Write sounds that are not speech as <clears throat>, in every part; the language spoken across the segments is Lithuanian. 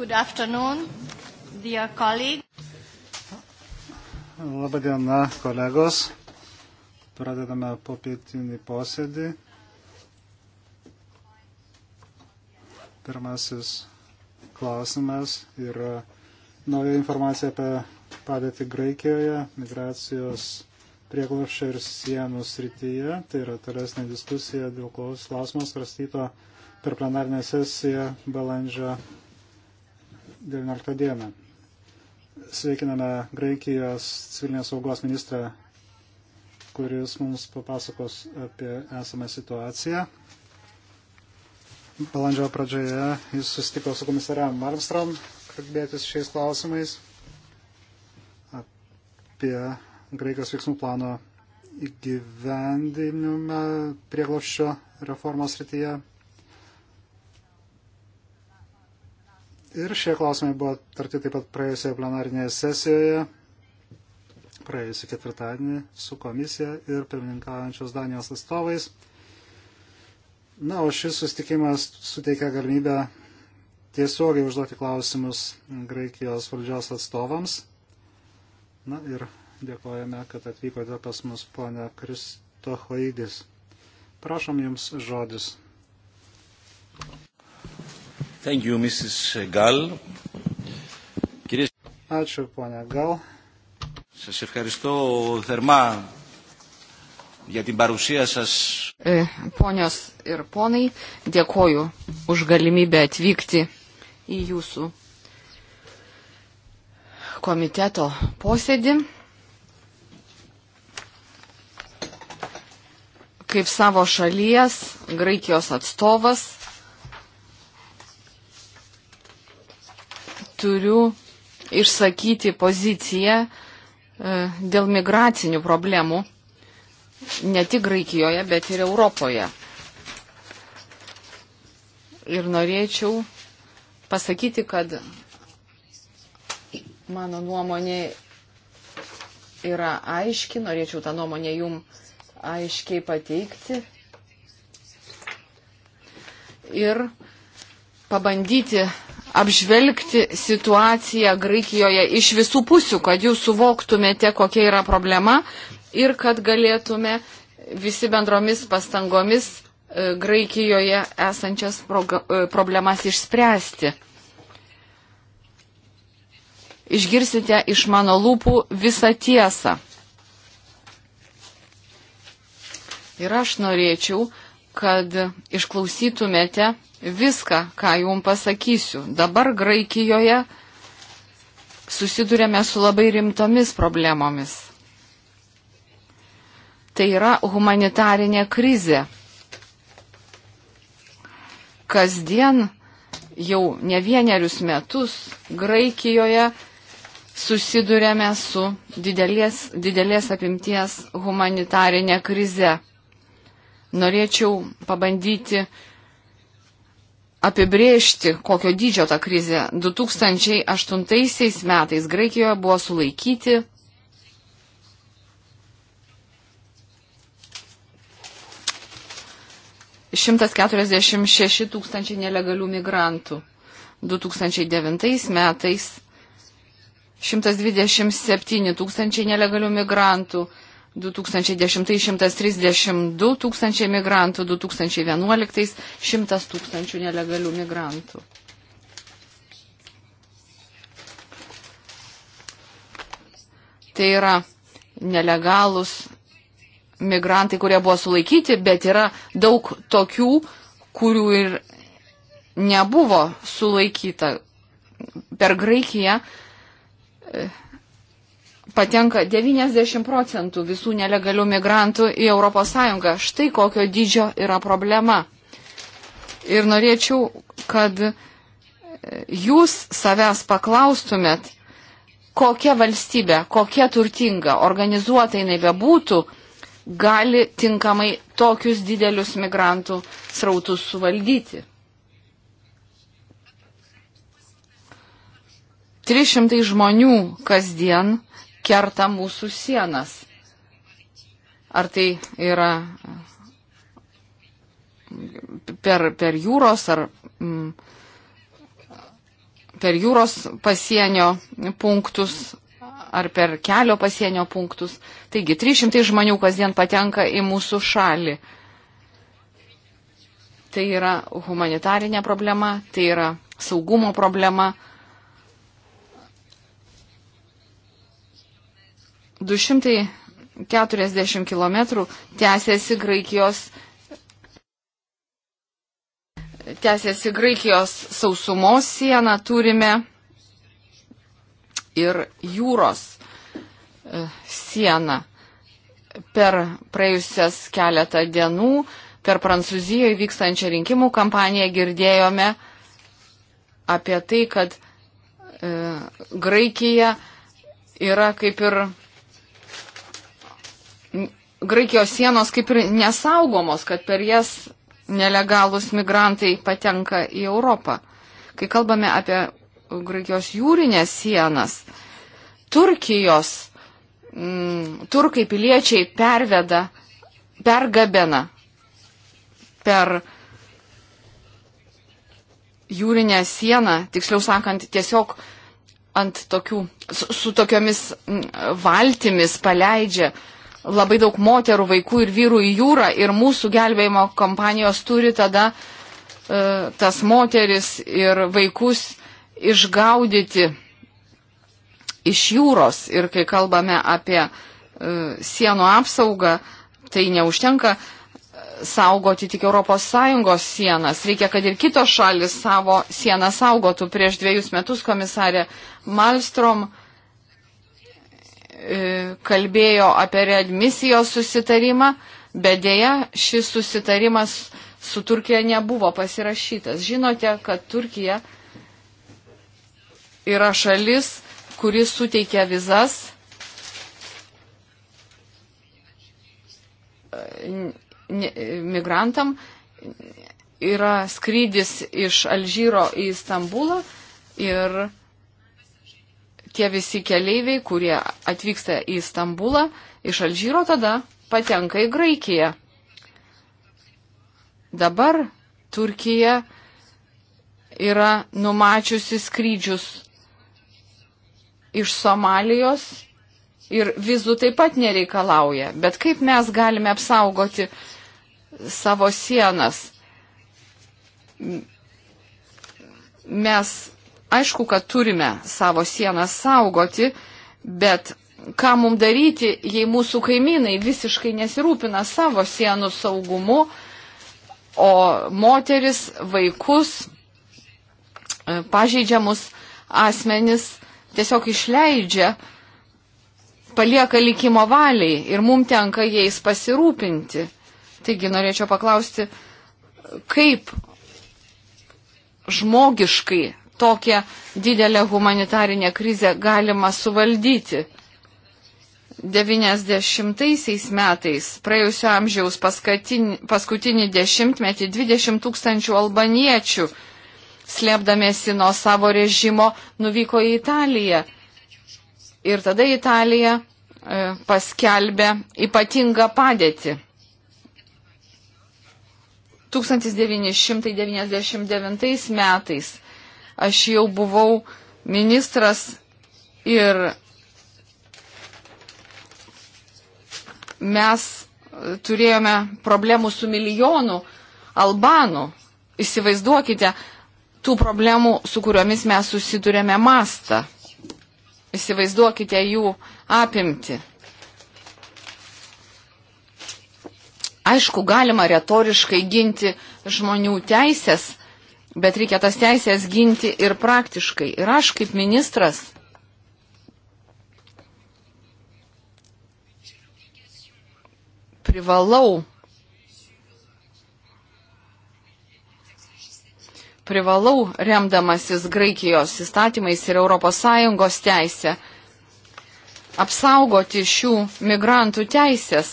Good afternoon, dear colleague. Labadiena, kolegos. Pradedame popietinį posėdį. Pirmasis klausimas yra nauja informacija apie padėtį Graikijoje, migracijos prieglapščio ir sienų srityje. Tai yra tolesnė diskusija dėl klausimo svarstyto per plenarinę sesiją balandžio 19 dieną. Sveikiname Graikijos civilinės saugos ministrą, kuris mums papasakos apie esamą situaciją. Balandžio pradžioje jis susitiko su komisare Marmstrom kalbėtis šiais klausimais apie Graikijos veiksmų plano įgyvendinimą prieglopščio reformos rytyje Ir šie klausimai buvo tarti taip pat praėjusioje plenarinėje sesijoje, praėjusią ketvirtadienį su komisija ir pirmininkaujančios Danijos atstovais. Na, o šis sustikimas suteikia galimybę tiesiogiai užduoti klausimus Graikijos valdžios atstovams. Na ir dėkojame, kad atvykote pas mus, ponia Kristohoidis. Prašom jums žodis. Thank you, Mrs. Gal. Κυρίες... Ačiū, ponia Gal. Σας ευχαριστώ θερμά για την παρουσία σας. Ε, ponios ir ponai, dėkoju už galimybę atvykti į jūsų komiteto posėdį. Kaip savo šalies, Graikijos atstovas, turiu išsakyti poziciją e, dėl migracinių problemų ne tik Graikijoje, bet ir Europoje. Ir norėčiau pasakyti, kad mano nuomonė yra aiški, norėčiau tą nuomonę jum aiškiai pateikti ir pabandyti apžvelgti situaciją Graikijoje iš visų pusių, kad jūs suvoktumėte, kokia yra problema ir kad galėtume visi bendromis pastangomis e, Graikijoje esančias e, problemas išspręsti. Išgirsite iš mano lūpų visą tiesą. Ir aš norėčiau, kad išklausytumėte viską, ką jums pasakysiu. Dabar Graikijoje susidurėme su labai rimtomis problemomis. Tai yra humanitarinė krizė. Kasdien jau ne vienerius metus Graikijoje susidurėme su didelės, didelės apimties humanitarinė krize norėčiau pabandyti apibrėžti, kokio dydžio ta krizė. 2008 metais Graikijoje buvo sulaikyti Šimtas keturiasdešimt šeši tūkstančiai nelegalių migrantų. 2009 metais 127 tūkstančiai nelegalių migrantų, 2010 132 tūkstančiai migrantų, 2011 100 tūkstančių nelegalių migrantų. Tai yra nelegalus migrantai, kurie buvo sulaikyti, bet yra daug tokių, kurių ir nebuvo sulaikyta per Graikiją. E, patenka 90 procentų visų nelegalių migrantų į ES. Štai kokio dydžio yra problema. Ir norėčiau, kad e, jūs savęs paklaustumėt, kokia valstybė, kokia turtinga, organizuota jinai bebūtų, gali tinkamai tokius didelius migrantų srautus suvaldyti. 300 žmonių kasdien kerta mūsų sienas. Ar tai yra mm, per, per jūros ar mm, per jūros pasienio punktus ar per kelio pasienio punktus. Taigi 300 žmonių kasdien patenka į mūsų šalį. Tai yra humanitarinė problema, tai yra saugumo problema, 240 km tęsiasi Graikijos, tęsiasi Graikijos sausumos sieną, turime ir jūros e, sieną. Per praėjusias keletą dienų per Prancūzijoje vykstančią rinkimų kampaniją girdėjome apie tai, kad e, Graikija yra kaip ir Graikijos sienos kaip ir nesaugomos, kad per jas nelegalus migrantai patenka į Europą. Kai kalbame apie Graikijos jūrinės sienas, Turkijos, m, mm, turkai piliečiai perveda, pergabena per jūrinę sieną, tiksliau sakant, tiesiog ant tokių, su, su tokiomis mm, valtimis paleidžia uh, labai daug moterų, vaikų ir vyrų į jūrą ir mūsų gelbėjimo kompanijos turi tada e, tas moteris ir vaikus išgaudyti iš jūros. Ir kai kalbame apie e, sienų apsaugą, tai neužtenka e, saugoti tik ES sienas. Reikia, kad ir kitos šalis savo sieną saugotų. Prieš dviejus metus komisarė Malstrom E, kalbėjo apie readmisijos susitarimą, bet dėja šis susitarimas su Turkija nebuvo pasirašytas. Žinote, kad Turkija yra šalis, kuris suteikia vizas e, migrantam. Yra skrydis iš Alžyro į Stambulą ir tie visi keleiviai, kurie atvyksta į Stambulą, iš Alžyro tada patenka į Graikiją. Dabar Turkija yra numačiusi skrydžius iš Somalijos ir vizų taip pat nereikalauja. Bet kaip mes galime apsaugoti savo sienas? Mes Aišku, kad turime savo sienas saugoti, bet ką mums daryti, jei mūsų kaimynai visiškai nesirūpina savo sienų saugumu, o moteris, vaikus, e, pažeidžiamus asmenis tiesiog išleidžia, palieka likimo valiai ir mums tenka jais pasirūpinti. Taigi norėčiau paklausti, kaip žmogiškai tokią didelę humanitarinę krizę galima suvaldyti. 90-aisiais metais, praėjusio amžiaus paskutinį dešimtmetį, 20 tūkstančių albaniečių, slėpdamėsi nuo savo režimo, nuvyko į Italiją. Ir tada Italija e, paskelbė ypatingą padėtį. 1999 metais Aš jau buvau ministras ir mes turėjome problemų su milijonu albanų. Įsivaizduokite tų problemų, su kuriomis mes susidurėme mastą. Įsivaizduokite jų apimti. Aišku, galima retoriškai ginti žmonių teisės, Bet reikia tas teisės ginti ir praktiškai. Ir aš kaip ministras privalau, privalau remdamasis Graikijos įstatymais ir ES teisė apsaugoti šių migrantų teisės,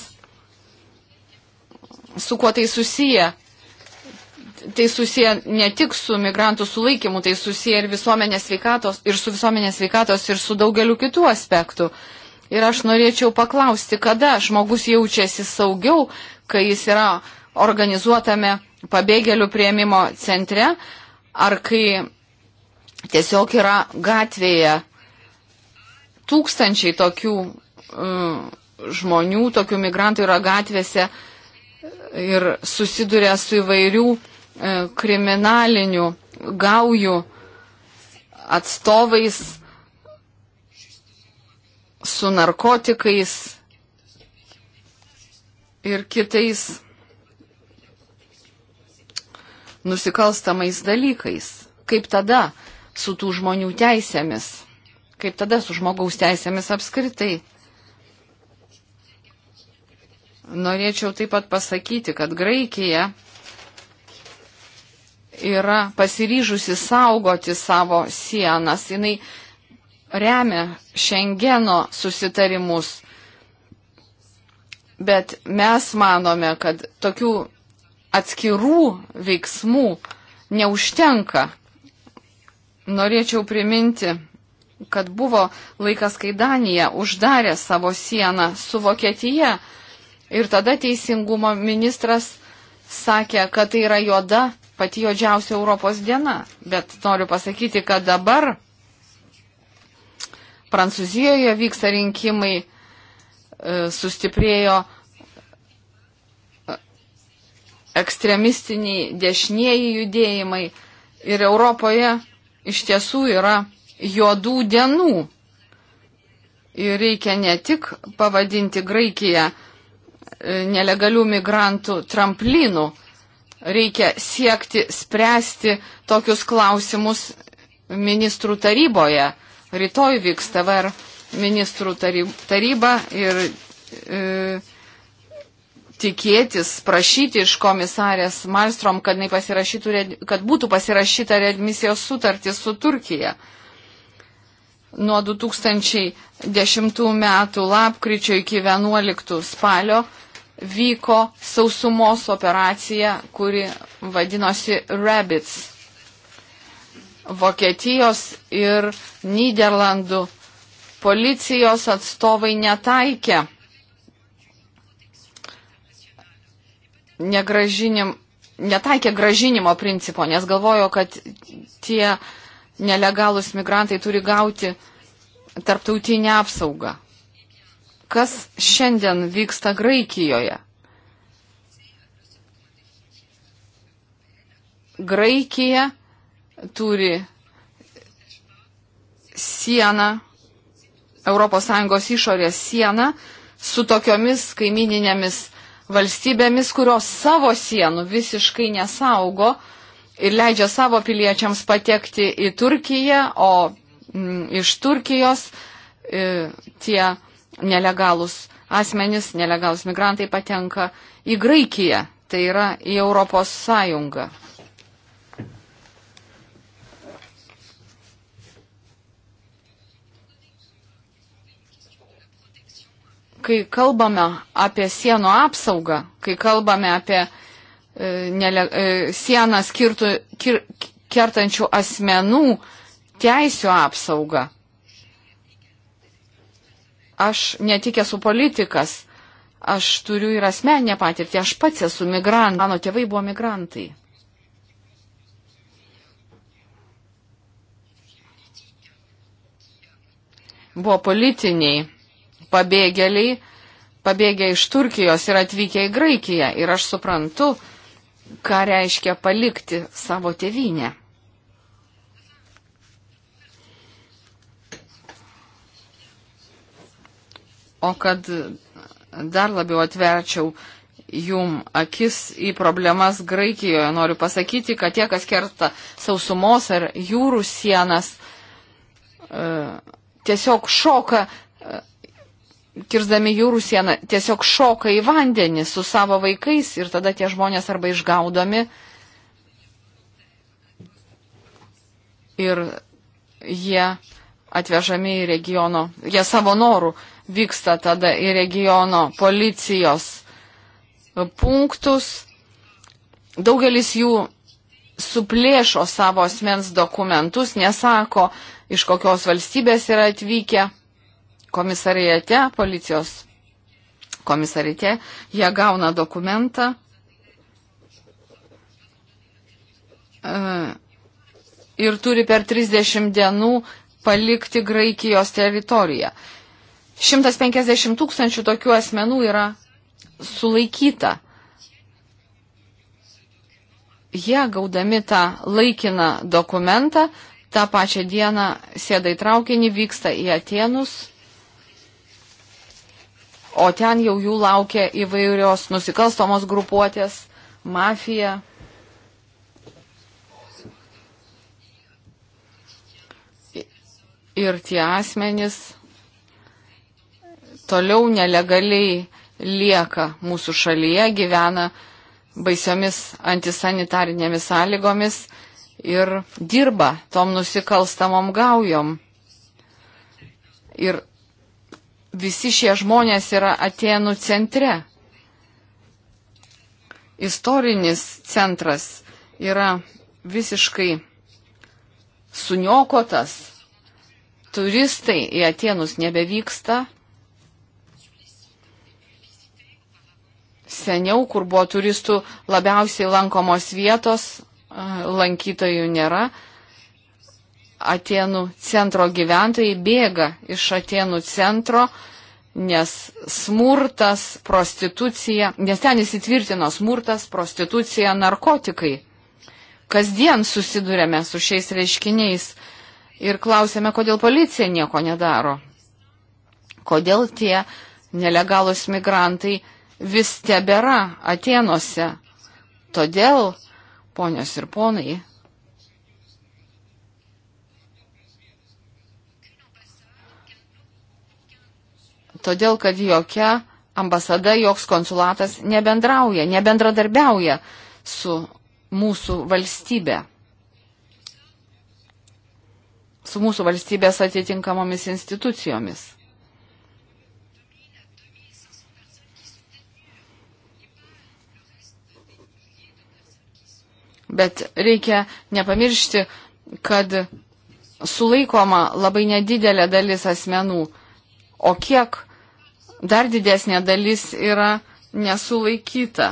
su kuo tai susiję tai susiję ne tik su migrantų sulaikymu, tai susiję ir, sveikatos, ir su visuomenės sveikatos, ir su daugeliu kitų aspektų. Ir aš norėčiau paklausti, kada žmogus jaučiasi saugiau, kai jis yra organizuotame pabėgėlių prieimimo centre, ar kai tiesiog yra gatvėje tūkstančiai tokių mm, žmonių, tokių migrantų yra gatvėse ir susiduria su įvairių E, kriminalinių gaujų atstovais, su narkotikais ir kitais nusikalstamais dalykais. Kaip tada su tų žmonių teisėmis? Kaip tada su žmogaus teisėmis apskritai? Norėčiau taip pat pasakyti, kad Graikija yra pasiryžusi saugoti savo sienas, jinai remia Šengeno susitarimus. Bet mes manome, kad tokių atskirų veiksmų neužtenka. Norėčiau priminti, kad buvo laikas, kai Danija uždarė savo sieną su Vokietija ir tada teisingumo ministras sakė, kad tai yra juoda pati juodžiausia Europos diena, bet noriu pasakyti, kad dabar Prancūzijoje vyksta rinkimai, e, sustiprėjo e, ekstremistiniai dešinieji judėjimai ir Europoje iš tiesų yra juodų dienų. Ir reikia ne tik pavadinti Graikiją e, nelegalių migrantų tramplinų, reikia siekti spręsti tokius klausimus ministrų taryboje. Rytoj vyks TVR ministrų taryba ir e, tikėtis, prašyti iš komisarės Malstrom, kad, kad būtų pasirašyta readmisijos sutartis su Turkija. Nuo 2010 metų lapkričio iki 11 spalio vyko sausumos operacija, kuri vadinosi Rabbits. Vokietijos ir Niderlandų policijos atstovai netaikė negražinim, netaikė gražinimo principo, nes galvojo, kad tie nelegalus migrantai turi gauti tarptautinę apsaugą kas šiandien vyksta Graikijoje. Graikija turi sieną, ES išorės sieną su tokiomis kaimininėmis valstybėmis, kurios savo sienų visiškai nesaugo ir leidžia savo piliečiams patekti į Turkiją, o m, mm, iš Turkijos e, tie nelegalus asmenys, nelegalus migrantai patenka į Graikiją, tai yra į Europos Sąjungą. Kai kalbame apie sienų apsaugą, kai kalbame apie e, nele, e, sieną skirtų, kir, kertančių asmenų teisų apsaugą, Aš netik esu politikas, aš turiu ir asmeninę patirtį, aš pats esu migrantas, mano tėvai buvo migrantai. Buvo politiniai pabėgėliai, pabėgę iš Turkijos ir atvykę į Graikiją. Ir aš suprantu, ką reiškia palikti savo tėvynę. o kad dar labiau atverčiau jum akis į problemas Graikijoje. Noriu pasakyti, kad tie, kas kerta sausumos ar jūrų sienas, e, tiesiog šoka, e, kirzdami jūrų sieną, tiesiog šoka į vandenį su savo vaikais ir tada tie žmonės arba išgaudomi ir jie atvežami į regiono, jie savo norų vyksta tada į regiono policijos punktus. Daugelis jų suplėšo savo asmens dokumentus, nesako, iš kokios valstybės yra atvykę komisarijate, policijos komisarite, jie gauna dokumentą. E, ir turi per 30 dienų palikti Graikijos teritoriją. 150 tūkstančių tokių asmenų yra sulaikyta. Jie gaudami tą laikiną dokumentą, tą pačią dieną sėda į traukinį, vyksta į Atenus, o ten jau jų laukia įvairios nusikalstamos grupuotės, mafija. Ir tie asmenys toliau nelegaliai lieka mūsų šalyje, gyvena baisiomis antisanitarinėmis sąlygomis ir dirba tom nusikalstamom gaujom. Ir visi šie žmonės yra Atenų centre. Istorinis centras yra visiškai suniokotas. Turistai į Atenus nebevyksta, seniau, kur buvo turistų labiausiai lankomos vietos, lankytojų nėra. Atenų centro gyventojai bėga iš Atenų centro, nes smurtas, prostitucija, nes ten įsitvirtino smurtas, prostitucija, narkotikai. Kasdien susidurėme su šiais reiškiniais ir klausėme, kodėl policija nieko nedaro. Kodėl tie nelegalus migrantai vis tebėra Atenuose. Todėl, ponios ir ponai, todėl, kad jokia ambasada, joks konsulatas nebendrauja, nebendradarbiauja su mūsų valstybė, su mūsų valstybės atitinkamomis institucijomis. bet reikia nepamiršti, kad sulaikoma labai nedidelė dalis asmenų, o kiek dar didesnė dalis yra nesulaikyta.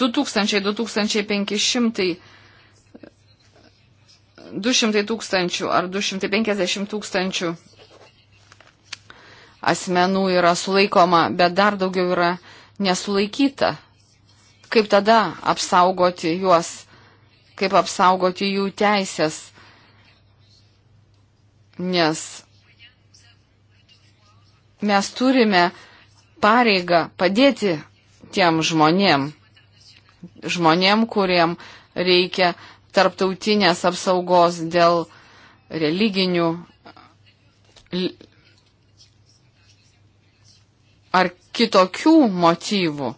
2000-2500 200 tūkstančių ar 250 tūkstančių asmenų yra sulaikoma, bet dar daugiau yra nesulaikyta. Kaip tada apsaugoti juos kaip apsaugoti jų teisės, nes mes turime pareigą padėti tiem žmonėm, žmonėm, kuriem reikia tarptautinės apsaugos dėl religinių ar kitokių motyvų.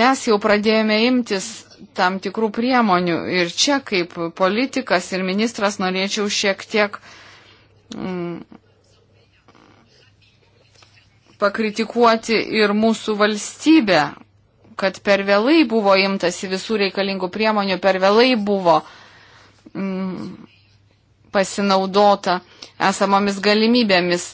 Mes jau pradėjome imtis tam tikrų priemonių. Ir čia kaip politikas ir ministras norėčiau šiek tiek mm, pakritikuoti ir mūsų valstybę, kad per vėlai buvo imtasi visų reikalingų priemonių, per vėlai buvo mm, pasinaudota esamomis galimybėmis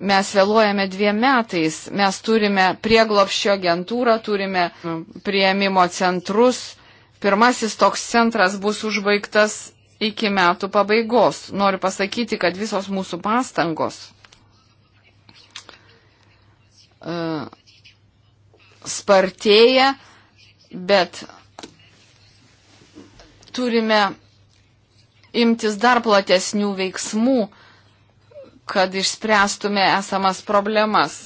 mes vėluojame dviem metais, mes turime prieglopščio agentūrą, turime mm. prieimimo centrus, Pirmasis toks centras bus užbaigtas iki metų pabaigos. Noriu pasakyti, kad visos mūsų pastangos uh, spartėja, bet turime imtis dar platesnių veiksmų, kad išspręstume esamas problemas.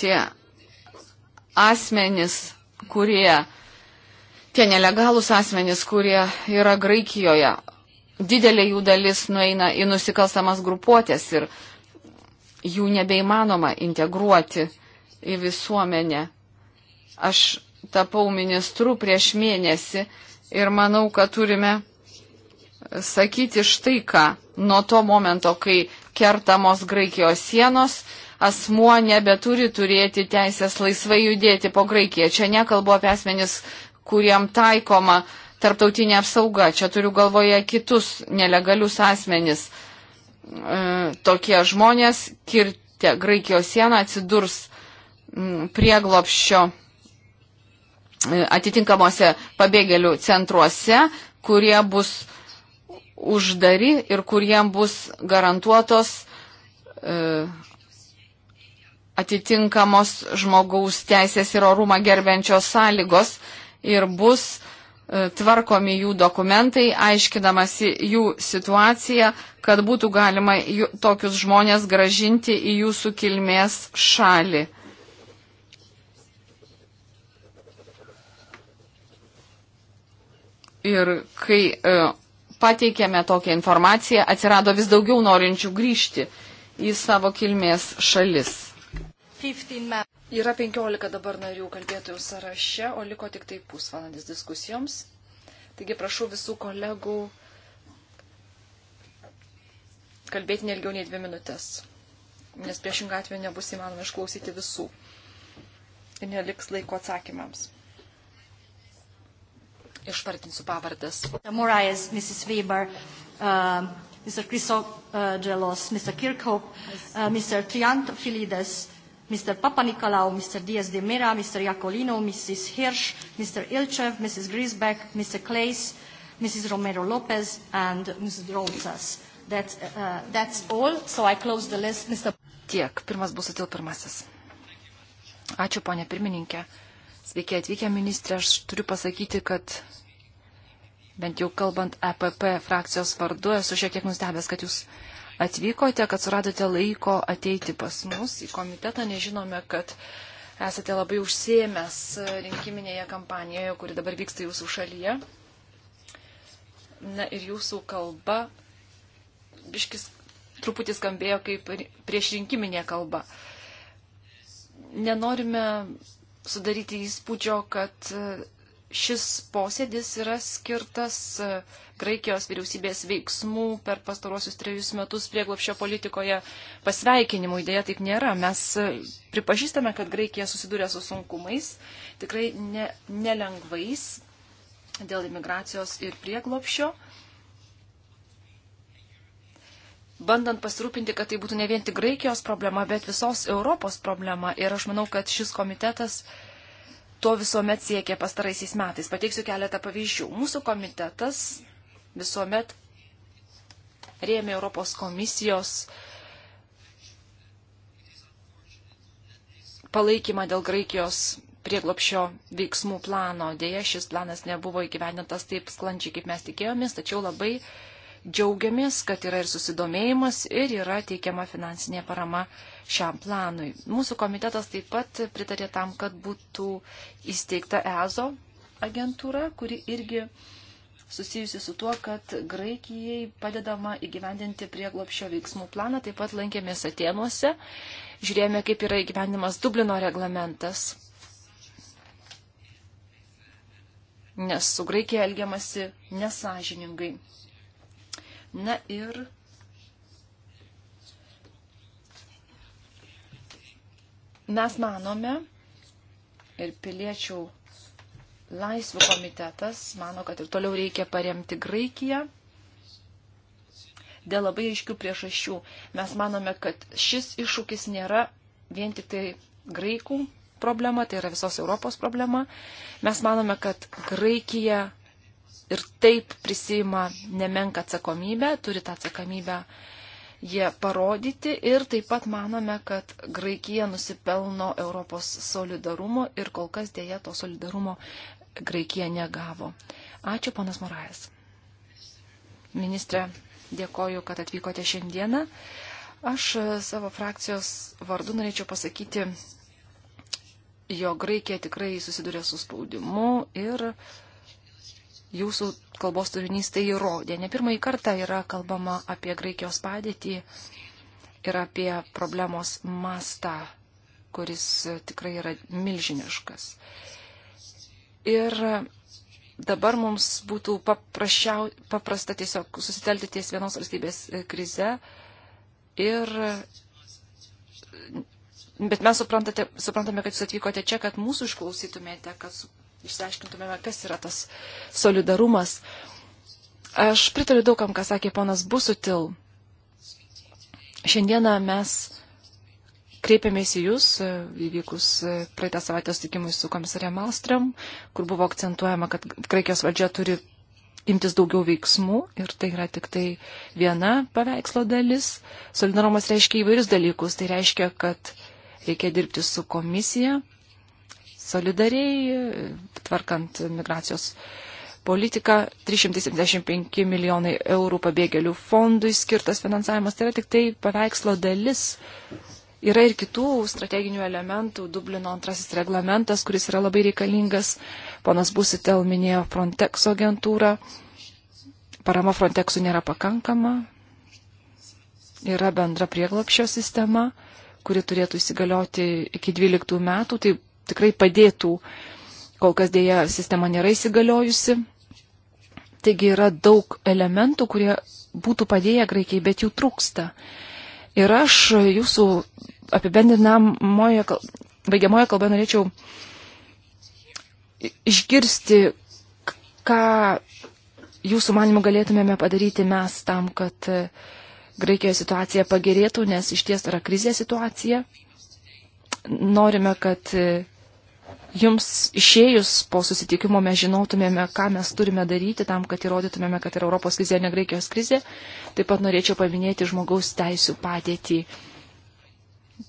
tie asmenys, kurie, tie nelegalus asmenys, kurie yra Graikijoje, didelė jų dalis nueina į nusikalstamas grupuotės ir jų nebeįmanoma integruoti į visuomenę. Aš tapau ministru prieš mėnesį ir manau, kad turime sakyti štai ką. Nuo to momento, kai kertamos Graikijos sienos, asmuo nebeturi turėti teisės laisvai judėti po Graikiją. Čia nekalbu apie asmenis, kuriem taikoma tarptautinė apsauga. Čia turiu galvoje kitus nelegalius asmenis. E, tokie žmonės kirtę Graikijos sieną atsidurs prieglopščio e, atitinkamuose pabėgėlių centruose, kurie bus uždari ir kuriem bus garantuotos e, atitinkamos žmogaus teisės ir orumą gerbiančios sąlygos ir bus e, tvarkomi jų dokumentai, aiškinamasi jų situaciją, kad būtų galima tokius žmonės gražinti į jūsų kilmės šalį. Ir kai e, pateikėme tokią informaciją, atsirado vis daugiau norinčių grįžti į savo kilmės šalis. Yra 15 dabar narių kalbėtojų sąraše, o liko tik tai pusvalandis diskusijoms. Taigi prašau visų kolegų kalbėti nelgiau nei dvi minutės, nes priešingą atveju nebus įmanoma išklausyti visų ir neliks laiko atsakymams. Išvardinsiu pavardės. Morais, Mrs. Weber, uh, Mr. Chrysogelos, uh, Mr. Kirkhope, uh, Mr. Triantafilides, Mr. Papanikolaou, Mr. Diaz de Mera, Mr. Iacolino, Mrs. Hirsch, Mr. Ilchev, Mrs. Grisbeck, Mr. Claes, Mrs. Romero-Lopez, and Mrs. Rolzas. That's, uh, that's all. So I close the list. Mr. Tiek. Pirmas bus atil pirmasis. Ačiū, ponė pirmininkė. Sveiki atvykę, ministrė. Aš turiu pasakyti, kad bent jau kalbant EPP frakcijos vardu, esu šiek tiek nustebęs, kad jūs atvykote, kad suradote laiko ateiti pas mus į komitetą. Nežinome, kad esate labai užsiemęs rinkiminėje kampanijoje, kuri dabar vyksta jūsų šalyje. Na ir jūsų kalba biškis truputį skambėjo kaip priešrinkiminė kalba. Nenorime sudaryti įspūdžio, kad šis posėdis yra skirtas e, Graikijos vyriausybės veiksmų per pastaruosius trejus metus prieglopščio politikoje pasveikinimui. Dėja, taip nėra. Mes e, pripažįstame, kad Graikija susidūrė su sunkumais, tikrai ne, nelengvais dėl imigracijos ir prieglopščio. Bandant pasirūpinti, kad tai būtų ne vien tik Graikijos problema, bet visos Europos problema. Ir aš manau, kad šis komitetas uh, to visuomet siekė pastaraisiais metais. Pateiksiu keletą pavyzdžių. Mūsų komitetas visuomet rėmė Europos komisijos palaikymą dėl Graikijos prieglopšio veiksmų plano. Deja, šis planas nebuvo įgyvendintas taip sklandžiai, kaip mes tikėjomės, tačiau labai džiaugiamės, kad yra ir susidomėjimas ir yra teikiama finansinė parama šiam planui. Mūsų komitetas taip pat pritarė tam, kad būtų įsteigta EZO agentūra, kuri irgi susijusi su tuo, kad Graikijai padedama įgyvendinti prieglopšio veiksmų planą. Taip pat lankėmės Atenuose, žiūrėjome, kaip yra įgyvendimas Dublino reglamentas. Nes su Graikija elgiamasi nesažiningai. Na ir mes manome ir piliečių laisvų komitetas mano, kad ir toliau reikia paremti Graikiją dėl labai aiškių priežasčių. Mes manome, kad šis iššūkis nėra vien tik tai graikų problema, tai yra visos Europos problema. Mes manome, kad Graikija ir taip prisima nemenka atsakomybę, turi tą atsakomybę jie parodyti ir taip pat manome, kad Graikija nusipelno Europos solidarumo ir kol kas dėja to solidarumo Graikija negavo. Ačiū, ponas Morajas. Ministre, dėkoju, kad atvykote šiandieną. Aš e, savo frakcijos vardu norėčiau pasakyti, jo Graikija tikrai susiduria su spaudimu ir uh, jūsų kalbos turinys tai įrodė. Ne pirmąjį kartą yra kalbama apie Graikijos padėtį ir apie problemos mastą, kuris tikrai yra milžiniškas. Ir dabar mums būtų paprašiau, paprasta tiesiog susitelti ties vienos valstybės krize ir Bet mes suprantame, kad jūs atvykote čia, kad mūsų išklausytumėte, kad išsiaiškintumėme, kas yra tas solidarumas. Aš pritariu daugam, ką sakė ponas Busutil. Šiandieną mes kreipėmės į Jūs, įvykus praeitą savaitę sutikimui su komisarė Malstram, kur buvo akcentuojama, kad Graikijos valdžia turi imtis daugiau veiksmų ir tai yra tik tai viena paveikslo dalis. Solidarumas reiškia įvairius dalykus. Tai reiškia, kad reikia dirbti su komisija, solidariai, tvarkant migracijos politiką. 375 milijonai eurų pabėgėlių fondui skirtas finansavimas. Tai yra tik tai paveikslo dalis. Yra ir kitų strateginių elementų. Dublino antrasis reglamentas, kuris yra labai reikalingas. Ponas Busitel minėjo Frontex agentūrą. Parama Frontexų nėra pakankama. Yra bendra prieglapšio sistema kuri turėtų įsigalioti iki 12 metų, tai tikrai padėtų. Kol kas dėja sistema nėra įsigaliojusi. Taigi yra daug elementų, kurie būtų padėję Graikijai, bet jų trūksta. Ir aš jūsų apibendinamoje, baigiamoje kalboje norėčiau išgirsti, ką jūsų manimų galėtumėme padaryti mes tam, kad Graikijoje situacija pagerėtų, nes iš ties yra krizė situacija norime, kad e, jums išėjus po susitikimo mes žinotumėme, ką mes turime daryti tam, kad įrodytumėme, kad yra Europos krizė, ne Graikijos krizė. Taip pat norėčiau paminėti žmogaus teisų padėtį.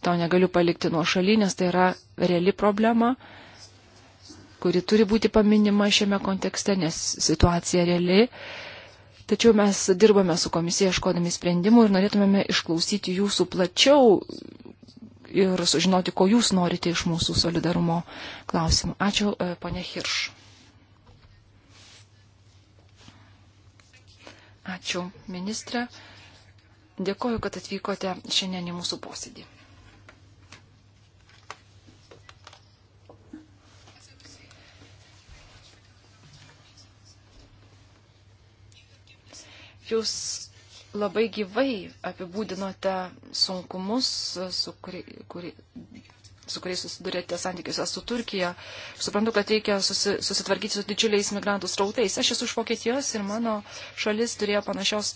To negaliu palikti nuo šaly, nes tai yra reali problema, kuri turi būti paminima šiame kontekste, nes situacija reali. Tačiau mes dirbame su komisija iškodami sprendimų ir norėtumėme išklausyti jūsų plačiau ir sužinoti, ko jūs norite iš mūsų solidarumo klausimų. Ačiū, e, ponė Hirš. Ačiū, ministrė. Dėkoju, kad atvykote šiandien į mūsų posėdį. Jūs labai gyvai apibūdinote sunkumus, su, kuri, kuri, su kuriais susidurėte santykiuose su Turkija. Suprantu, kad reikia susi, susitvarkyti su didžiuliais migrantų srautais. Aš esu iš Vokietijos ir mano šalis turėjo panašios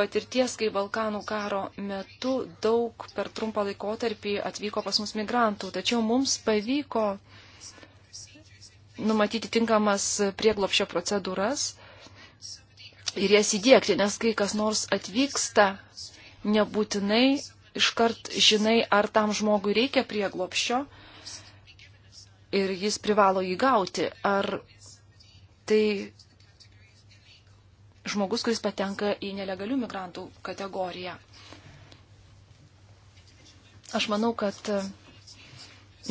patirties, kai Balkanų karo metu daug per trumpą laikotarpį atvyko pas mus migrantų, tačiau mums pavyko numatyti tinkamas prieglopšio procedūras ir jas įdėkti, nes kai kas nors atvyksta, nebūtinai iškart žinai, ar tam žmogui reikia prieglopščio ir jis privalo jį gauti. Ar tai žmogus, kuris patenka į nelegalių migrantų kategoriją. Aš manau, kad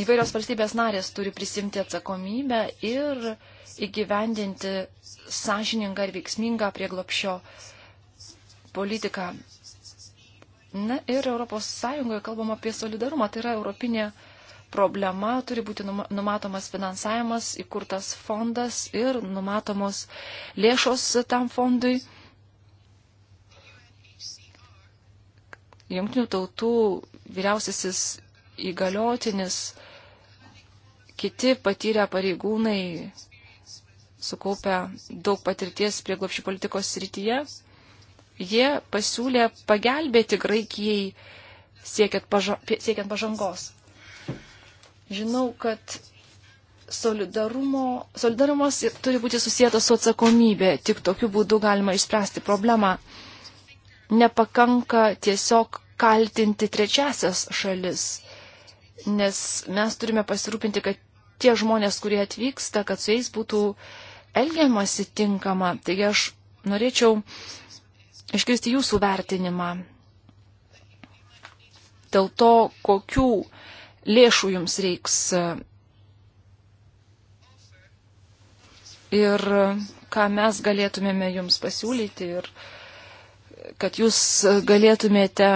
įvairios valstybės narės turi prisimti atsakomybę ir įgyvendinti sąžiningą ir veiksmingą prieglopšio politiką. Na ir ES kalbam apie solidarumą, tai yra europinė problema, turi būti numatomas finansavimas, įkurtas fondas ir numatomos lėšos tam fondui. Junktinių tautų vyriausiasis įgaliotinis, kiti patyrę pareigūnai sukaupę daug patirties prieglopšių politikos srityje, jie pasiūlė pagelbėti Graikijai siekiant, paža siekiant pažangos. Žinau, kad solidarumas turi būti susijęta su atsakomybė, tik tokiu būdu galima išspręsti problemą. Nepakanka tiesiog kaltinti trečiasias šalis, nes mes turime pasirūpinti, kad tie žmonės, kurie atvyksta, kad su jais būtų uh, elgiamasi tinkama. Taigi aš norėčiau išgirsti jūsų vertinimą dėl to, kokių lėšų jums reiks ir ką mes galėtumėme jums pasiūlyti ir kad jūs galėtumėte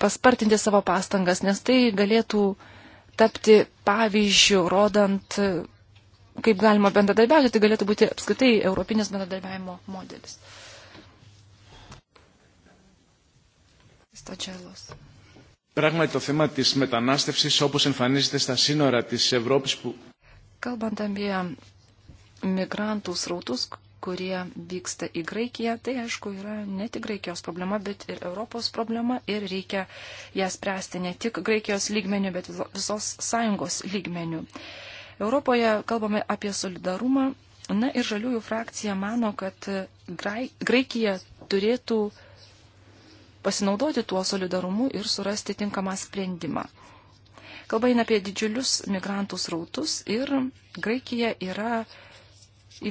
paspartinti savo pastangas, nes tai galėtų tapti pavyzdžių, rodant kaip galima bendradarbiauti, tai galėtų būti apskritai europinis bendradarbiavimo modelis. Στατσέλος. Πράγματι το θέμα της μετανάστευσης όπως εμφανίζεται στα σύνορα της Ευρώπης που... Kalbant apie migrantų srautus, kurie vyksta į Graikiją, tai aišku yra ne tik Graikijos problema, bet ir Europos problema ir reikia ją spręsti ne tik Graikijos lygmenių, bet visos sąjungos lygmenių. Uh, Europoje kalbame apie solidarumą. Na ir žaliųjų frakcija mano, kad Graikija turėtų pasinaudoti tuo solidarumu ir surasti tinkamą sprendimą. Kalba eina apie didžiulius migrantų srautus ir Graikija yra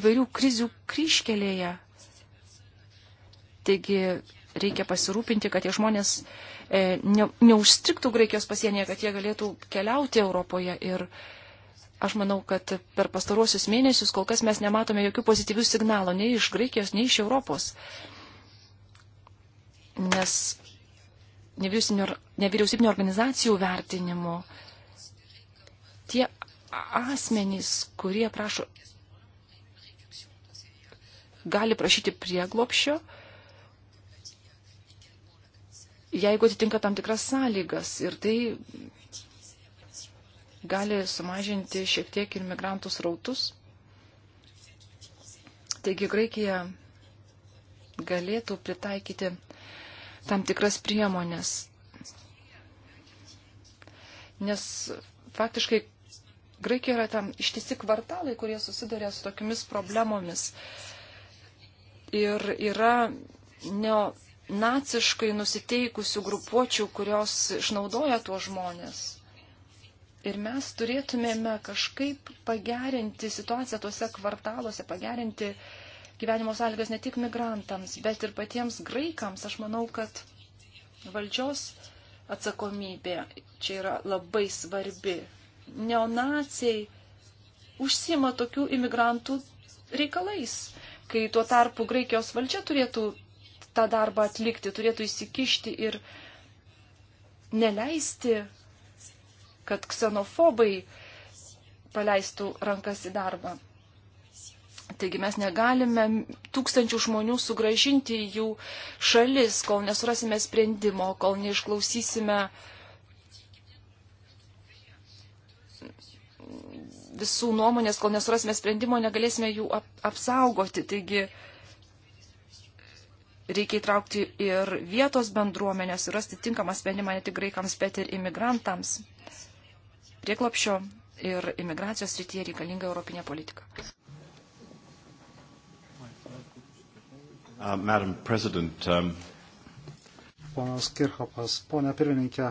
įvairių krizių kryškelėje. Taigi reikia pasirūpinti, kad tie žmonės e, ne, neužstriktų Graikijos pasienyje, kad jie galėtų keliauti Europoje ir Aš manau, kad per pastaruosius mėnesius kol kas mes nematome jokių pozityvių signalų nei iš Graikijos, nei iš Europos. Nes nevyriausybinio organizacijų vertinimu tie asmenys, kurie prašo, gali prašyti prieglopšio, jeigu atitinka tam tikras sąlygas. Ir tai gali sumažinti šiek tiek ir migrantų srautus. Taigi Graikija galėtų pritaikyti tam tikras priemonės. Nes faktiškai Graikijoje yra tam ištisi kvartalai, kurie susiduria su tokiamis problemomis. Ir yra neonaciškai nusiteikusių grupuočių, kurios išnaudoja tuos žmonės. Ir mes turėtumėme kažkaip pagerinti situaciją tuose kvartaluose, pagerinti gyvenimo sąlygas ne tik migrantams, bet ir patiems graikams. Aš manau, kad valdžios atsakomybė čia yra labai svarbi. Neonacijai užsima tokių imigrantų reikalais, kai tuo tarpu Graikijos valdžia turėtų tą darbą atlikti, turėtų įsikišti ir neleisti kad ksenofobai paleistų rankas į darbą. Taigi mes negalime tūkstančių žmonių sugražinti į jų šalis, kol nesurasime sprendimo, kol neišklausysime visų nuomonės, kol nesurasime sprendimo, negalėsime jų ap apsaugoti. Taigi reikia įtraukti ir vietos bendruomenės ir rasti tinkamą sprendimą ne tik graikams, bet ir imigrantams prieklopšio ir imigracijos rytyje reikalinga europinė politika. Uh, Madam President, um... Ponas Kirchopas, ponia pirmininkė,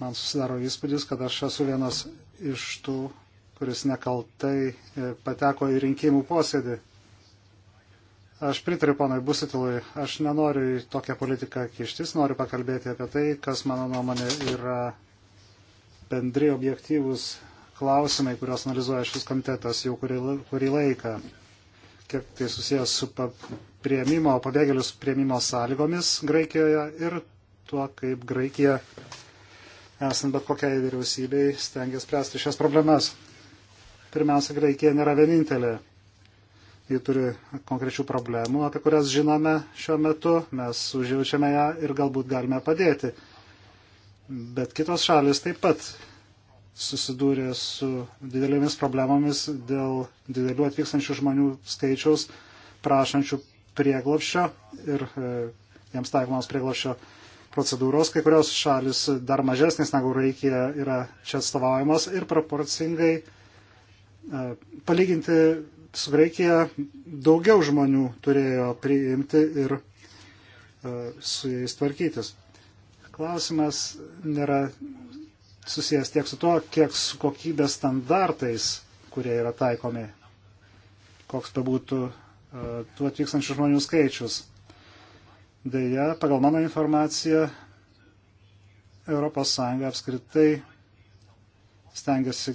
man susidaro įspūdis, kad aš esu vienas iš tų, kuris nekaltai e, pateko į rinkimų posėdį. Aš pritariu ponui Busitilui, aš nenoriu į tokią politiką kištis, noriu pakalbėti apie tai, kas mano nuomonė yra bendri objektyvūs klausimai, kuriuos analizuoja šis komitetas jau kurį, kurį laiką. Kiek tai susijęs su prieimimo, pabėgėlius prieimimo sąlygomis Graikijoje ir tuo, kaip Graikija, esant bet kokiai vyriausybei, stengia spręsti šias problemas. Pirmiausia, Graikija nėra vienintelė. Ji turi konkrečių problemų, apie kurias žinome šiuo metu, mes užjaučiame ją ir galbūt galime padėti. Bet kitos šalis taip pat susidūrė su didelėmis problemomis dėl didelių atvykstančių žmonių skaičiaus, prašančių prieglopščio ir e, jiems taikomos prieglopščio procedūros. Kai kurios šalis dar mažesnis negu Graikija yra čia atstovaujamos ir proporcingai e, palyginti su Graikija daugiau žmonių turėjo priimti ir e, su jais tvarkytis. Klausimas nėra susijęs tiek su to, kiek su kokybės standartais, kurie yra taikomi, koks bebūtų e, tų atvykstančių žmonių skaičius. Deja, pagal mano informaciją, ES apskritai stengiasi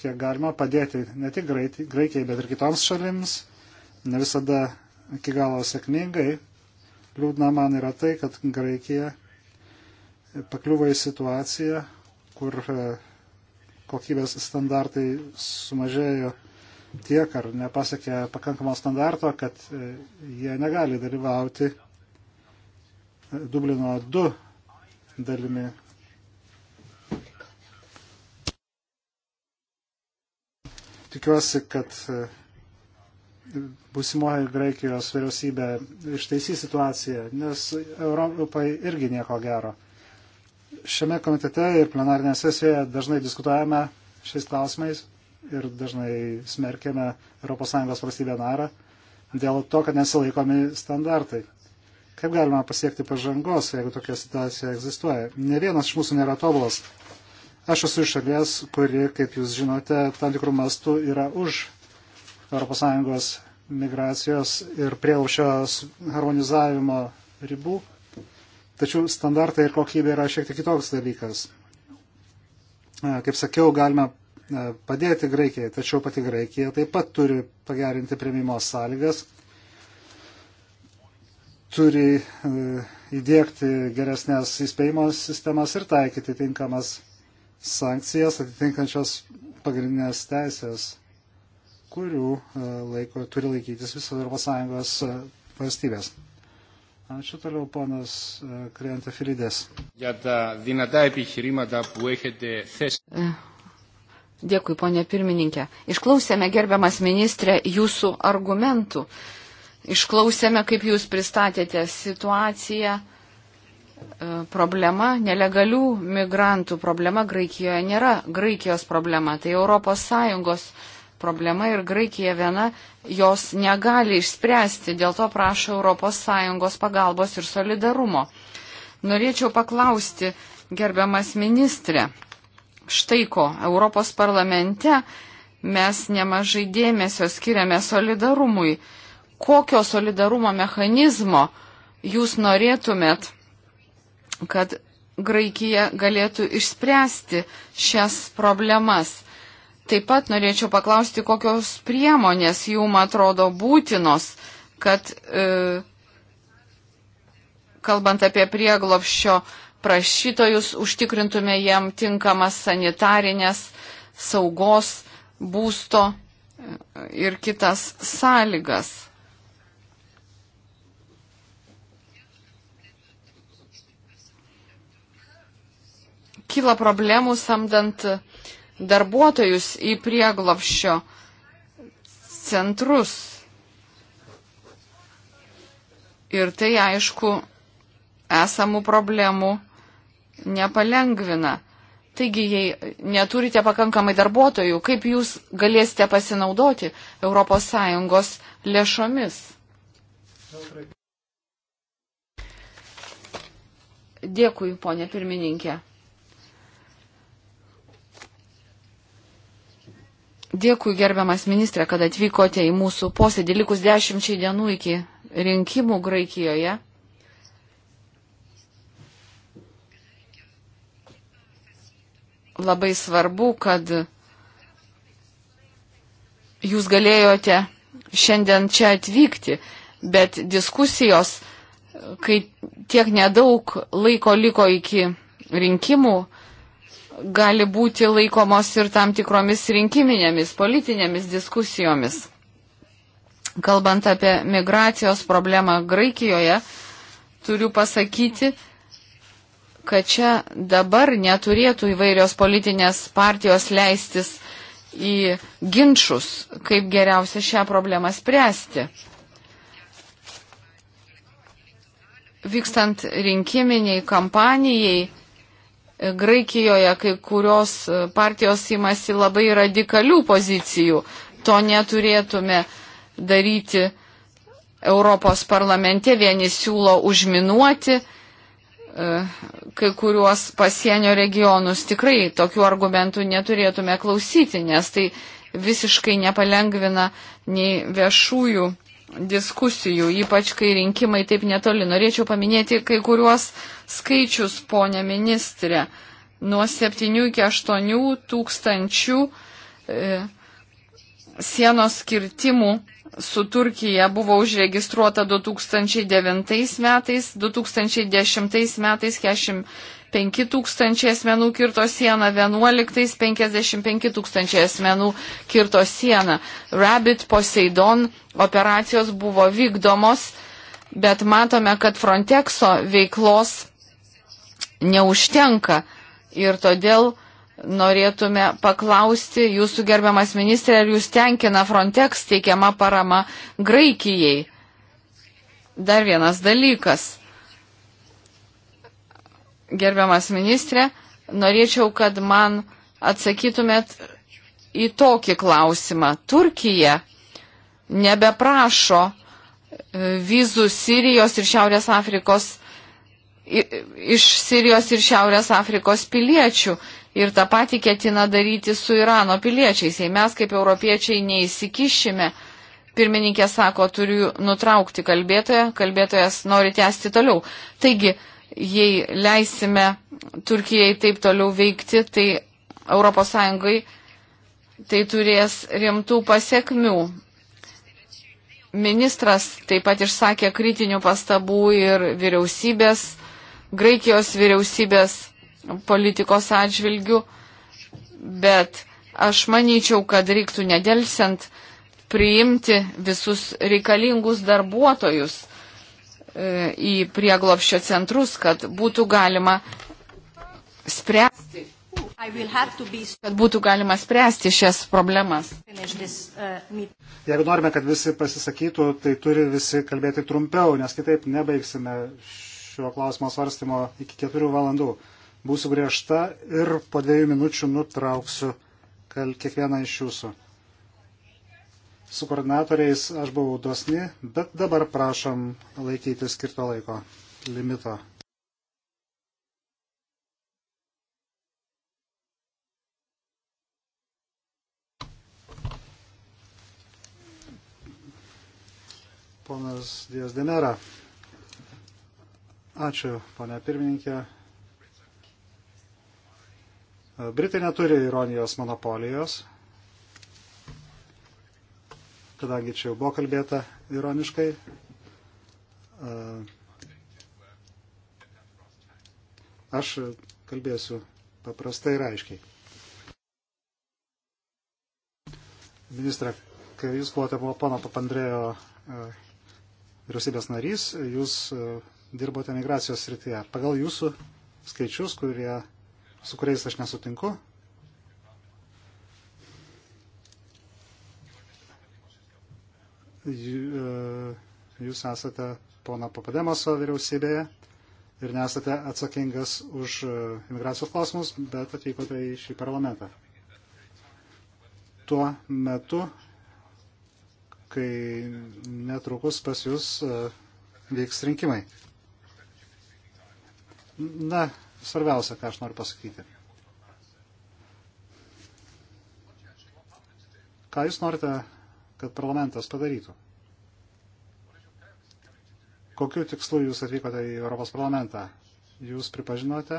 kiek galima padėti ne tik Graikijai, bet ir kitoms šalims. Ne visada iki galo sėkmingai. Liūdna man yra tai, kad Graikija pakliuvo į situaciją, kur e, kokybės standartai sumažėjo tiek ar nepasiekė pakankamo standarto, kad e, jie negali dalyvauti e, Dublino 2 dalimi. Tikiuosi, kad būsimoji Graikijos vyriausybė ištaisys situaciją, nes Europai irgi nieko gero šiame komitete ir plenarinėje sesijoje dažnai diskutuojame šiais klausimais ir dažnai smerkėme ES valstybę narą dėl to, kad nesilaikomi standartai. Kaip galima pasiekti pažangos, jeigu tokia situacija egzistuoja? Ne vienas iš mūsų nėra tobulas. Aš esu iš šalies, kuri, kaip jūs žinote, tam tikrų mastų yra už ES migracijos ir prieaušio harmonizavimo ribų Tačiau standartai ir kokybė yra šiek tiek kitoks dalykas. Kaip sakiau, galime padėti Graikijai, tačiau pati Graikija taip pat turi pagerinti prieimimo sąlygas, turi įdėkti geresnės įspėjimo sistemas ir taikyti tinkamas sankcijas atitinkančios pagrindinės teisės, kurių laiko turi laikytis visos ES valstybės. Ačiū toliau, ponas e, Kriantė Filidės. Dėkui, ponė pirmininkė. Išklausėme, gerbiamas ministrė, jūsų argumentų. Išklausėme, kaip jūs pristatėte situaciją. E, problema, nelegalių migrantų problema Graikijoje nėra Graikijos problema, tai ES problema ir Graikija viena jos negali išspręsti, dėl to prašo ES pagalbos ir solidarumo. Norėčiau paklausti, gerbiamas ministrė, štai ko Europos parlamente mes nemažai dėmesio skiriame solidarumui. Kokio solidarumo mechanizmo jūs norėtumėt, kad Graikija galėtų išspręsti šias problemas? Taip pat norėčiau paklausti, kokios priemonės jum atrodo būtinos, kad e, kalbant apie prieglopščio prašytojus, užtikrintume jam tinkamas sanitarinės saugos būsto e, ir kitas sąlygas. Kyla problemų samdant uh, darbuotojus į prieglopščio centrus. Ir tai aišku, esamų problemų nepalengvina. Taigi, jei neturite pakankamai darbuotojų, kaip jūs galėsite pasinaudoti ES lėšomis? Dėkui, ponė pirmininkė. Dėkui, gerbiamas ministrė, kad atvykote į mūsų posėdį likus dešimčiai dienų iki rinkimų Graikijoje. Labai svarbu, kad jūs galėjote šiandien čia atvykti, bet diskusijos, kai tiek nedaug laiko liko iki rinkimų, gali būti laikomos ir tam tikromis rinkiminėmis, politinėmis diskusijomis. Kalbant apie migracijos problemą Graikijoje, turiu pasakyti, kad čia dabar neturėtų įvairios politinės partijos leistis į ginčius, kaip geriausia šią problemą spręsti. Vykstant rinkiminiai kampanijai, Graikijoje kai kurios e, partijos imasi labai radikalių pozicijų. To neturėtume daryti Europos parlamente. Vieni siūlo užminuoti e, kai kuriuos pasienio regionus. Tikrai tokių argumentų neturėtume klausyti, nes tai visiškai nepalengvina nei viešųjų diskusijų, ypač kai rinkimai taip netoli. Norėčiau paminėti kai kuriuos skaičius, ponė ministrė. Nuo 7 iki 8 tūkstančių e, sienos skirtimų su Turkija buvo užregistruota 2009 metais, 2010 metais 40. 5 tūkstančiai asmenų kirto sieną, 11 55 tūkstančiai asmenų kirto sieną. Rabbit Poseidon operacijos buvo vykdomos, bet matome, kad Frontexo veiklos neužtenka ir todėl norėtume paklausti jūsų gerbiamas ministrė, ar jūs tenkina Frontex teikiama parama Graikijai. Dar vienas dalykas gerbiamas ministrė, norėčiau, kad man atsakytumėt į tokį klausimą. Turkija nebeprašo e, vizų Sirijos ir Šiaurės Afrikos, iš Sirijos ir Šiaurės Afrikos piliečių. Ir tą patį ketina daryti su Irano piliečiais. Jei mes kaip europiečiai neįsikišime, pirmininkė sako, turiu nutraukti kalbėtoją, kalbėtojas nori tęsti toliau. Taigi, jei leisime Turkijai taip toliau veikti, tai ES tai turės rimtų pasiekmių. Ministras taip pat išsakė kritinių pastabų ir vyriausybės, Graikijos vyriausybės politikos atžvilgių, bet aš manyčiau, kad reiktų nedelsiant priimti visus reikalingus darbuotojus E, į prieglopščio centrus, kad būtų galima spręsti. Kad būtų galima spręsti šias problemas. Uh, Jeigu norime, kad visi pasisakytų, tai turi visi kalbėti trumpiau, nes kitaip nebaigsime šio klausimo svarstymo iki keturių valandų. Būsiu griežta ir po dviejų minučių nutrauksiu kiekvieną iš jūsų. Su koordinatoriais aš buvau dosni, bet dabar prašom laikyti skirto laiko limito. Ponas Dijas Demera. Ačiū, ponia pirmininkė. Britai neturi ironijos monopolijos kadangi čia jau buvo kalbėta ironiškai. Aš kalbėsiu paprastai ir aiškiai. Ministra, kai jūs buvote buvo pono Papandrėjo vyriausybės narys, jūs dirbote migracijos srityje. Pagal jūsų skaičius, kurie, su kuriais aš nesutinku, E, jūs esate pono Papademoso vyriausybėje ir nesate atsakingas už e, imigracijos klausimus, bet atvykote į šį parlamentą. Tuo metu, kai netrukus pas jūs e, vyks rinkimai. Na, svarbiausia, ką aš noriu pasakyti. Ką jūs norite kad parlamentas padarytų? Kokiu tikslu jūs atvykote į Europos parlamentą? Jūs pripažinote,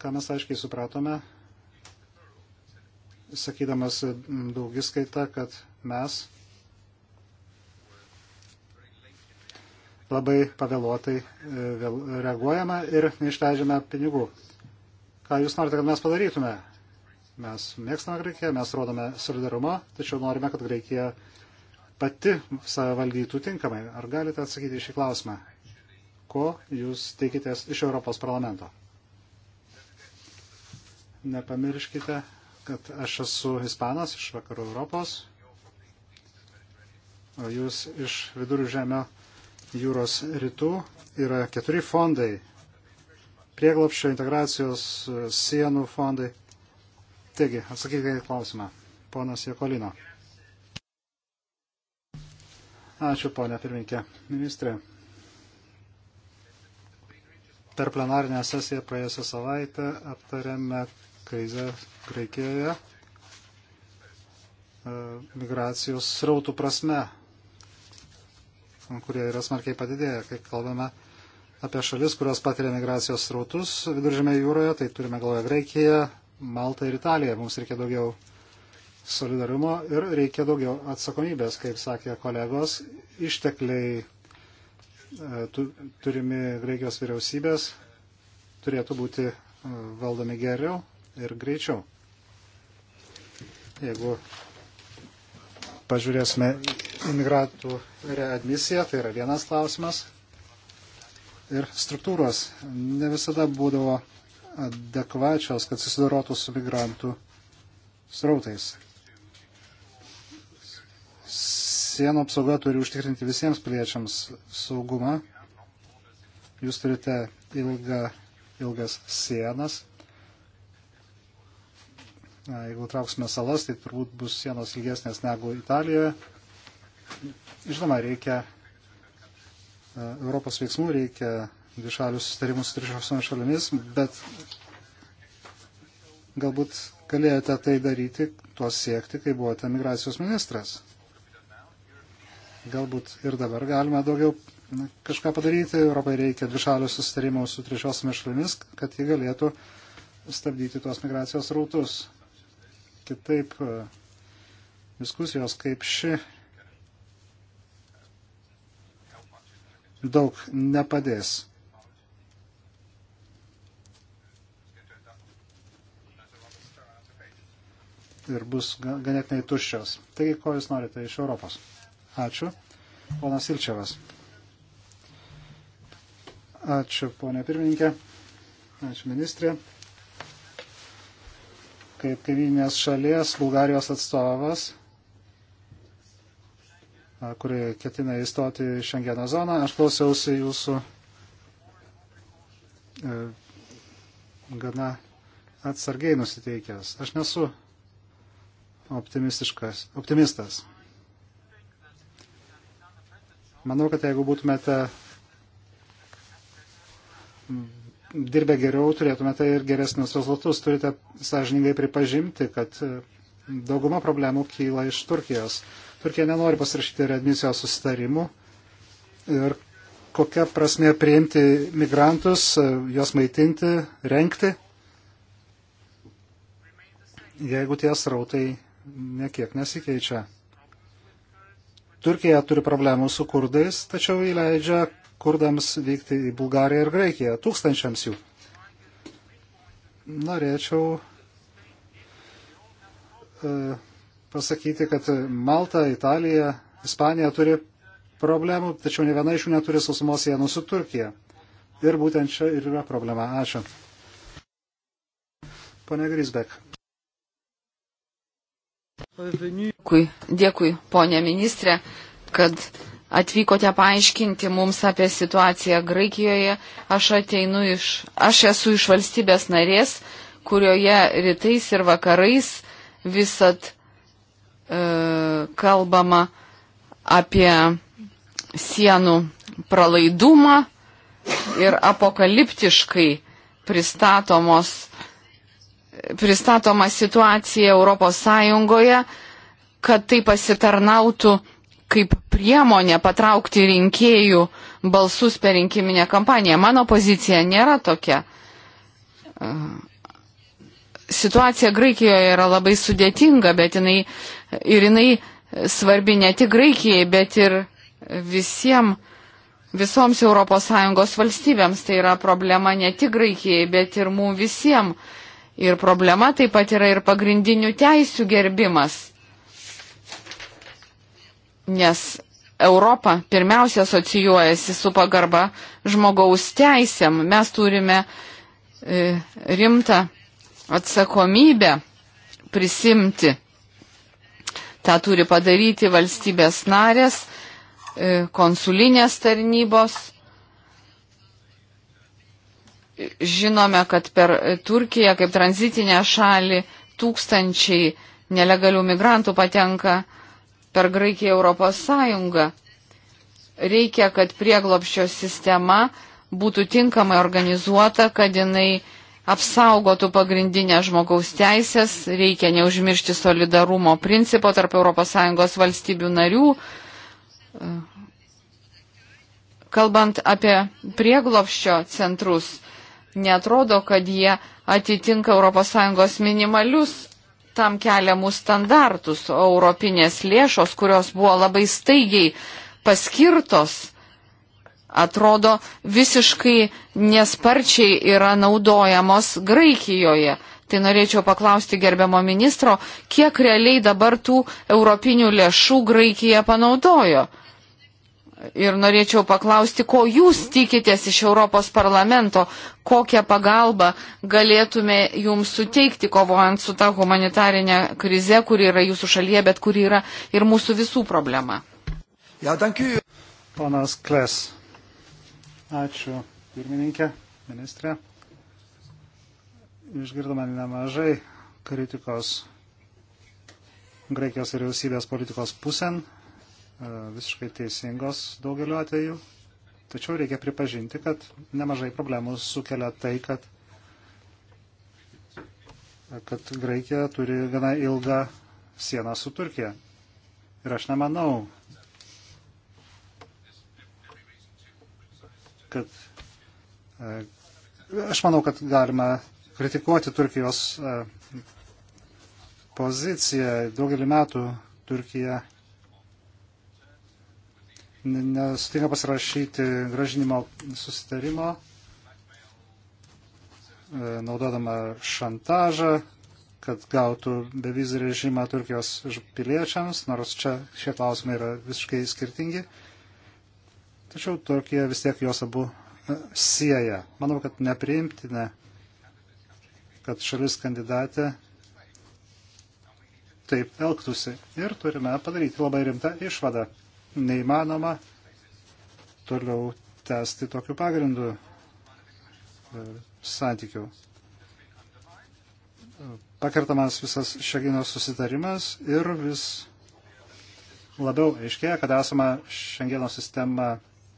ką mes aiškiai supratome, sakydamas daugiskaita, kad mes labai pavėluotai e, reaguojame ir neišleidžiame pinigų. Ką jūs norite, kad mes padarytume? Mes mėgstame Graikiją, mes rodome solidarumą, tačiau norime, kad Graikija pati save valdytų tinkamai. Ar galite atsakyti šį klausimą? Ko jūs teikitės iš Europos parlamento? Nepamirškite, kad aš esu ispanas iš vakarų Europos, o jūs iš viduržemio jūros rytų. Yra keturi fondai prieglopščio integracijos sienų fondai Taigi, atsakykite į klausimą. Ponas Jekolino. Ačiū, ponė pirminkė. Ministrė. Per plenarinę sesiją praėjusią savaitę aptarėme krizę Graikijoje e, migracijos srautų prasme, kurie yra smarkiai padidėję, kai kalbame apie šalis, kurios patiria migracijos srautus viduržėme jūroje, tai turime galvoje Graikiją, Malta ir Italija. Mums reikia daugiau solidarumo ir reikia daugiau atsakomybės, kaip sakė kolegos, ištekliai e, tu, turimi Graikijos vyriausybės turėtų būti e, valdomi geriau ir greičiau. Jeigu pažiūrėsime imigrantų readmisiją, tai yra vienas klausimas. Ir struktūros ne visada būdavo adekvačios, kad susidorotų su migrantų srautais. Sienų apsauga turi užtikrinti visiems piliečiams saugumą. Jūs turite ilgą, ilgas sienas. Na, jeigu trauksime salas, tai turbūt bus sienos ilgesnės negu Italijoje. Žinoma, reikia e, Europos veiksmų, reikia dvišalius sustarimus su trečiosiomis šalimis, bet galbūt galėjote tai daryti, tuos siekti, kai buvote migracijos ministras. Galbūt ir dabar galime daugiau kažką padaryti. Europai reikia dvišalių susitarimų su trečiosiomis šalimis, kad jie galėtų stabdyti tuos migracijos rautus. Kitaip e, diskusijos kaip ši daug nepadės. ir bus ganėtinai tuščios. Taigi, ko jūs norite iš Europos? Ačiū. Ponas Ilčiavas. Ačiū, ponė pirmininkė. Ačiū, ministrė. Kaip kaiminės šalies, Bulgarijos atstovas, kuri ketina įstoti į Šengeno zoną, aš klausiausi jūsų e, gana atsargiai nusiteikęs. Aš nesu optimistas. Manau, kad jeigu būtumėte dirbę geriau, turėtumėte ir geresnius rezultatus. Turite sąžiningai pripažinti, kad e, dauguma problemų kyla iš Turkijos. Turkija nenori pasirašyti readmisijos susitarimų. Ir kokia prasme priimti migrantus, e, juos maitinti, renkti, jeigu tie srautai nekiek nesikeičia. Turkija turi problemų su kurdais, tačiau įleidžia kurdams vykti į Bulgariją ir Graikiją, tūkstančiams jų. Norėčiau e, pasakyti, kad Malta, Italija, Ispanija turi problemų, tačiau ne viena iš jų neturi sausumos sienų su Turkija. Ir būtent čia ir yra problema. Ačiū. Pone Grisbek. Dėkui, dėkui, ponė ministrė, kad atvykote paaiškinti mums apie situaciją Graikijoje. Aš ateinu iš, aš esu iš valstybės narės, kurioje rytais ir vakarais visat e, kalbama apie sienų pralaidumą ir apokaliptiškai pristatomos pristatoma situacija Europos Sąjungoje, kad tai pasitarnautų kaip priemonė patraukti rinkėjų balsus per rinkiminę kampaniją. Mano pozicija nėra tokia. Situacija Graikijoje yra labai sudėtinga, bet jinai ir jinai svarbi ne tik Graikijai, bet ir visiems, visoms ES valstybėms. Tai yra problema ne tik Graikijai, bet ir mums visiems Ir problema taip pat yra ir pagrindinių teisių gerbimas. Nes Europa pirmiausia asocijuojasi su pagarba žmogaus teisėm. Mes turime e, rimtą atsakomybę prisimti. Ta turi padaryti valstybės narės, e, konsulinės tarnybos žinome, kad per Turkiją kaip tranzitinę šalį tūkstančiai nelegalių migrantų patenka per Graikiją Europos Sąjungą. Reikia, kad prieglopščio sistema būtų tinkamai organizuota, kad jinai apsaugotų pagrindinę žmogaus teisės, reikia neužmiršti solidarumo principo tarp ES valstybių narių. Kalbant apie prieglopščio centrus, netrodo, kad jie atitinka ES minimalius tam keliamus standartus, o europinės lėšos, kurios buvo labai staigiai paskirtos, atrodo visiškai nesparčiai yra naudojamos Graikijoje. Tai norėčiau paklausti gerbiamo ministro, kiek realiai dabar tų europinių lėšų Graikija panaudojo ir norėčiau paklausti, ko jūs tikitės iš Europos parlamento, kokią pagalbą galėtume jums suteikti, kovojant su ta humanitarinė krize, kuri yra jūsų šalyje, bet kuri yra ir mūsų visų problema. Ja, dankiu. Ponas Kles. Ačiū, pirmininkė, ministrė. Išgirdome nemažai kritikos Graikijos vyriausybės politikos pusėn E, visiškai teisingos daugeliu atveju, tačiau reikia pripažinti, kad nemažai problemų sukelia tai, kad, kad Graikija turi gana ilgą sieną su Turkija. Ir aš nemanau, kad e, aš manau, kad galima kritikuoti Turkijos e, poziciją. Daugelį metų Turkija nesutinka pasirašyti gražinimo susitarimo, e, naudodama šantažą, kad gautų bevizį režimą Turkijos piliečiams, nors čia šie klausimai yra visiškai skirtingi. Tačiau Turkija vis tiek juos abu e, sieja. Manau, kad nepriimtinė, kad šalis kandidatė taip elgtųsi. Ir turime padaryti labai rimtą išvadą neįmanoma toliau tęsti tokiu pagrindu e, santykių. Pakertamas visas šagino susitarimas ir vis labiau aiškėja, kad esame šengeno sistema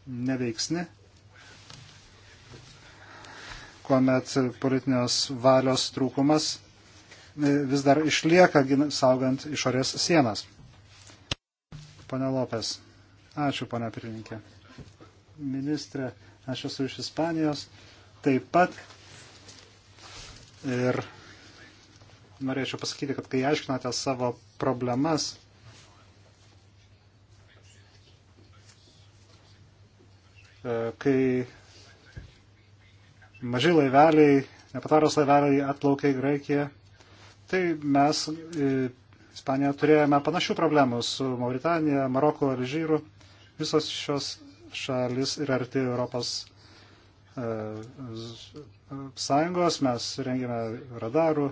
neveiksni, kuomet politinės valios trūkumas e, vis dar išlieka saugant išorės sienas. Pane Lopes. Ačiū, pana pirmininkė. Ministrė, aš esu iš Ispanijos. Taip pat ir norėčiau pasakyti, kad kai aiškinate savo problemas, e, kai maži laiveliai, nepataros laiveliai atplaukė į Graikiją, tai mes e, Ispaniją turėjome panašių problemų su Mauritanija, Maroku, Alžyru. Visos šios šalis ir arti Europos e, sąjungos, mes rengėme radarų,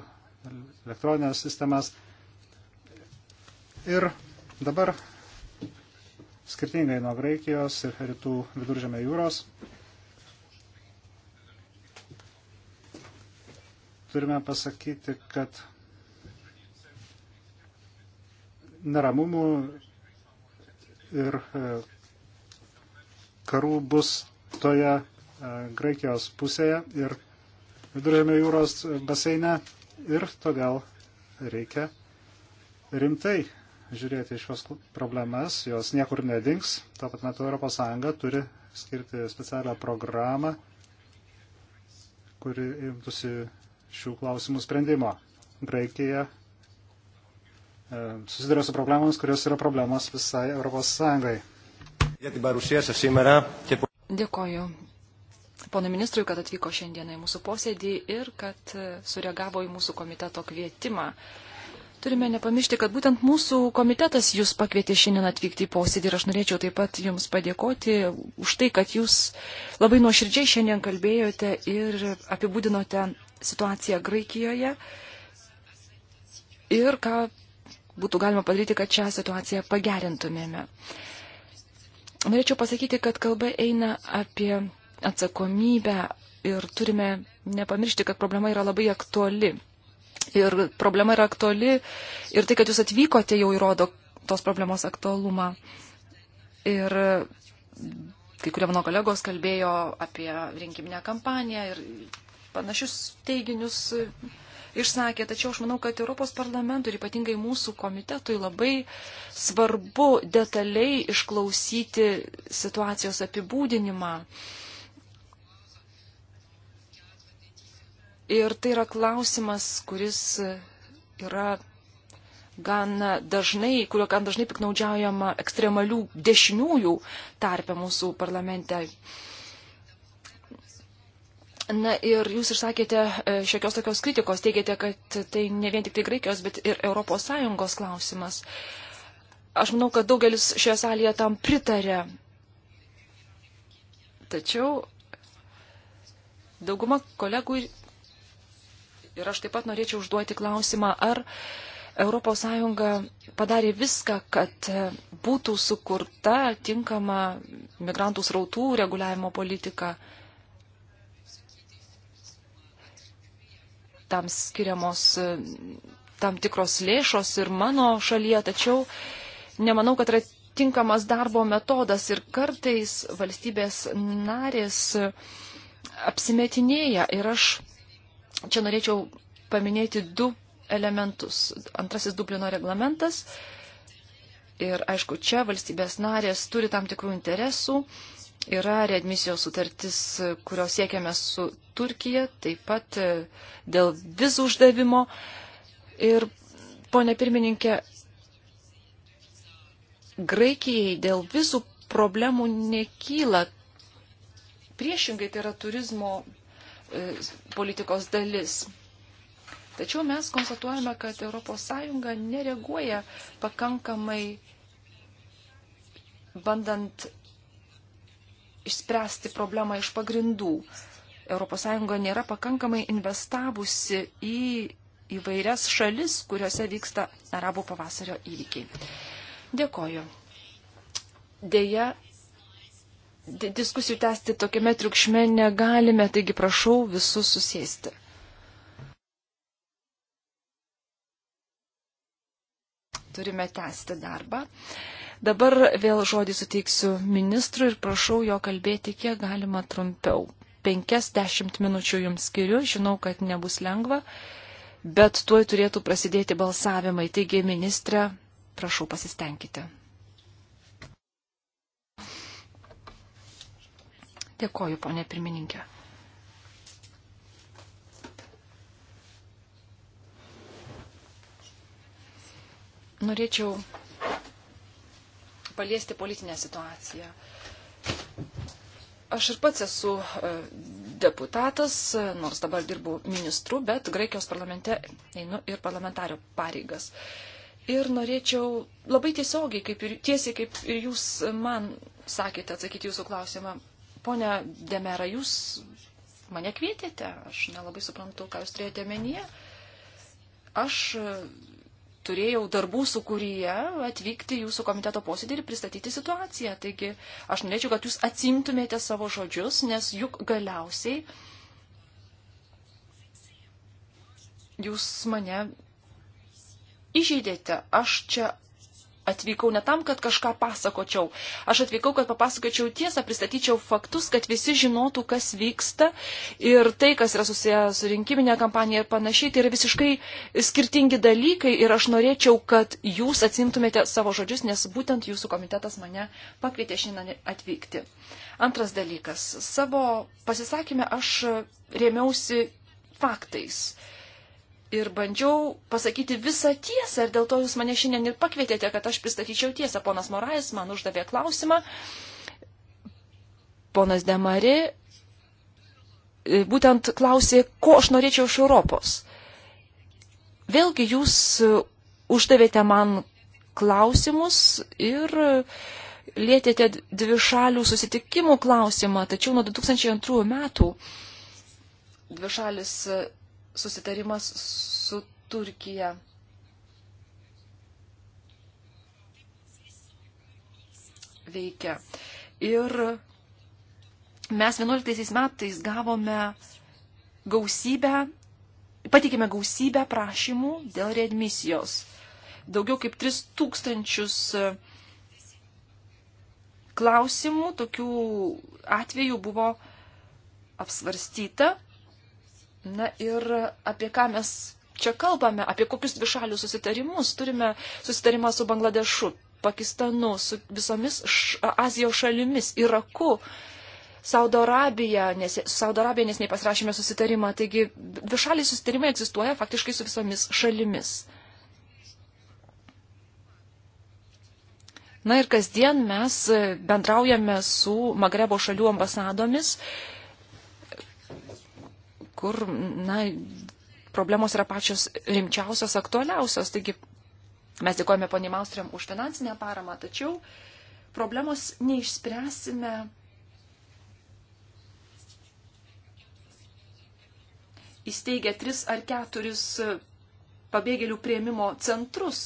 elektroninės sistemas. Ir dabar, skirtingai nuo Graikijos ir rytų viduržėme jūros, turime pasakyti, kad neramumų ir e, karų bus toje e, Graikijos pusėje ir viduržėmio jūros baseine ir todėl reikia rimtai žiūrėti šios problemas, jos niekur nedings. Tuo pat metu ES turi skirti specialią programą, kuri imtųsi šių klausimų sprendimo. Graikija e, susiduria su problemams, kurios yra problemos visai ES. Dėkoju pono ministrui, kad atvyko šiandieną į mūsų posėdį ir kad e, sureagavo į mūsų komiteto kvietimą. Turime nepamiršti, kad būtent mūsų komitetas jūs pakvietė šiandien atvykti į posėdį ir aš norėčiau taip pat jums padėkoti už tai, kad jūs labai nuoširdžiai šiandien kalbėjote ir apibūdinote situaciją Graikijoje ir ką būtų galima padaryti, kad šią situaciją pagerintumėme. Norėčiau pasakyti, kad kalba eina apie atsakomybę ir turime nepamiršti, kad problema yra labai aktuali. Ir problema yra aktuali ir tai, kad jūs atvykote, jau įrodo tos problemos aktualumą. Ir kai kurie mano kolegos kalbėjo apie rinkiminę kampaniją ir panašius teiginius išsakė, tačiau aš manau, kad Europos parlamentui ir ypatingai mūsų komitetui labai svarbu detaliai išklausyti situacijos apibūdinimą. Ir tai yra klausimas, kuris yra gan dažnai, kurio gan dažnai piknaudžiaujama ekstremalių dešiniųjų tarpe mūsų parlamente. Na ir jūs išsakėte e, šiokios tokios kritikos, teigėte, kad tai ne vien tik tai Graikijos, bet ir ES klausimas. Aš manau, kad daugelis šioje salėje tam pritarė. Tačiau dauguma kolegų ir aš taip pat norėčiau užduoti klausimą, ar ES padarė viską, kad būtų sukurta tinkama migrantų srautų reguliavimo politika tam skiriamos e, tam tikros lėšos ir mano šalyje, tačiau nemanau, kad yra tinkamas darbo metodas ir kartais valstybės narės apsimetinėja ir aš čia norėčiau paminėti du elementus. Antrasis Dublino reglamentas ir aišku, čia valstybės narės turi tam tikrų interesų Yra readmisijos sutartis, kurios siekiame su Turkija, taip pat e, dėl vizų uždavimo. Ir, ponė pirmininkė, Graikijai dėl vizų problemų nekyla. Priešingai tai yra turizmo e, politikos dalis. Tačiau mes konstatuojame, kad ES nereaguoja pakankamai bandant išspręsti problemą iš pagrindų. ES nėra pakankamai investavusi į įvairias šalis, kuriuose vyksta arabų pavasario įvykiai. Dėkoju. Deja, diskusijų tęsti tokiame triukšme negalime, taigi prašau visus susėsti. Turime tęsti darbą. Dabar vėl žodį suteiksiu ministrui ir prašau jo kalbėti kiek galima trumpiau. 5-10 minučių jums skiriu, žinau, kad nebus lengva, bet tuoj turėtų prasidėti balsavimai. Taigi, ministrė, prašau pasistengkite. Dėkoju, ponė pirmininkė. Norėčiau paliesti politinę situaciją. Aš ir pats esu e, deputatas, e, nors dabar dirbu ministru, bet Graikijos parlamente einu ir parlamentario pareigas. Ir norėčiau labai tiesiogiai, kaip ir, tiesiai kaip ir jūs man sakėte, atsakyti jūsų klausimą. Pone Demera, jūs mane kvietėte, aš nelabai suprantu, ką jūs turėjote menyje. Aš turėjau darbų sukūryje atvykti jūsų komiteto posėdį ir pristatyti situaciją. Taigi aš norėčiau, kad jūs atsimtumėte savo žodžius, nes juk galiausiai jūs mane įžeidėte. Aš čia atvykau ne tam, kad kažką pasakočiau. Aš atvykau, kad papasakočiau tiesą, pristatyčiau faktus, kad visi žinotų, kas vyksta ir tai, kas yra susiję su rinkiminė kampanija ir panašiai, tai yra visiškai skirtingi dalykai ir aš norėčiau, kad jūs atsimtumėte savo žodžius, nes būtent jūsų komitetas mane pakvietė šiandien atvykti. Antras dalykas. Savo pasisakymę aš rėmiausi faktais ir bandžiau pasakyti visą tiesą ir dėl to jūs mane šiandien ir pakvietėte, kad aš pristatyčiau tiesą. Ponas Morais man uždavė klausimą. Ponas Demari e, būtent klausė, ko aš norėčiau iš Europos. Vėlgi jūs e, uždavėte man klausimus ir lėtėte dvi šalių susitikimų klausimą, tačiau nuo 2002 metų dvišalis susitarimas su Turkija. Veikia. Ir mes 11 metais gavome gausybę, patikėme gausybę prašymų dėl readmisijos. Daugiau kaip 3000 e, klausimų, tokių atvejų buvo apsvarstyta Na ir apie ką mes čia kalbame, apie kokius dvišalius susitarimus turime susitarimą su Bangladešu, Pakistanu, su visomis Azijos šalimis, Iraku. Saudo Arabija, nes, Saudo Arabija nesnei pasirašėme susitarimą, taigi dvišaliai susitarimai egzistuoja faktiškai su visomis šalimis. Na ir kasdien mes bendraujame su Magrebo šalių ambasadomis, kur, na, problemos yra pačios rimčiausios, aktualiausios. Taigi mes dėkojame poniai Maustriam už finansinę paramą, tačiau problemos neišspręsime. Įsteigia tris ar keturis pabėgėlių prieimimo centrus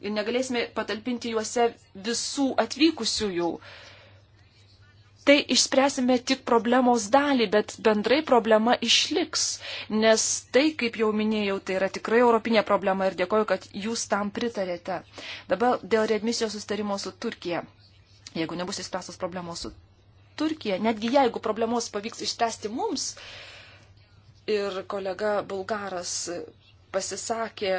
ir negalėsime patalpinti juose visų atvykusiųjų. Jų tai išspręsime tik problemos dalį, bet bendrai problema išliks, nes tai, kaip jau minėjau, tai yra tikrai europinė problema ir dėkoju, kad jūs tam pritarėte. Dabar dėl readmisijos sustarimo su Turkija. Jeigu nebus išspręstos problemos su Turkija, netgi jeigu problemos pavyks išspręsti mums, ir kolega Bulgaras pasisakė,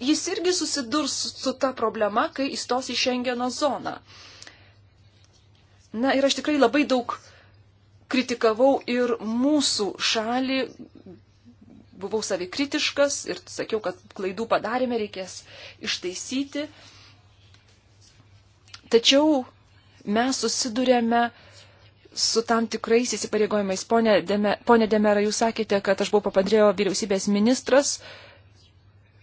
jis irgi susidurs su ta problema, kai įstos į Schengeno zoną. Na ir aš tikrai labai daug kritikavau ir mūsų šalį, buvau savikritiškas ir sakiau, kad klaidų padarėme, reikės ištaisyti. Tačiau mes susidurėme su tam tikrais įsipareigojimais. Pone, Deme, pone Demera, jūs sakėte, kad aš buvau papadrėjo vyriausybės ministras, uh,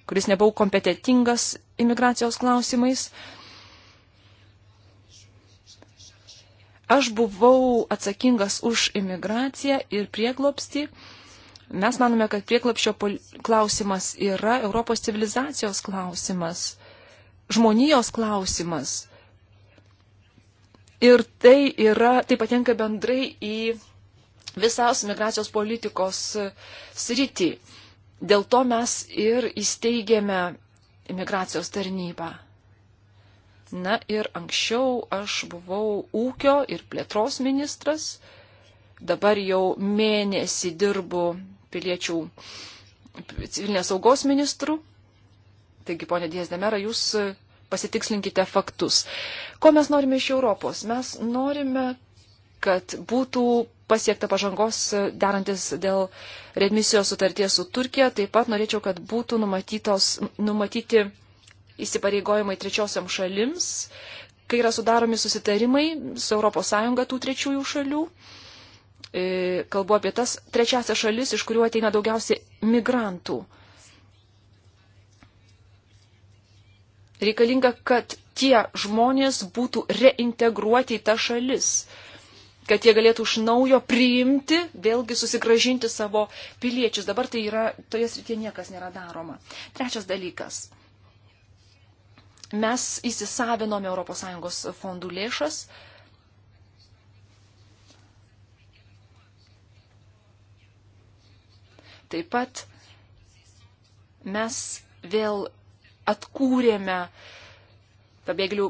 kuris nebuvo kompetitingas imigracijos klausimais. Aš buvau atsakingas už imigraciją ir prieglopstį. Mes manome, kad prieglopščio klausimas yra Europos civilizacijos klausimas, žmonijos klausimas. Ir tai yra, tai patenka bendrai į visos migracijos politikos e, sritį. Dėl to mes ir įsteigėme imigracijos tarnybą. Na ir anksčiau aš buvau ūkio ir plėtros ministras, dabar jau mėnesį dirbu piliečių civilinės saugos ministrų. Taigi, ponė Diezdemera, jūs pasitikslinkite faktus. Ko mes norime iš Europos? Mes norime, kad būtų pasiekta pažangos e, derantis dėl redmisijos sutarties su Turkija. Taip pat norėčiau, kad būtų numatyti įsipareigojimai trečiosiam šalims, kai yra sudaromi susitarimai su ES tų trečiųjų šalių. E, kalbu apie tas trečiasias šalis, iš kurių ateina daugiausiai migrantų. Reikalinga, kad tie žmonės būtų reintegruoti į tą šalis kad jie galėtų iš naujo priimti, vėlgi susigražinti savo piliečius. Dabar tai yra, toje srityje niekas nėra daroma. Trečias dalykas. Mes įsisavinome ES fondų lėšas. Taip pat mes vėl atkūrėme pabėgėlių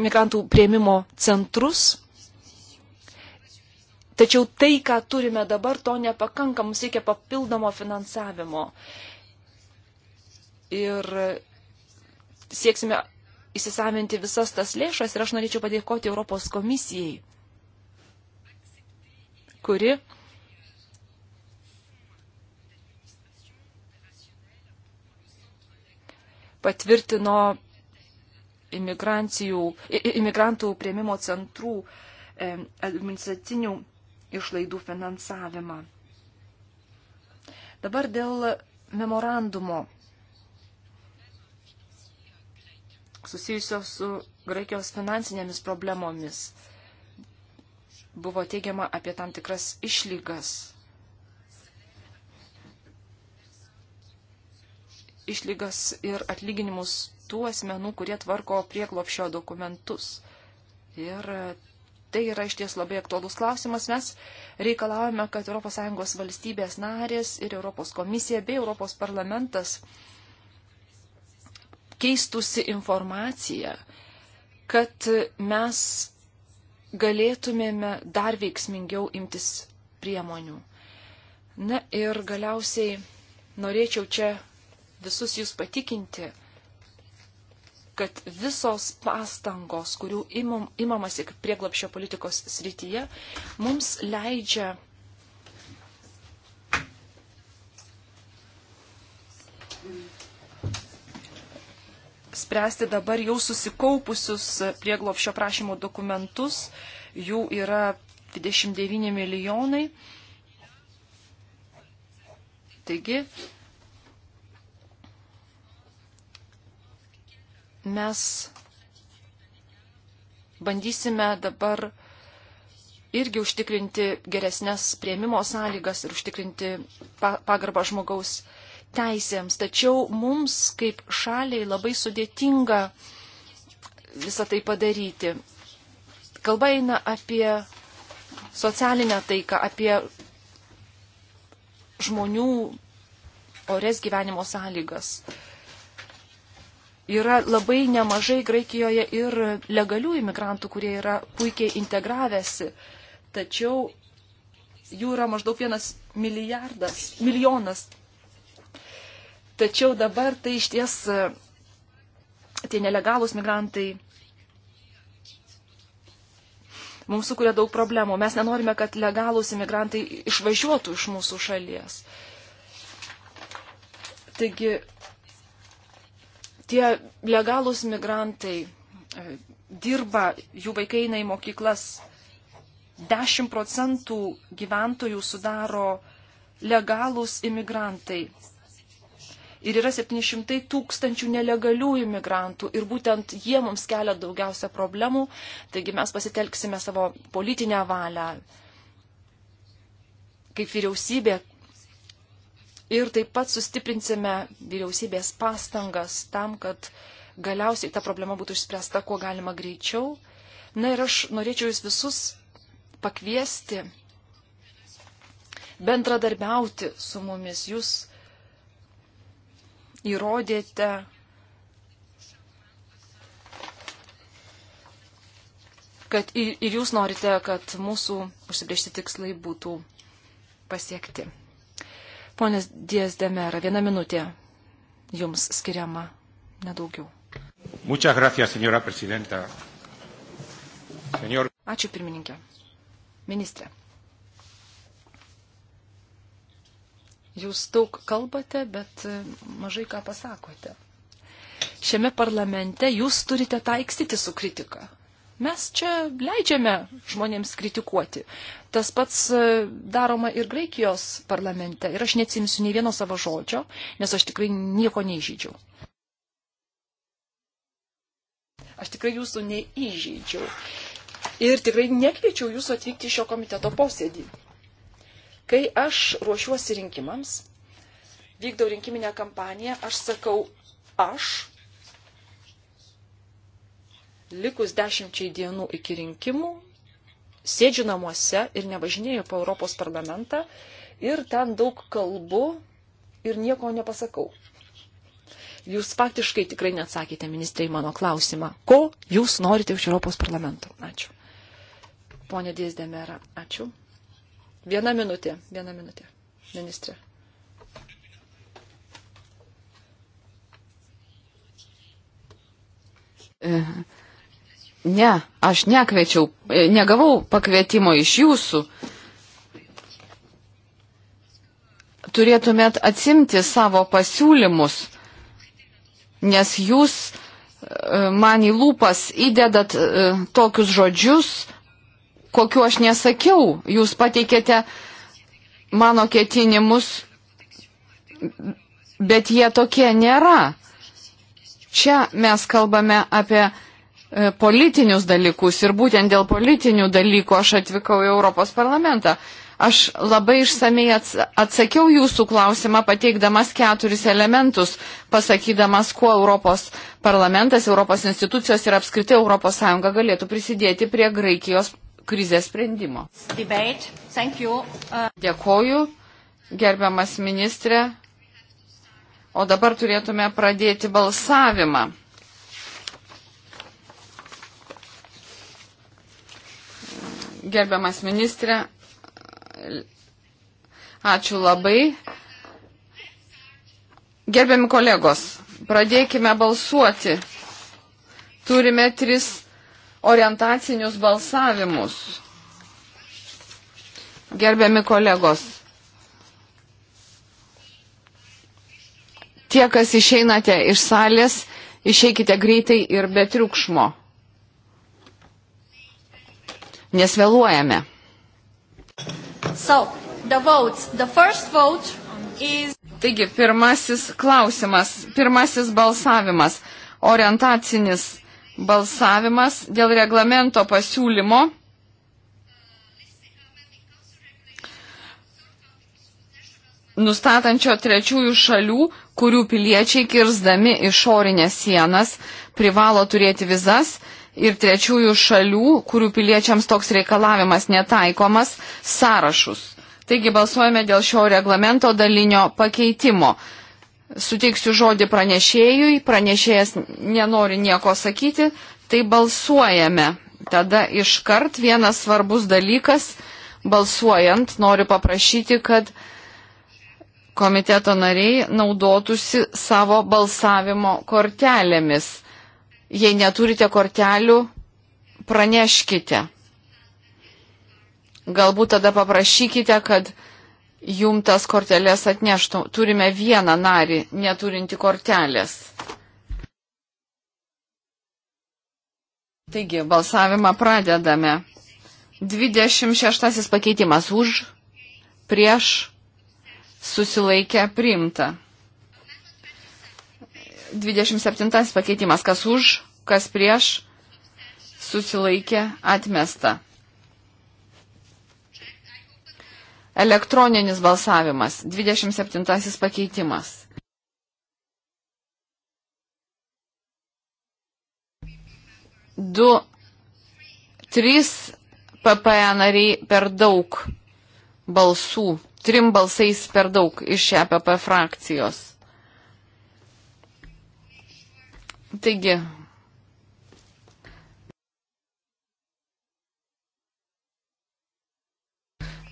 imigrantų prieimimo centrus Tačiau tai, ką turime dabar, to nepakanka, mums reikia papildomo finansavimo. Ir sieksime įsisavinti visas tas lėšas ir aš norėčiau padėkoti Europos komisijai, kuri patvirtino imigrantų prieimimo centrų e, administracinių išlaidų finansavimą. Dabar dėl memorandumo susijusios su Graikijos finansinėmis problemomis. Buvo teigiama apie tam tikras išlygas. Išlygas ir atlyginimus tų asmenų, kurie tvarko prieklopšio dokumentus. Ir Tai yra iš ties labai aktuolus klausimas. Mes reikalavome, kad ES valstybės narės ir ES komisija bei ES parlamentas keistusi informaciją, kad mes galėtumėme dar veiksmingiau imtis priemonių. Na ir galiausiai norėčiau čia visus jūs patikinti, kad visos pastangos, kurių imam, imamasi prieglapšio politikos srityje, mums leidžia spręsti dabar jau susikaupusius prieglopšio prašymo dokumentus. Jų yra 29 milijonai. Taigi, mes bandysime dabar irgi užtikrinti geresnės prieimimo sąlygas ir užtikrinti pagarbą žmogaus teisėms. Tačiau mums kaip šaliai labai sudėtinga visą tai padaryti. Kalba eina apie socialinę taiką, apie žmonių ores gyvenimo sąlygas yra labai nemažai Graikijoje ir legalių imigrantų, kurie yra puikiai integravęsi. Tačiau jų yra maždaug vienas milijardas, milijonas. Tačiau dabar tai iš ties e, tie nelegalūs migrantai mums sukuria daug problemų. Mes nenorime, kad legalūs imigrantai išvažiuotų iš mūsų šalies. Taigi tie legalūs migrantai e, dirba, jų vaikai eina į mokyklas. 10 procentų gyventojų sudaro legalūs imigrantai. Ir yra 700 tūkstančių nelegalių imigrantų ir būtent jie mums kelia daugiausia problemų, taigi mes pasitelksime savo politinę valią kaip vyriausybė, Ir taip pat sustiprinsime vyriausybės pastangas tam, kad galiausiai ta problema būtų išspręsta kuo galima greičiau. Na ir aš norėčiau jūs visus pakviesti bendradarbiauti su mumis. Jūs įrodėte kad ir, ir jūs norite, kad mūsų užsibriežti tikslai būtų pasiekti. Ponės Dies Demera, viena minutė jums skiriama, nedaugiau. Muchas gracias, señora presidenta. Senor... Ačiū pirmininkė. Ministrė. Jūs daug kalbate, bet e, mažai ką pasakote. Šiame parlamente jūs turite taikstyti su kritika. Mes čia leidžiame žmonėms kritikuoti. Tas pats e, daroma ir Graikijos parlamente. Ir aš neatsimsiu nei vieno savo žodžio, nes aš tikrai nieko neižydžiau. Aš tikrai jūsų neįžydžiau. Ir tikrai nekviečiau jūsų atvykti į šio komiteto posėdį. Kai aš ruošiuosi rinkimams, vykdau rinkiminę kampaniją, aš sakau, aš likus dešimčiai dienų iki rinkimų sėdžiu namuose ir nevažinėju po Europos parlamentą ir ten daug kalbu ir nieko nepasakau. Jūs faktiškai tikrai neatsakėte, ministrai, mano klausimą. Ko jūs norite iš Europos parlamento? Ačiū. Pone Dėsdemera, ačiū. Viena minutė, viena minutė, ministrė. Uh. Ne, aš nekviečiau, e, negavau pakvietimo iš jūsų. Turėtumėt atsimti savo pasiūlymus, nes jūs e, man į lūpas įdedat e, tokius žodžius, kokiu aš nesakiau. Jūs pateikėte mano ketinimus, bet jie tokie nėra. Čia mes kalbame apie E, politinius dalykus ir būtent dėl politinių dalykų aš atvykau į Europos parlamentą. Aš labai išsamei atsakiau jūsų klausimą, pateikdamas keturis elementus, pasakydamas, kuo Europos parlamentas, Europos institucijos ir apskritai Europos Sąjunga galėtų prisidėti prie Graikijos krizės sprendimo. Uh, Dėkoju, gerbiamas ministrė. O dabar turėtume pradėti balsavimą. Gerbiamas ministrė, ačiū labai. Gerbiami kolegos, pradėkime balsuoti. Turime tris orientacinius balsavimus. Gerbiami kolegos, tie, kas išeinate iš salės, išeikite greitai ir be triukšmo nes vėluojame. So, the votes. The first vote is... Taigi, pirmasis klausimas, pirmasis balsavimas, orientacinis balsavimas dėl reglamento pasiūlymo. nustatančio trečiųjų šalių, kurių piliečiai kirzdami išorinės sienas privalo turėti vizas ir trečiųjų šalių, kurių piliečiams toks reikalavimas netaikomas, sąrašus. Taigi balsuojame dėl šio reglamento dalinio pakeitimo. Suteiksiu žodį pranešėjui, pranešėjas nenori nieko sakyti, tai balsuojame. Tada iškart vienas svarbus dalykas, balsuojant noriu paprašyti, kad komiteto nariai naudotųsi savo balsavimo kortelėmis Jei neturite kortelių, praneškite. Galbūt tada paprašykite, kad jum tas kortelės atneštų. Turime vieną narį neturinti kortelės. Taigi, balsavimą pradedame. 26 pakeitimas už, prieš, susilaikę, primta. 27 pakeitimas. Kas už, kas prieš, susilaikė, atmesta. Elektroninis balsavimas. 27 pakeitimas. Du, trys PPE nariai per daug balsų, trim balsais per daug iš EPP frakcijos. Taigi,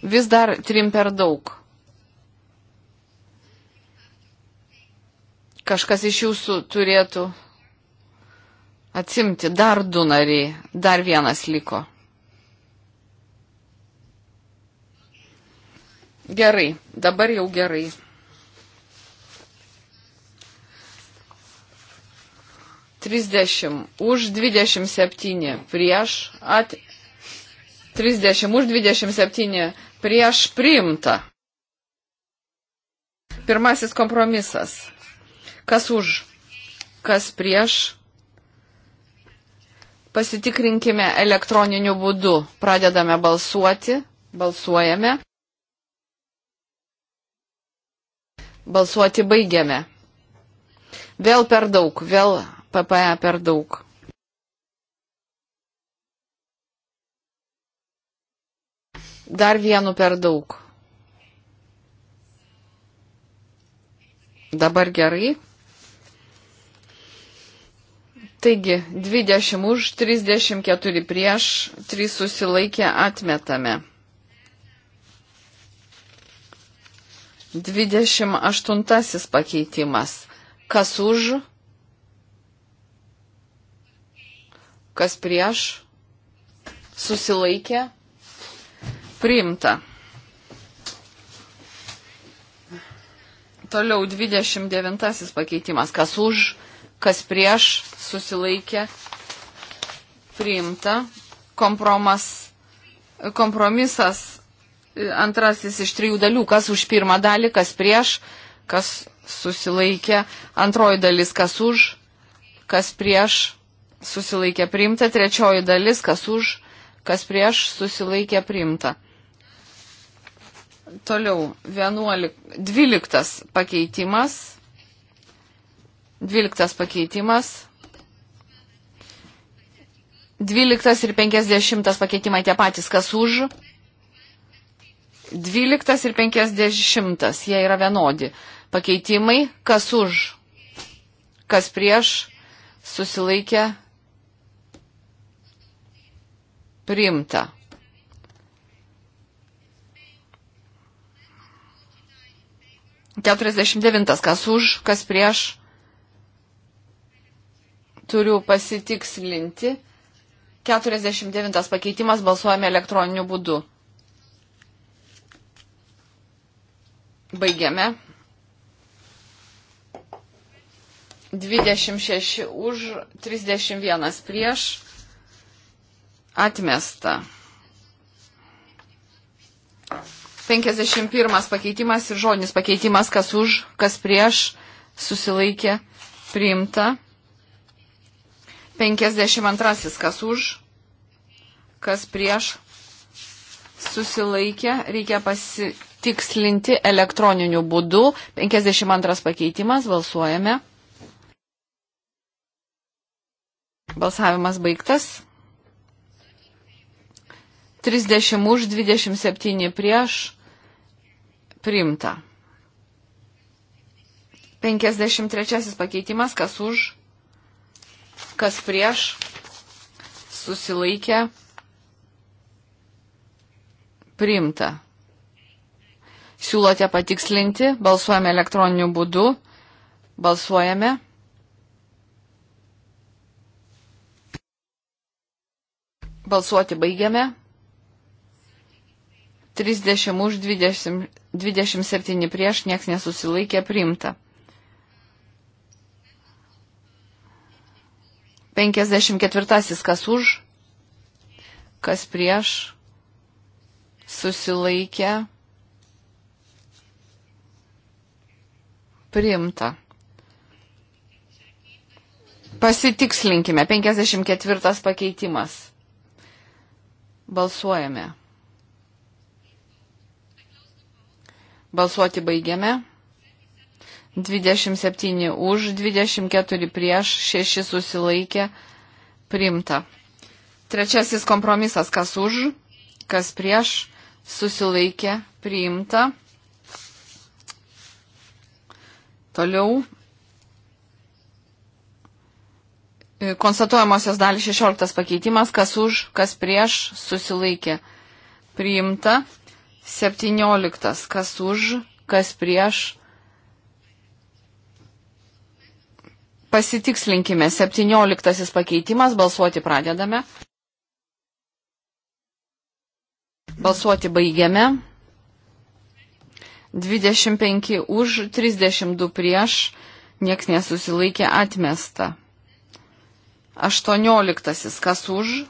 vis dar trim per daug. Kažkas iš jūsų turėtų atsimti dar du nariai, dar vienas liko. Gerai, dabar jau gerai. 30 už 27 prieš at 30 už 27 prieš priimta. Pirmasis kompromisas. Kas už, kas prieš. Pasitikrinkime elektroniniu būdu. Pradedame balsuoti. Balsuojame. Balsuoti baigiame. Vėl per daug, vėl PPE per daug. Dar vienu per daug. Dabar gerai. Taigi, 20 už, 34 prieš, 3 susilaikė atmetame. 28 pakeitimas. Kas už? kas prieš, susilaikė, priimta. Toliau 29 pakeitimas, kas už, kas prieš, susilaikė, priimta. Kompromas, kompromisas antrasis iš trijų dalių, kas už pirmą dalį, kas prieš, kas susilaikė, antroji dalis, kas už, kas prieš, susilaikė priimta, trečioji dalis, kas už, kas prieš, susilaikė priimta. Toliau, 11, 12 pakeitimas. 12 pakeitimas. 12 ir 50 pakeitimai tie patys, kas už. 12 ir 50, jie yra vienodi. Pakeitimai, kas už, kas prieš, susilaikė Priimta. Keturiasdešimt devintas, kas už, kas prieš. Turiu pasitikslinti. 49 pakeitimas balsuojame elektroniniu būdu. Baigiame. 26 už, 31 prieš. Atmesta. 51 pakeitimas ir žodinis pakeitimas, kas už, kas prieš, susilaikė, priimta. 52 kas už, kas prieš, susilaikė, reikia pasitikslinti elektroniniu būdu. 52 pakeitimas, balsuojame. Balsavimas baigtas. 30 už, 27 prieš, primta. 53 pakeitimas, kas už, kas prieš, susilaikė, primta. Siūlote patikslinti, balsuojame elektroniniu būdu, balsuojame. Balsuoti baigiame. 30 už 20, 27 prieš, nieks nesusilaikė, priimta. 54 kas už, kas prieš, susilaikė, priimta. Pasitikslinkime, 54 pakeitimas. Balsuojame. Balsuoti baigiame. 27 už, 24 prieš, 6 susilaikė, primta. Trečiasis kompromisas, kas už, kas prieš, susilaikė, priimta. Toliau. Konstatuojamosios dalis 16 pakeitimas, kas už, kas prieš, susilaikė, priimta. 17. Kas už, kas prieš. Pasitikslinkime. 17. pakeitimas. Balsuoti pradedame. Balsuoti baigiame. 25 už, 32 prieš, nieks nesusilaikė atmesta. 18. Kas už,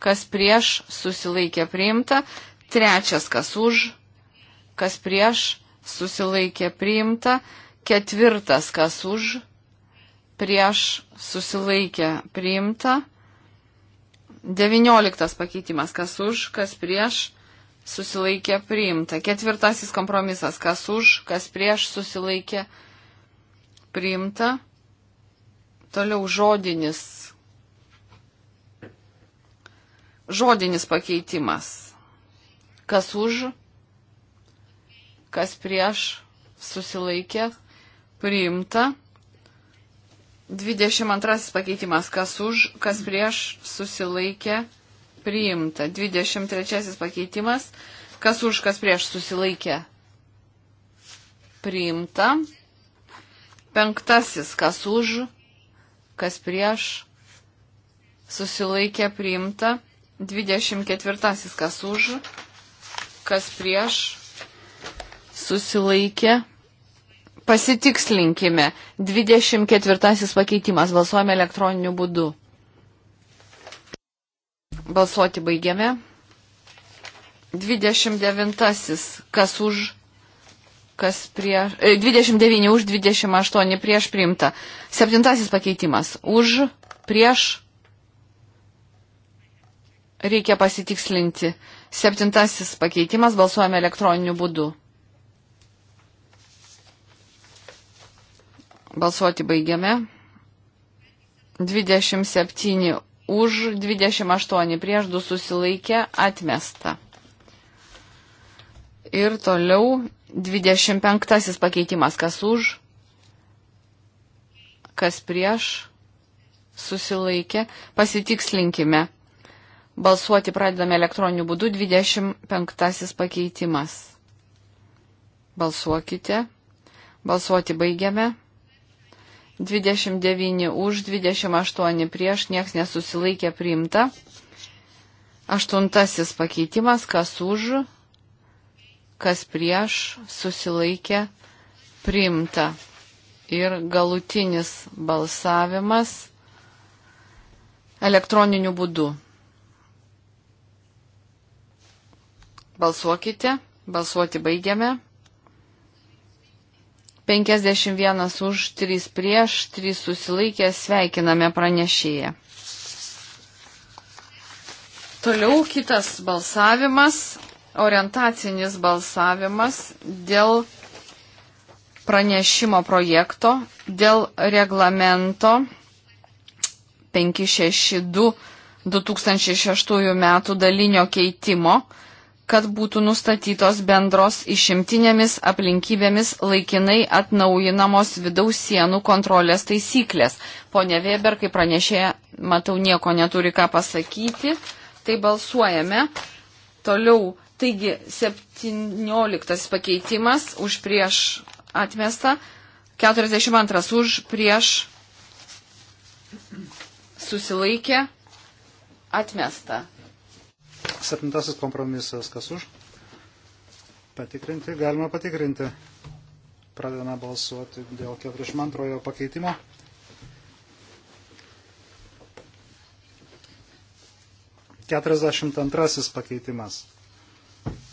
kas prieš susilaikė priimta, Trečias, kas už, kas prieš, susilaikė priimta. Ketvirtas, kas už, prieš, susilaikė priimta. Devinioliktas pakeitimas, kas už, kas prieš, susilaikė priimta. Ketvirtasis kompromisas, kas už, kas prieš, susilaikė priimta. Toliau žodinis. Žodinis pakeitimas. Kas už, kas prieš, susilaikė, priimta. 22 pakeitimas, kas už, kas prieš, susilaikė, priimta. 23 pakeitimas, kas už, kas prieš, susilaikė, priimta. Penktasis, kas už, kas prieš, susilaikė, priimta. 24 kas už, kas prieš, susilaikė. Pasitikslinkime. 24 pakeitimas. Balsuojame elektroniniu būdu. Balsuoti baigiame. 29. Kas už, kas prieš. 29 e, už, 28 prieš priimta. 7 pakeitimas. Už, prieš. Reikia pasitikslinti. Septintasis pakeitimas balsuojame elektroniniu būdu. Balsuoti baigiame. 27 už, 28 prieš, 2 susilaikė, atmesta. Ir toliau 25 pakeitimas, kas už, kas prieš, susilaikė. Pasitikslinkime. Balsuoti pradedame elektroniniu būdu 25 pakeitimas. Balsuokite. Balsuoti baigiame. 29 už, 28 prieš, nieks nesusilaikė priimta. Aštuntasis pakeitimas, kas už, kas prieš, susilaikė priimta. Ir galutinis balsavimas elektroniniu būdu. Balsuokite. Balsuoti baigiame. 51 už, 3 prieš, 3 susilaikė, sveikiname pranešėją. Toliau kitas balsavimas, orientacinis balsavimas dėl pranešimo projekto, dėl reglamento 562 2006 metų dalinio keitimo kad būtų nustatytos bendros išimtinėmis aplinkybėmis laikinai atnaujinamos vidaus sienų kontrolės taisyklės. Pone Weber, kaip pranešė, matau, nieko neturi ką pasakyti. Tai balsuojame. Toliau, taigi 17 pakeitimas už prieš atmestą, 42 už prieš susilaikę atmestą. Septintasis kompromisas, kas už? Patikrinti, galima patikrinti. Pradedame balsuoti dėl 42 pakeitimo. Keturiasdešimt antrasis pakeitimas.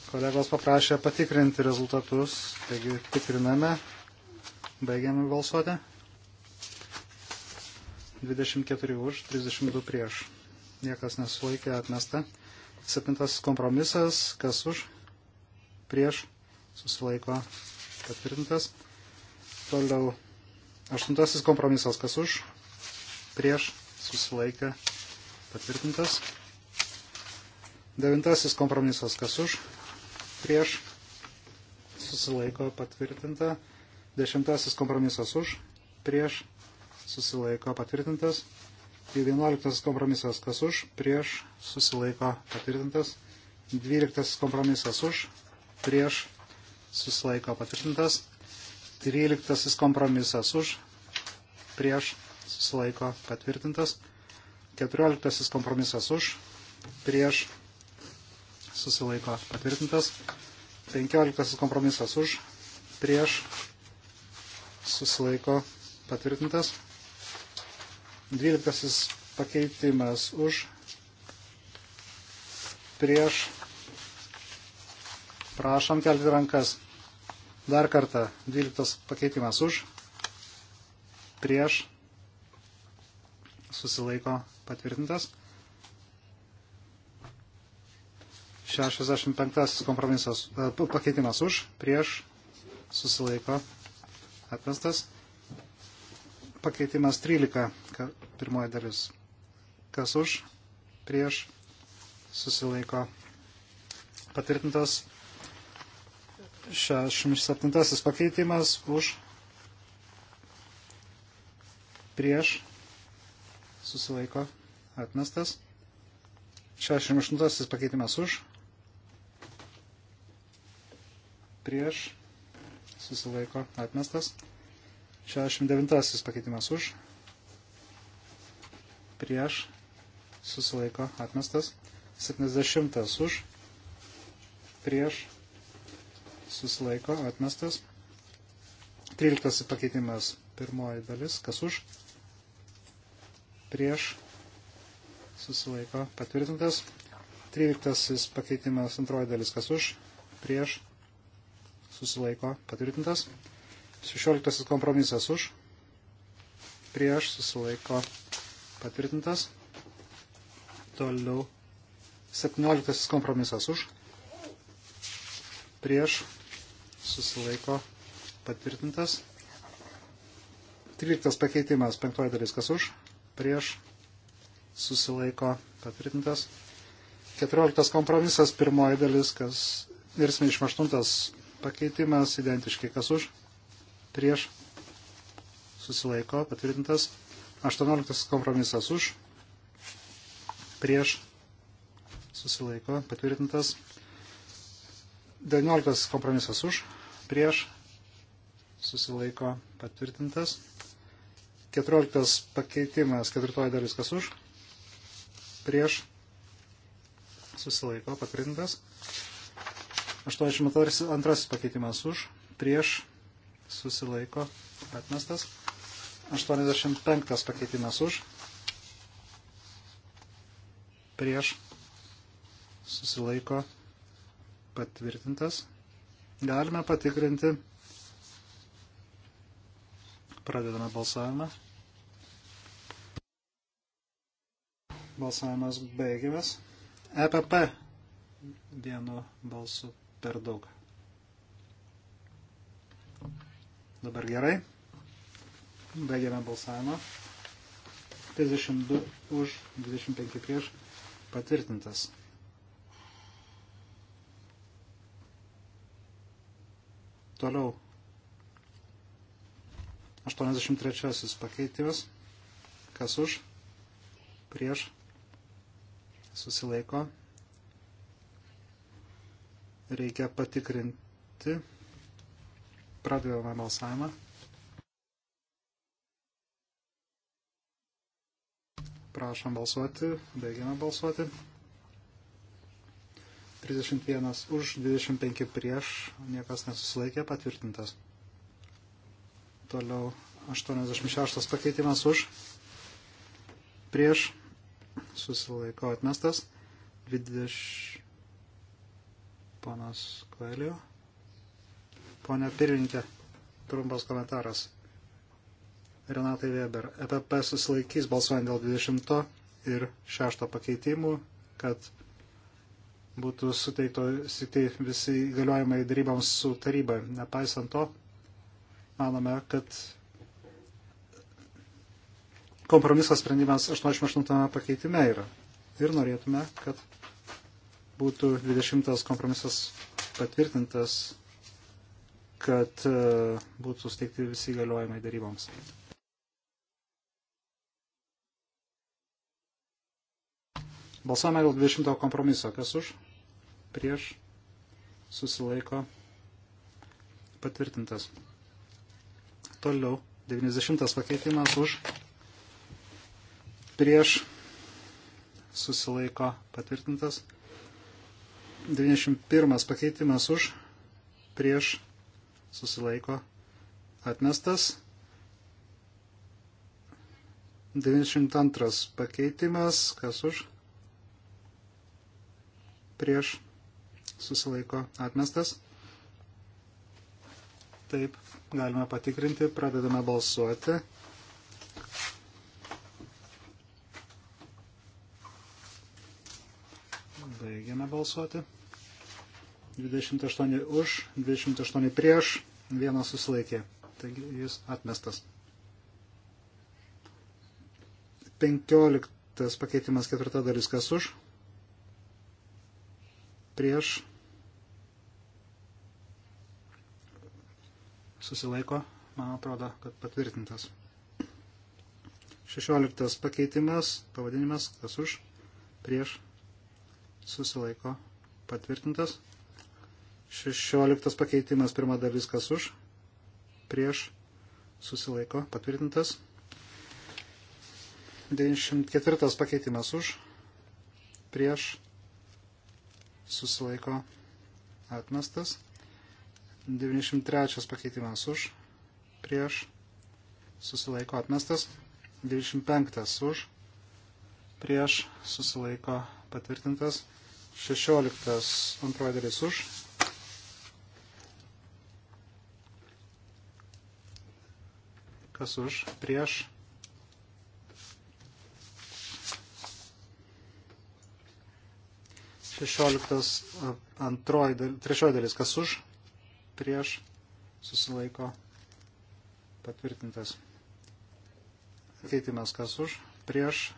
Kolegos paprašė patikrinti rezultatus, taigi tikriname, baigiame balsuoti. 24 už, 32 prieš. Niekas nesulaikė atmesta. Septintas kompromisas, kas už, prieš, susilaiko patvirtintas. Toliau aštuntasis kompromisas, kas už, prieš, susilaikė patvirtintas. Devintasis kompromisas, kas už, prieš, susilaiko patvirtinta. Dešimtasis kompromisas už, prieš, susilaiko patvirtintas. 11 kompromisas kas už, prieš, susilaiko patvirtintas. 12 kompromisas už, prieš, susilaiko patvirtintas. 13 kompromisas už, prieš, susilaiko patvirtintas. 14 kompromisas už, prieš, susilaiko patvirtintas. 15 kompromisas už, prieš, susilaiko patvirtintas. Dvyliktasis pakeitimas už prieš. Prašom kelti rankas. Dar kartą. Dvyliktas pakeitimas už prieš. Susilaiko patvirtintas. 65 kompromisas e, pakeitimas už prieš. Susilaiko atmestas pakeitimas 13, pirmoji dalis. Kas už, prieš, susilaiko patvirtintas 67 pakeitimas už, prieš, susilaiko atmestas. 68 pakeitimas už, prieš, susilaiko atmestas. 69 pakeitimas už, prieš, susilaiko, atmestas. 70 už, prieš, susilaiko, atmestas. 13 pakeitimas, pirmoji dalis, kas už, prieš, susilaiko, patvirtintas. 13 pakeitimas, antroji dalis, kas už, prieš, susilaiko, patvirtintas. 16 kompromisas už, prieš susilaiko patvirtintas. Toliau 17 kompromisas už, prieš susilaiko patvirtintas. 13 pakeitimas, 5 dalis kas už, prieš susilaiko patvirtintas. 14 kompromisas, pirmoji dalis, kas ir 78 pakeitimas, identiškai kas už, prieš susilaiko patvirtintas. 18 kompromisas už prieš susilaiko patvirtintas. 19 kompromisas už prieš susilaiko patvirtintas. 14 pakeitimas, ketvirtoji dalis kas už, prieš, susilaiko patvirtintas. 82 pakeitimas už, prieš, susilaiko atmestas. 85 pakeitimas už, prieš susilaiko patvirtintas. Galime patikrinti. Pradedame balsavimą. Balsavimas baigiamas. EPP vienu balsu per daug. Dabar gerai. Baigėme balsavimą. 32 už, 25 prieš. Patvirtintas. Toliau. 83 pakeitimas. Kas už? Prieš. Susilaiko. Reikia patikrinti. Pradedame balsavimą. Prašom balsuoti, baigiame balsuoti. 31 už, 25 prieš, niekas nesusilaikė, patvirtintas. Toliau 86 pakeitimas už, prieš, susilaiko atmestas, 20 panas Koelio. Pone pirmininkė, trumpas komentaras. Renatai Weber, EPP susilaikys balsuojant dėl 20 ir 6 pakeitimų, kad būtų suteikto visi įgaliojimai darybams su taryba. Nepaisant to, manome, kad kompromisas sprendimas 88 pakeitime yra. Ir norėtume, kad būtų 20 kompromisas patvirtintas kad e, būtų susteikti visi galiojimai daryboms. Balsuojame dėl 20 kompromiso. Kas už? Prieš? Susilaiko? Patvirtintas. Toliau. 90 pakeitimas už? Prieš? Susilaiko? Patvirtintas. 91 pakeitimas už? Prieš? susilaiko atmestas. 92 pakeitimas, kas už, prieš, susilaiko atmestas. Taip, galime patikrinti, pradedame balsuoti. Baigiame balsuoti. 28 už, 28 prieš, vienas susilaikė. Taigi jis atmestas. 15 pakeitimas ketvirta dalis kas už. Prieš. Susilaiko, man atrodo, kad patvirtintas. 16 pakeitimas, pavadinimas kas už. Prieš. Susilaiko, patvirtintas. 16 pakeitimas, pirma dalis kas už, prieš, susilaiko, patvirtintas. 94 pakeitimas už, prieš, susilaiko, atmestas. 93 pakeitimas už, prieš, susilaiko, atmestas. 25 už, prieš, susilaiko, patvirtintas. 16 antroji dalis už, Kas už? Prieš. Šešioliktas antroji, trečioji dalis. Kas už? Prieš. Susilaiko. Patvirtintas. Keitimas kas už? Prieš.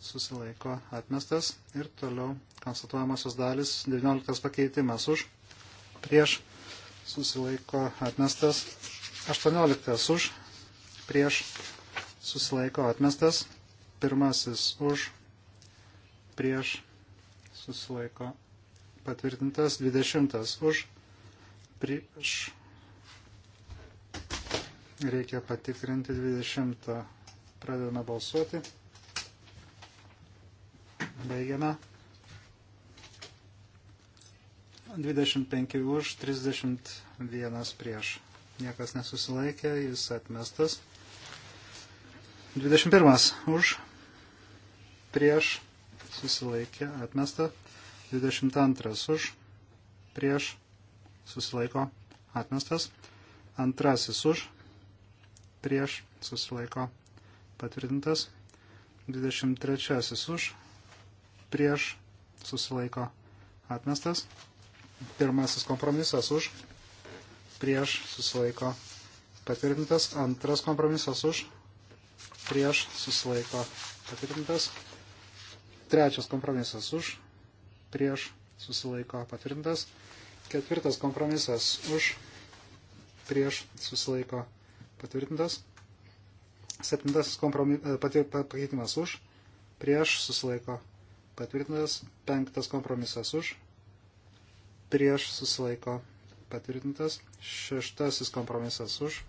Susilaiko. Atmestas. Ir toliau konstatuojamosios dalis. 19 pakeitimas už. Prieš. Susilaiko. Atmestas. 18 už prieš susilaiko atmestas, pirmasis už prieš susilaiko patvirtintas, dvidešimtas už prieš. Reikia patikrinti 20. Pradedame balsuoti. Baigiame. 25 už, 31 prieš. Niekas nesusilaikė, jis atmestas. 21 už, prieš, susilaikė, atmesta. 22 už, prieš, susilaiko, atmestas. Antrasis už, prieš, susilaiko, patvirtintas. 23 už, prieš, susilaiko, atmestas. Pirmasis kompromisas už, prieš, susilaiko, patvirtintas. Antras kompromisas už, prieš susilaiko patvirtintas. Trečias kompromisas už, prieš susilaiko patvirtintas. Ketvirtas kompromisas už, prieš susilaiko patvirtintas. Septintas e, pakeitimas už, prieš susilaiko patvirtintas. Penktas kompromisas už, prieš susilaiko patvirtintas. Šeštasis kompromisas už,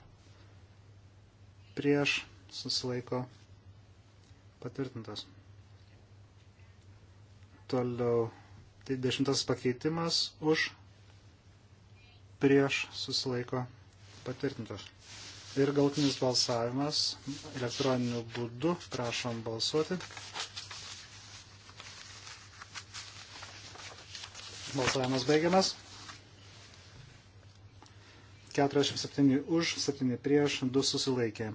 prieš susilaiko patvirtintas. Toliau tai dešimtas pakeitimas už prieš susilaiko patvirtintas. Ir galtinis balsavimas elektroniniu būdu. Prašom balsuoti. Balsavimas baigiamas. 47 už, 7 prieš, 2 susilaikė.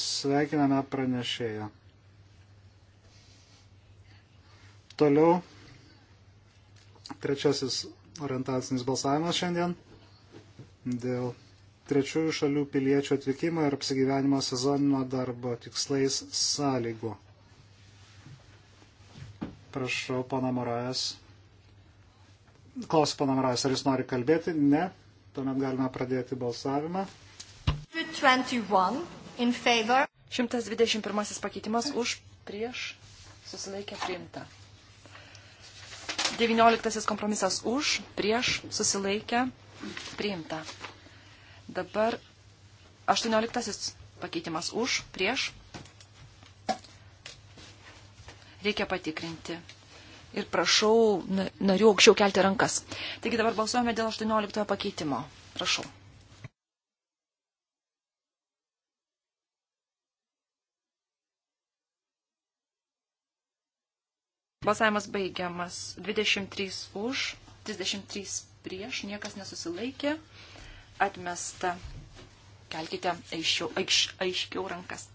Sveikiname pranešėją. Toliau trečiasis orientacinis balsavimas šiandien dėl trečiųjų šalių piliečių atvykimo ir apsigyvenimo sezoninio darbo tikslais sąlygų. Prašau, pana Morajas. Klausiu, pana Morajas, ar jis nori kalbėti? Ne. Tuomet galime pradėti balsavimą. 21 in favor. 121 pakeitimas už, prieš, susilaikė priimta. 19 kompromisas už, prieš, susilaikė priimta. Dabar 18 pakeitimas už, prieš. Reikia patikrinti. Ir prašau narių aukščiau kelti rankas. Taigi dabar balsuojame dėl 18 pakeitimo. Prašau. Balsavimas baigiamas. 23 už, 33 prieš, niekas nesusilaikė. Atmesta. Kelkite aiškiau, aiš, aiškiau rankas.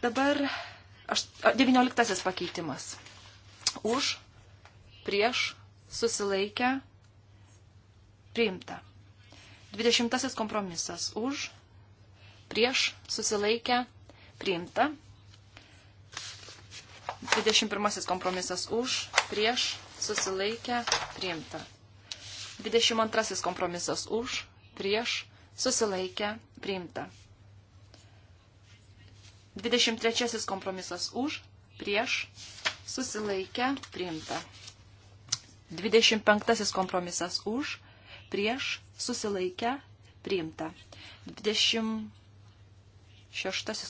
Dabar aš, 19 pakeitimas. Už, prieš, susilaikę, priimta. 20 kompromisas. Už, prieš, susilaikę, priimta. 21 kompromisas už, prieš, susilaikę, priimta. 22 kompromisas už, prieš, susilaikę, priimta. 23 kompromisas už, prieš, susilaikę, priimta. 25 kompromisas už, prieš, susilaikę, priimta. 26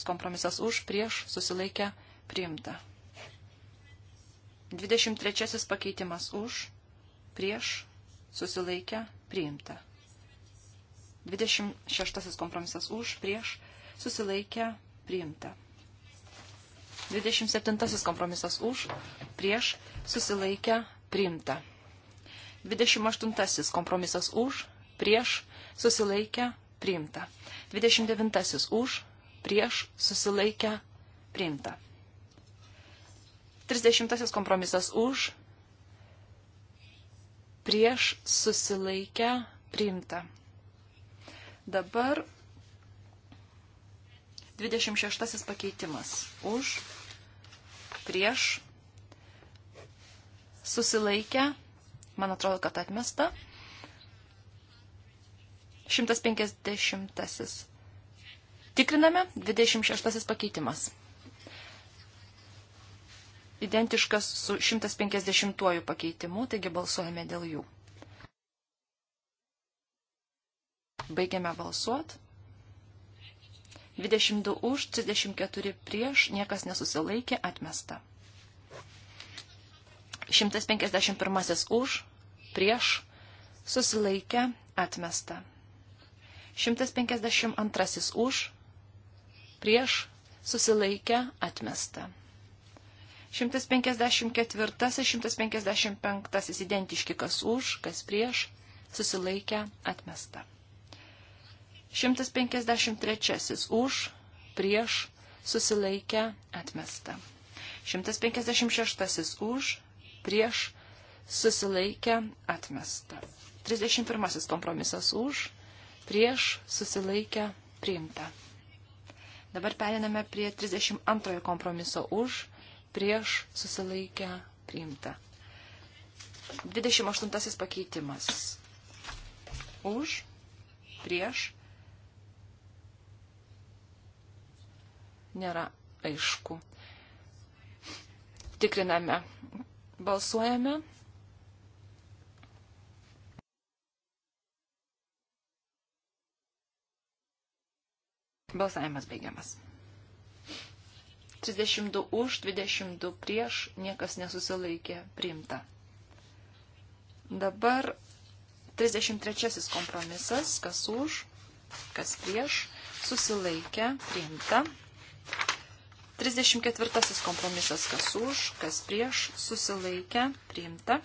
kompromisas už, prieš, susilaikę, priimta. 23 pakeitimas už, prieš, susilaikę, priimta. 26 kompromisas už, prieš, susilaikę, priimta. 27 kompromisas už, prieš, susilaikę, priimta. 28 kompromisas už, prieš, susilaikę, priimta. 29 už, prieš, susilaikę, priimta. 30 kompromisas už, prieš susilaikę priimta. Dabar 26 pakeitimas už, prieš susilaikę, man atrodo, kad atmesta. 150. Tikriname 26 pakeitimas identiškas su 150 pakeitimu, taigi balsuojame dėl jų. Baigiame balsuot. 22 už, 34 prieš, niekas nesusilaikė, atmesta. 151 už, prieš, susilaikė, atmesta. 152 už, prieš, susilaikė, atmesta. 154 ir 155 identiški kas už, kas prieš, susilaikę atmesta. 153 už, prieš, susilaikę atmesta. 156 už, prieš, susilaikę atmesta. 31 kompromisas už, prieš, susilaikę priimta. Dabar periname prie 32 kompromiso už, prieš susilaikę priimta. 28 pakeitimas. Už, prieš. Nėra aišku. Tikriname. Balsuojame. Balsavimas baigiamas. 32 už, 22 prieš, niekas nesusilaikė, priimta. Dabar 33 kompromisas, kas už, kas prieš, susilaikė, priimta. 34 kompromisas, kas už, kas prieš, susilaikė, priimta.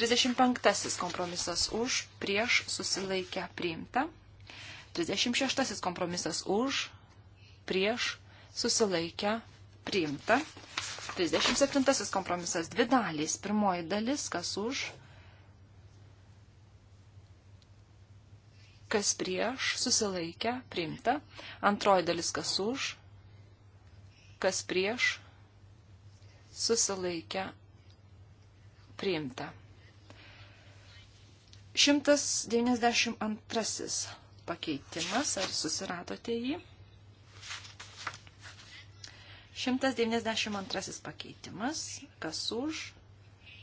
35 kompromisas už, prieš, susilaikė, priimta. 36 kompromisas už, prieš, susilaikę, priimta. 37 kompromisas dvi dalys. Pirmoji dalis, kas už, kas prieš, susilaikę, priimta. Antroji dalis, kas už, kas prieš, susilaikę, priimta. 192 pakeitimas, ar susiradote jį? 192 pakeitimas, kas už,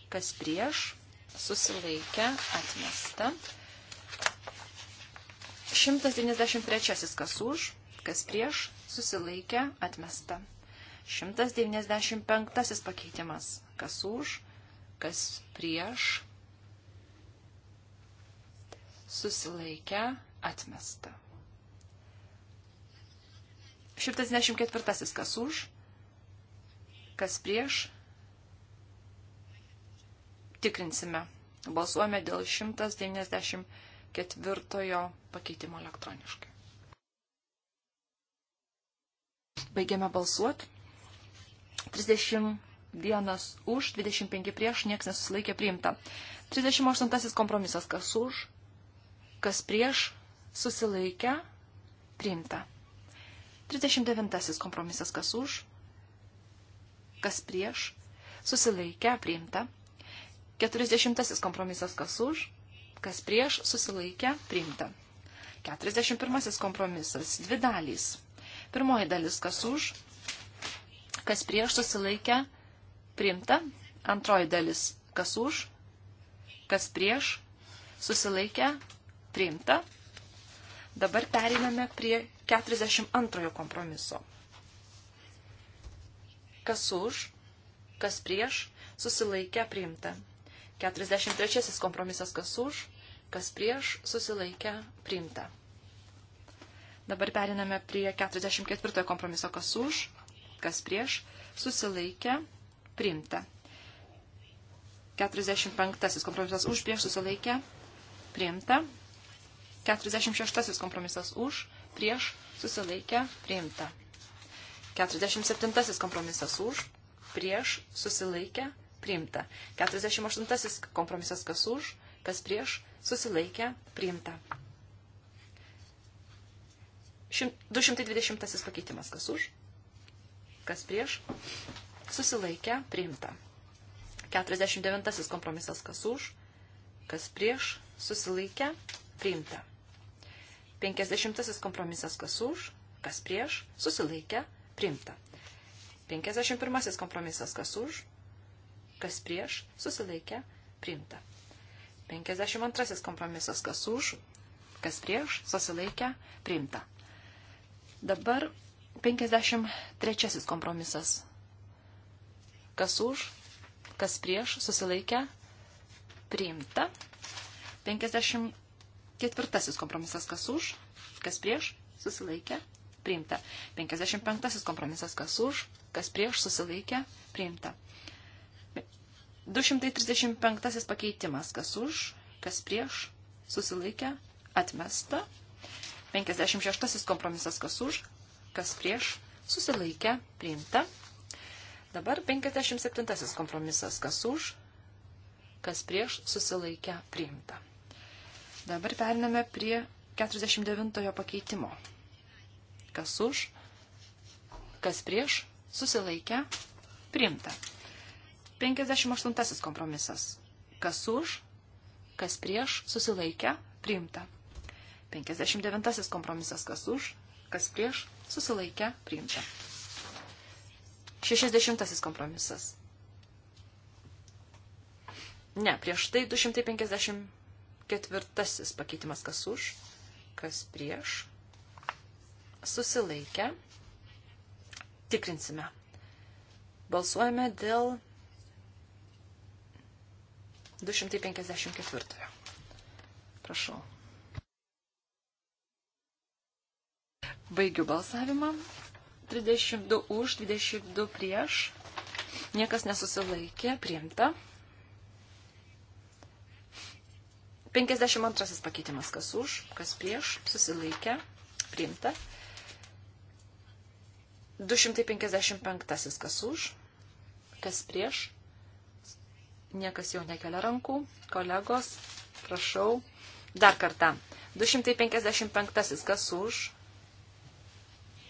kas prieš, susilaikę, atmesta. 193 kas už, kas prieš, susilaikę, atmesta. 195 pakeitimas, kas už, kas prieš, susilaikę, atmesta. 194 kas už, kas prieš. Tikrinsime. Balsuojame dėl 194 pakeitimo elektroniškai. Baigiame balsuoti. 31 už, 25 prieš, nieks nesusilaikė priimta. 38 kompromisas, kas už, kas prieš, susilaikė, priimta. 39 kompromisas, kas už, kas prieš, susilaikę, priimta. 40 kompromisas, kas už, kas prieš, susilaikę, priimta. 41 kompromisas, dvi dalys. Pirmoji dalis, kas už, kas prieš, susilaikę, priimta. Antroji dalis, kas už, kas prieš, susilaikę, priimta. Dabar periname prie 42 kompromiso. Kas už, kas prieš, susilaikė priimta. 43 kompromisas kas už, kas prieš, susilaikė priimta. Dabar periname prie 44 kompromiso kas už, kas prieš, susilaikė priimta. 45 kompromisas už, prieš susilaikė priimta. 46 kompromisas už, prieš susilaikė priimta. 47 kompromisas už, prieš, susilaikę, priimta. 48 kompromisas kas už, kas prieš, susilaikę, priimta. 220 pakeitimas kas už, kas prieš, susilaikę, priimta. 49 kompromisas kas už, kas prieš, susilaikę, priimta. 50 kompromisas kas už, kas prieš, susilaikę, priimta. Primta. 51 kompromisas kas už, kas prieš, susilaikė, primta. 52 kompromisas kas už, kas prieš, susilaikė, primta. Dabar 53 kompromisas. Kas už, kas prieš, susilaikė, priimta. 54 kompromisas. Kas už, kas prieš, susilaikė, priimta. 55 kompromisas kas už, kas prieš susilaikė, priimta. 235 pakeitimas kas už, kas prieš susilaikė, atmesta. 56 kompromisas kas už, kas prieš susilaikė, priimta. Dabar 57 kompromisas kas už, kas prieš susilaikė, priimta. Dabar periname prie 49 pakeitimo kas už, kas prieš, susilaikę, priimta. 58 kompromisas. Kas už, kas prieš, susilaikę, priimta. 59 kompromisas. Kas už, kas prieš, susilaikę, priimta. 60 kompromisas. Ne, prieš tai 254 pakeitimas kas už, kas prieš, susilaikę. Tikrinsime. Balsuojame dėl 254. Prašau. Baigiu balsavimą. 32 už, 22 prieš. Niekas nesusilaikė, priimta. 52 pakeitimas, kas už, kas prieš, susilaikė, priimta. 255 kas už, kas prieš. Niekas jau nekelia rankų. Kolegos, prašau. Dar kartą. 255 kas už,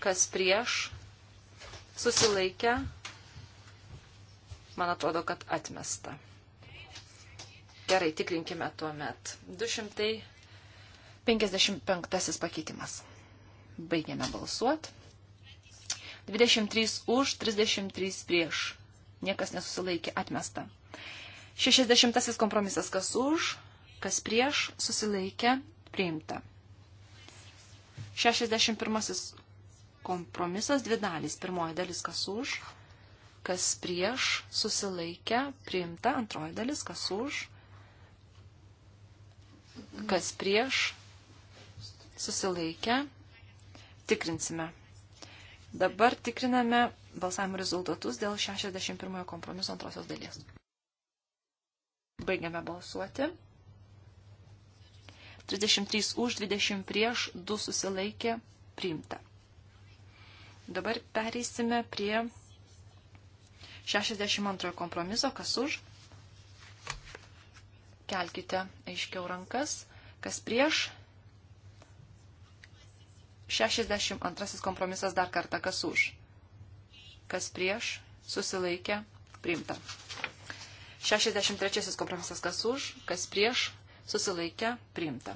kas prieš. Susilaikę. Man atrodo, kad atmesta. Gerai, tikrinkime tuo met. 255 pakeitimas. Baigiame balsuoti. 23 už, 33 prieš. Niekas nesusilaikė, atmesta. 60 kompromisas, kas už, kas prieš, susilaikė, priimta. 61 kompromisas, dvi dalys. Pirmoji dalis, kas už, kas prieš, susilaikė, priimta. Antroji dalis, kas už, kas prieš, susilaikę, tikrinsime. Dabar tikriname balsavimo rezultatus dėl 61 kompromiso antrosios dalies. Baigiame balsuoti. 33 už, 20 prieš, 2 susilaikė, priimta. Dabar pereisime prie 62 kompromiso, kas už. Kelkite aiškiau rankas, kas prieš, 62 kompromisas dar kartą kas už. Kas prieš, susilaikė, priimta. 63 kompromisas kas už, kas prieš, susilaikė, priimta.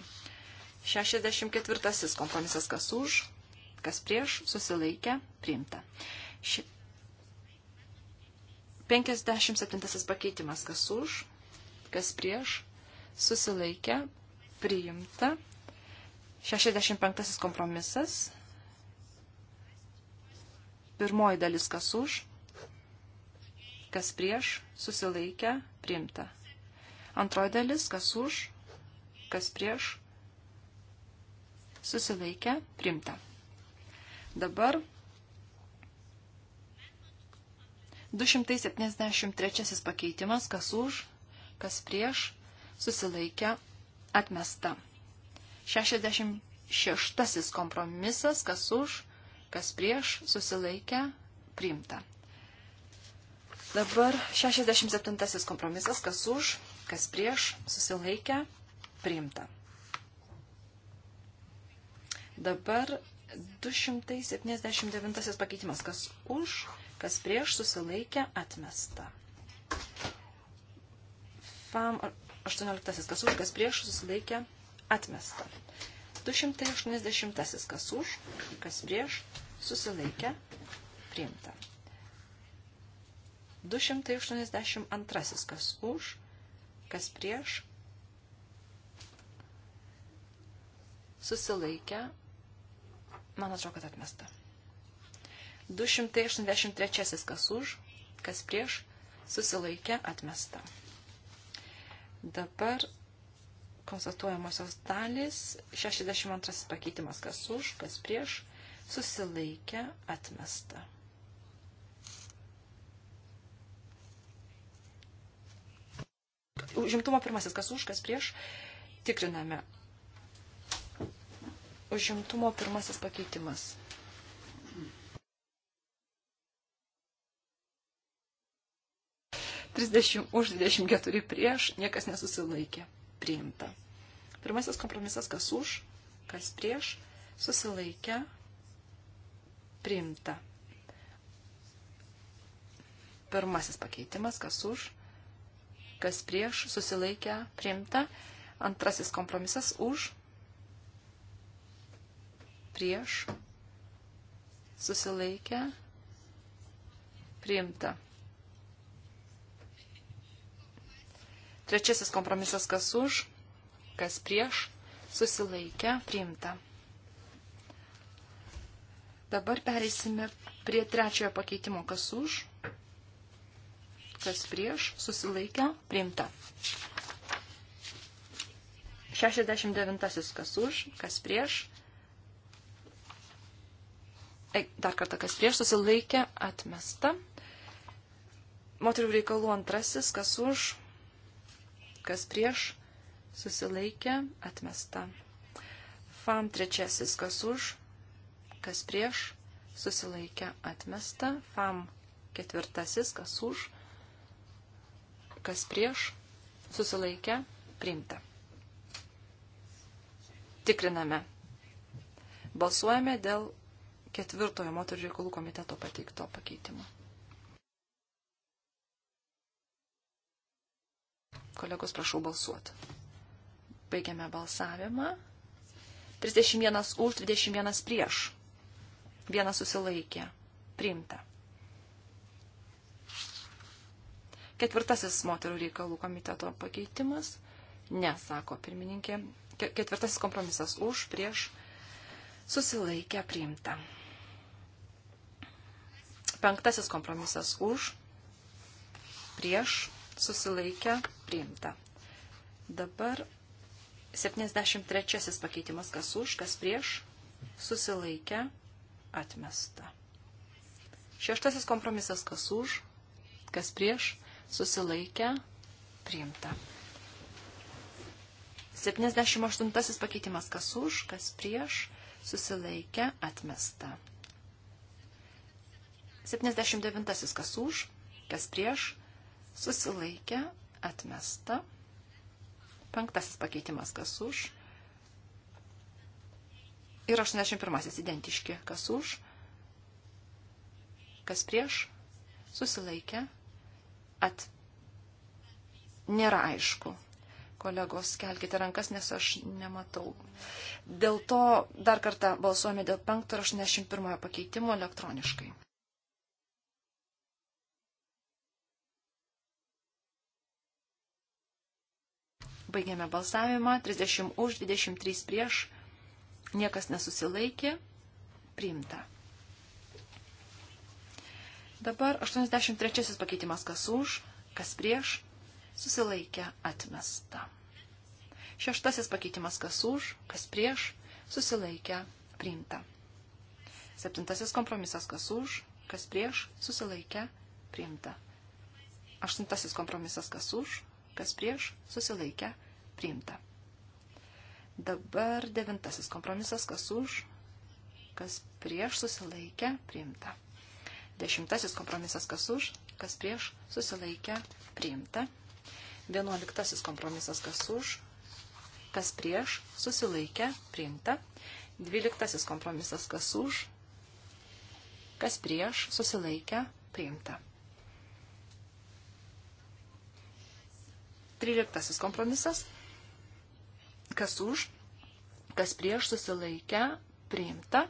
64 kompromisas kas už, kas prieš, susilaikė, priimta. Ši... 57 pakeitimas kas už, kas prieš, susilaikė, priimta. 65 kompromisas. Pirmoji dalis kas už, kas prieš, susilaikę, priimta. Antroji dalis kas už, kas prieš, susilaikę, priimta. Dabar 273 pakeitimas kas už, kas prieš, susilaikę, atmesta. 66 kompromisas, kas už, kas prieš, susilaikę, priimta. Dabar 67 kompromisas, kas už, kas prieš, susilaikę, priimta. Dabar 279 pakeitimas, kas už, kas prieš, susilaikę, atmesta. FAM 18, kas už, kas prieš, susilaikę, Atmesta. 280. Kas už, kas prieš, susilaikę, priimta. 282. Kas už, kas prieš, susilaikę, man atrodo, kad atmesta. 283. Kas už, kas prieš, susilaikę, atmesta. Dabar konstatuojamosios dalys, 62 pakeitimas, kas už, kas prieš, susilaikę, atmesta. Užimtumo pirmasis, kas už, kas prieš, tikriname. Užimtumo pirmasis pakeitimas. Trisdešimt už, dvidešimt keturi prieš, niekas nesusilaikė priimta. Pirmasis kompromisas, kas už, kas prieš, susilaikę, priimta. Pirmasis pakeitimas, kas už, kas prieš, susilaikę, priimta. Antrasis kompromisas už, prieš, susilaikę, priimta. Trečiasis kompromisas kas už, kas prieš, susilaikę, priimta. Dabar pereisime prie trečiojo pakeitimo kas už, kas prieš, susilaikę, priimta. 69 kas už, kas prieš, dar kartą kas prieš, susilaikė, atmesta. Moterių reikalų antrasis, kas už, kas prieš, susilaikė, atmesta. FAM trečiasis, kas už, kas prieš, susilaikė, atmesta. FAM ketvirtasis, kas už, kas prieš, susilaikė, priimta. Tikriname. Balsuojame dėl ketvirtojo moterų reikalų komiteto pateikto pakeitimo. Kolegos, prašau balsuoti. Baigiame balsavimą. 31 už, 21 prieš. Vienas susilaikė. Priimta. Ketvirtasis moterų reikalų komiteto pakeitimas. Ne, sako pirmininkė. Ketvirtasis kompromisas už, prieš. Susilaikė. Priimta. Penktasis kompromisas už, prieš susilaikę, priimta. Dabar 73 pakeitimas, kas už, kas prieš, susilaikę, atmesta. Šeštasis kompromisas, kas už, kas prieš, susilaikę, priimta. 78 pakeitimas, kas už, kas prieš, susilaikę, atmesta. 79 kas už, kas prieš, susilaikė, atmesta. Penktasis pakeitimas, kas už. Ir 81 identiški, kas už, kas prieš, susilaikė, at. Nėra aišku. Kolegos, kelkite rankas, nes aš nematau. Dėl to dar kartą balsuojame dėl 5 ir 81 pakeitimo elektroniškai. Baigėme balsavimą. 30 už, 23 prieš. Niekas nesusilaikė. Priimta. Dabar 83 pakeitimas kas už, kas prieš. Susilaikė atmesta. Šeštasis pakeitimas kas už, kas prieš. Susilaikė priimta. Septintasis kompromisas kas už, kas prieš. Susilaikė priimta. Aštuntasis kompromisas kas už, kas prieš, susilaikę, priimta. Dabar devintasis kompromisas, kas už, kas prieš, susilaikę, priimta. Dešimtasis kompromisas, kas už, kas prieš, susilaikę, priimta. Vienuoliktasis kompromisas, kas už, kas prieš, susilaikę, priimta. Dvyliktasis kompromisas, kas už, kas prieš, susilaikę, priimta. 13 kompromisas. Kas už, kas prieš susilaikę, priimta.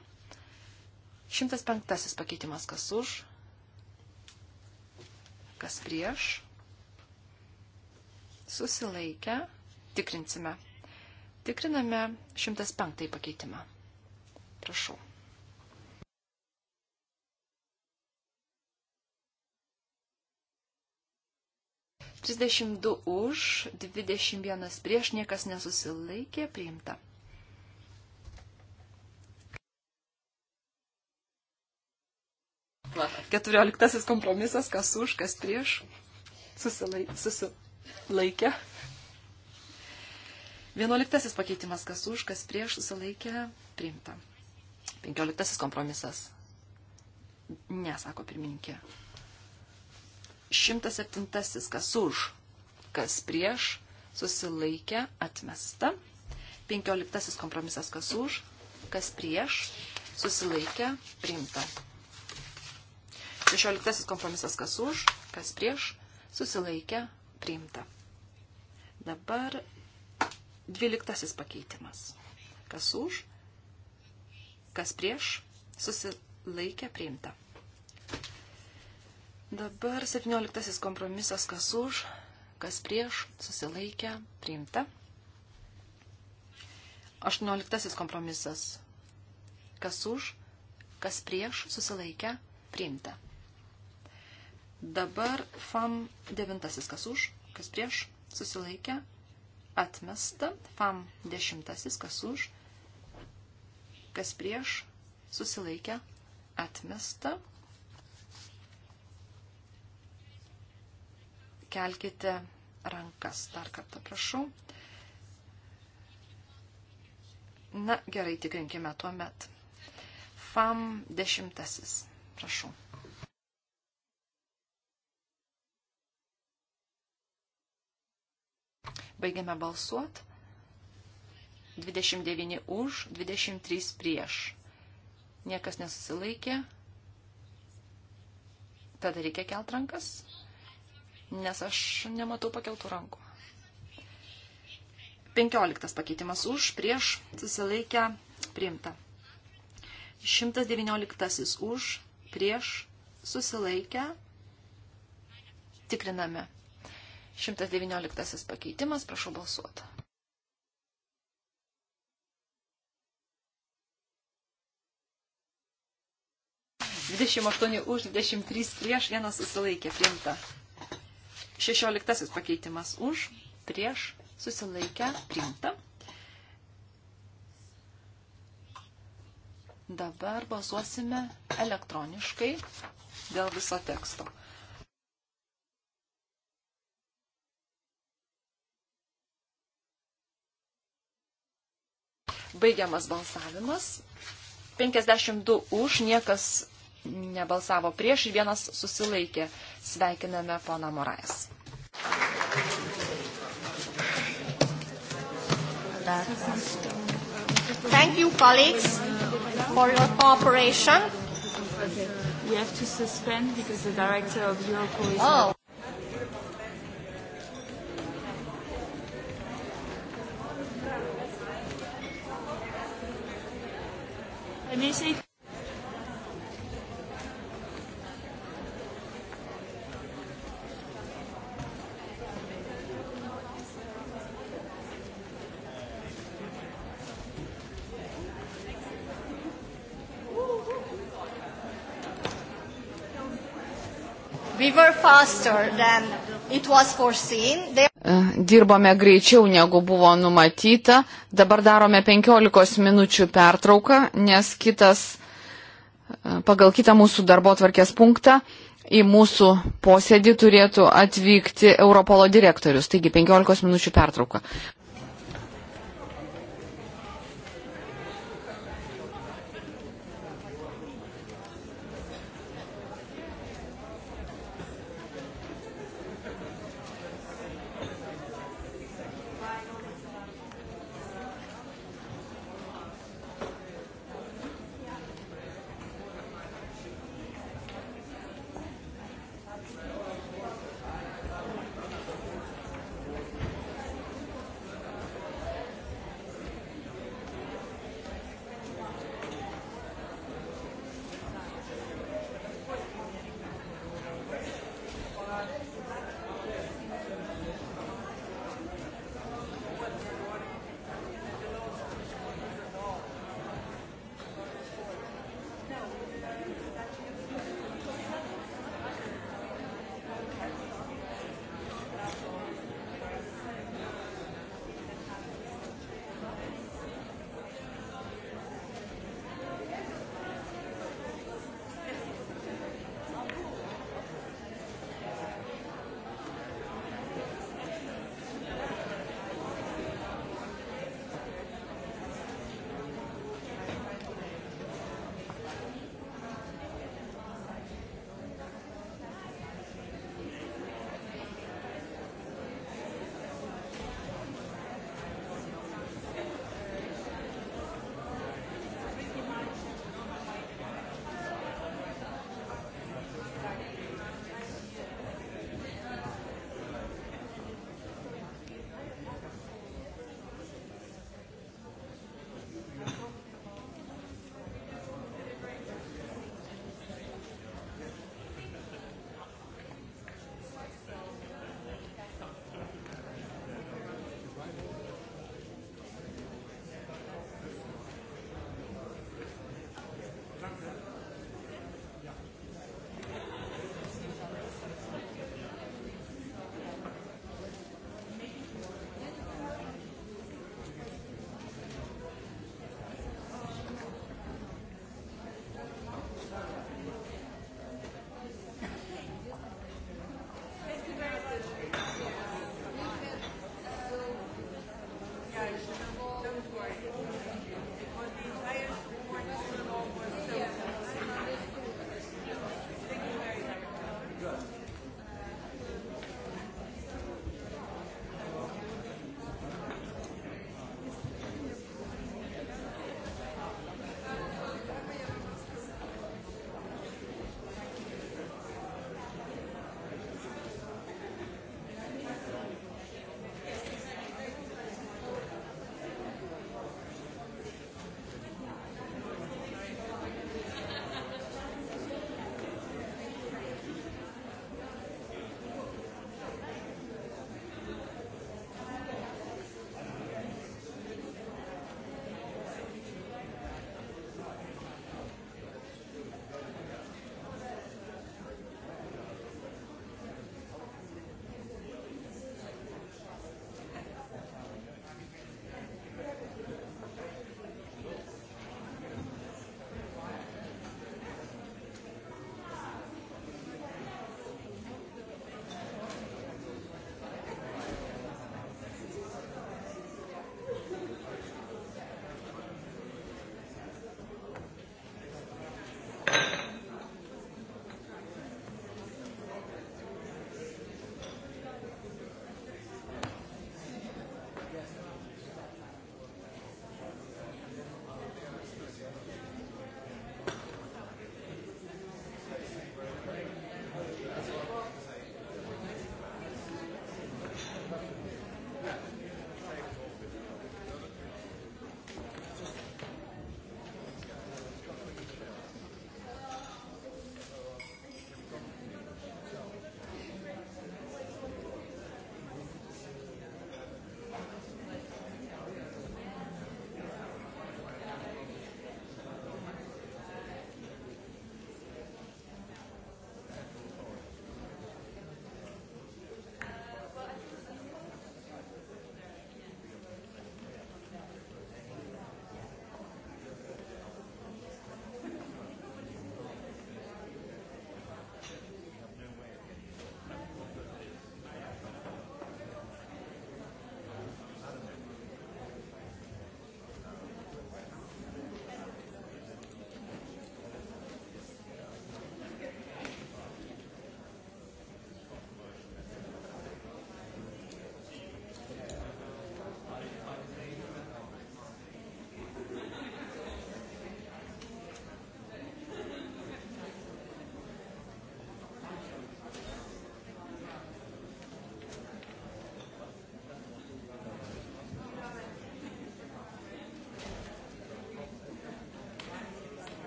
105 pakeitimas. Kas už, kas prieš susilaikę, tikrinsime. Tikriname 105 pakeitimą. Prašau. 32 už, 21 prieš, niekas nesusilaikė, priimta. Keturioliktasis kompromisas, kas už, kas prieš, susilaikė. susilaikė. Vienuoliktasis pakeitimas, kas už, kas prieš, susilaikė, priimta. Penkioliktasis kompromisas. Ne, sako pirmininkė. 107. Kas už, kas prieš, susilaikė, atmesta. 15. Kompromisas. Kas už, kas prieš, susilaikė, priimta. 16. Kompromisas. Kas už, kas prieš, susilaikė, priimta. Dabar 12. pakeitimas. Kas už, kas prieš, susilaikė, priimta. Dabar 17 kompromisas, kas už, kas prieš, susilaikę, priimta. 18 kompromisas, kas už, kas prieš, susilaikę, priimta. Dabar FAM 9, kas už, kas prieš, susilaikę, atmesta. FAM 10, kas už, kas prieš, susilaikę, atmesta. pakelkite rankas. Dar kartą prašau. Na, gerai, tikrinkime tuo met. FAM dešimtasis. Prašau. Baigiame balsuot. 29 už, 23 prieš. Niekas nesusilaikė. Tada reikia kelt rankas nes aš nematau pakeltų rankų. 15 pakeitimas už, prieš, susilaikę, priimta. 119 už, prieš, susilaikę, tikriname. 119 pakeitimas, prašau balsuoti. Dvidešimt aštuoni už, dvidešimt trys prieš, vienas susilaikė, priimta. 16 pakeitimas už, prieš, susilaikę, priimta. Dabar balsuosime elektroniškai dėl viso teksto. Baigiamas balsavimas. 52 už, niekas nebalsavo prieš ir vienas susilaikė. Sveikiname poną Morais. Thank you, colleagues, for your cooperation. Okay. We have to suspend because the director of Europol is. Oh. Let me see. E, Dirbame greičiau negu buvo numatyta. Dabar darome 15 minučių pertrauką, nes kitas, e, pagal kitą mūsų darbo tvarkės punktą į mūsų posėdį turėtų atvykti Europolo direktorius. Taigi 15 minučių pertrauka.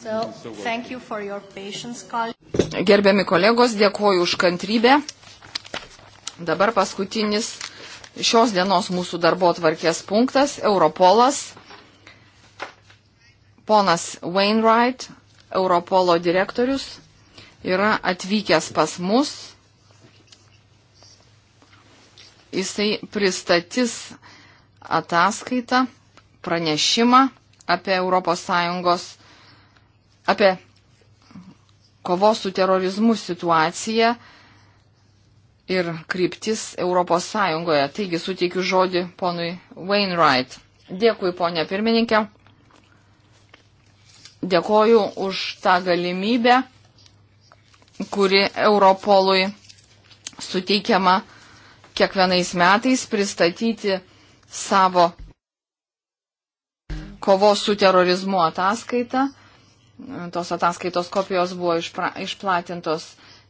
So, you patience, Gerbiami kolegos, dėkoju už kantrybę. Dabar paskutinis šios dienos mūsų darbo tvarkės punktas - Europolas. Ponas Wainwright, Europolo direktorius, yra atvykęs pas mus. Jisai pristatys ataskaitą, pranešimą apie ES apie kovos su terorizmu situaciją ir kryptis Europos Sąjungoje. Taigi suteikiu žodį ponui Wainwright. Dėkui, ponė pirmininkė. Dėkoju už tą galimybę, kuri Europolui suteikiama kiekvienais metais pristatyti savo kovos su terorizmu ataskaitą tos ataskaitos kopijos buvo išpra, išplatintos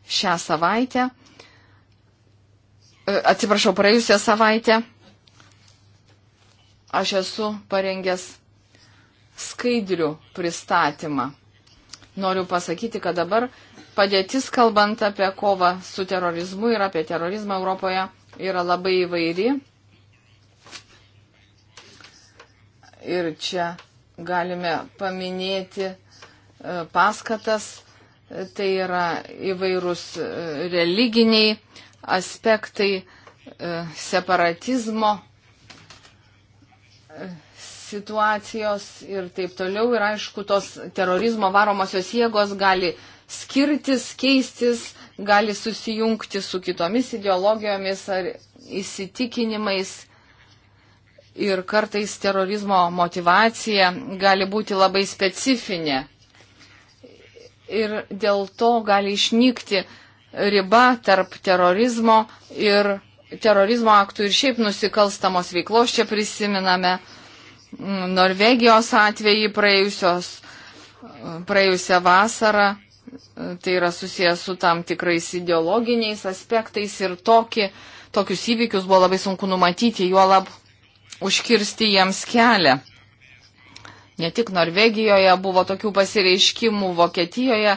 šią savaitę. E, atsiprašau, praėjusią savaitę aš esu parengęs skaidrių pristatymą. Noriu pasakyti, kad dabar padėtis, kalbant apie kovą su terorizmu ir apie terorizmą Europoje, yra labai įvairi. Ir čia galime paminėti paskatas, tai yra įvairūs e, religiniai aspektai e, separatizmo e, situacijos ir taip toliau. Ir aišku, tos terorizmo varomosios jėgos gali skirtis, keistis, gali susijungti su kitomis ideologijomis ar įsitikinimais. Ir kartais terorizmo motivacija gali būti labai specifinė ir dėl to gali išnykti riba tarp terorizmo ir terorizmo aktų ir šiaip nusikalstamos veiklos. Čia prisiminame mm, Norvegijos atvejį praėjusios, praėjusią vasarą. Tai yra susijęs su tam tikrais ideologiniais aspektais ir tokį, tokius įvykius buvo labai sunku numatyti, juolab užkirsti jiems kelią. Ne tik Norvegijoje buvo tokių pasireiškimų, Vokietijoje,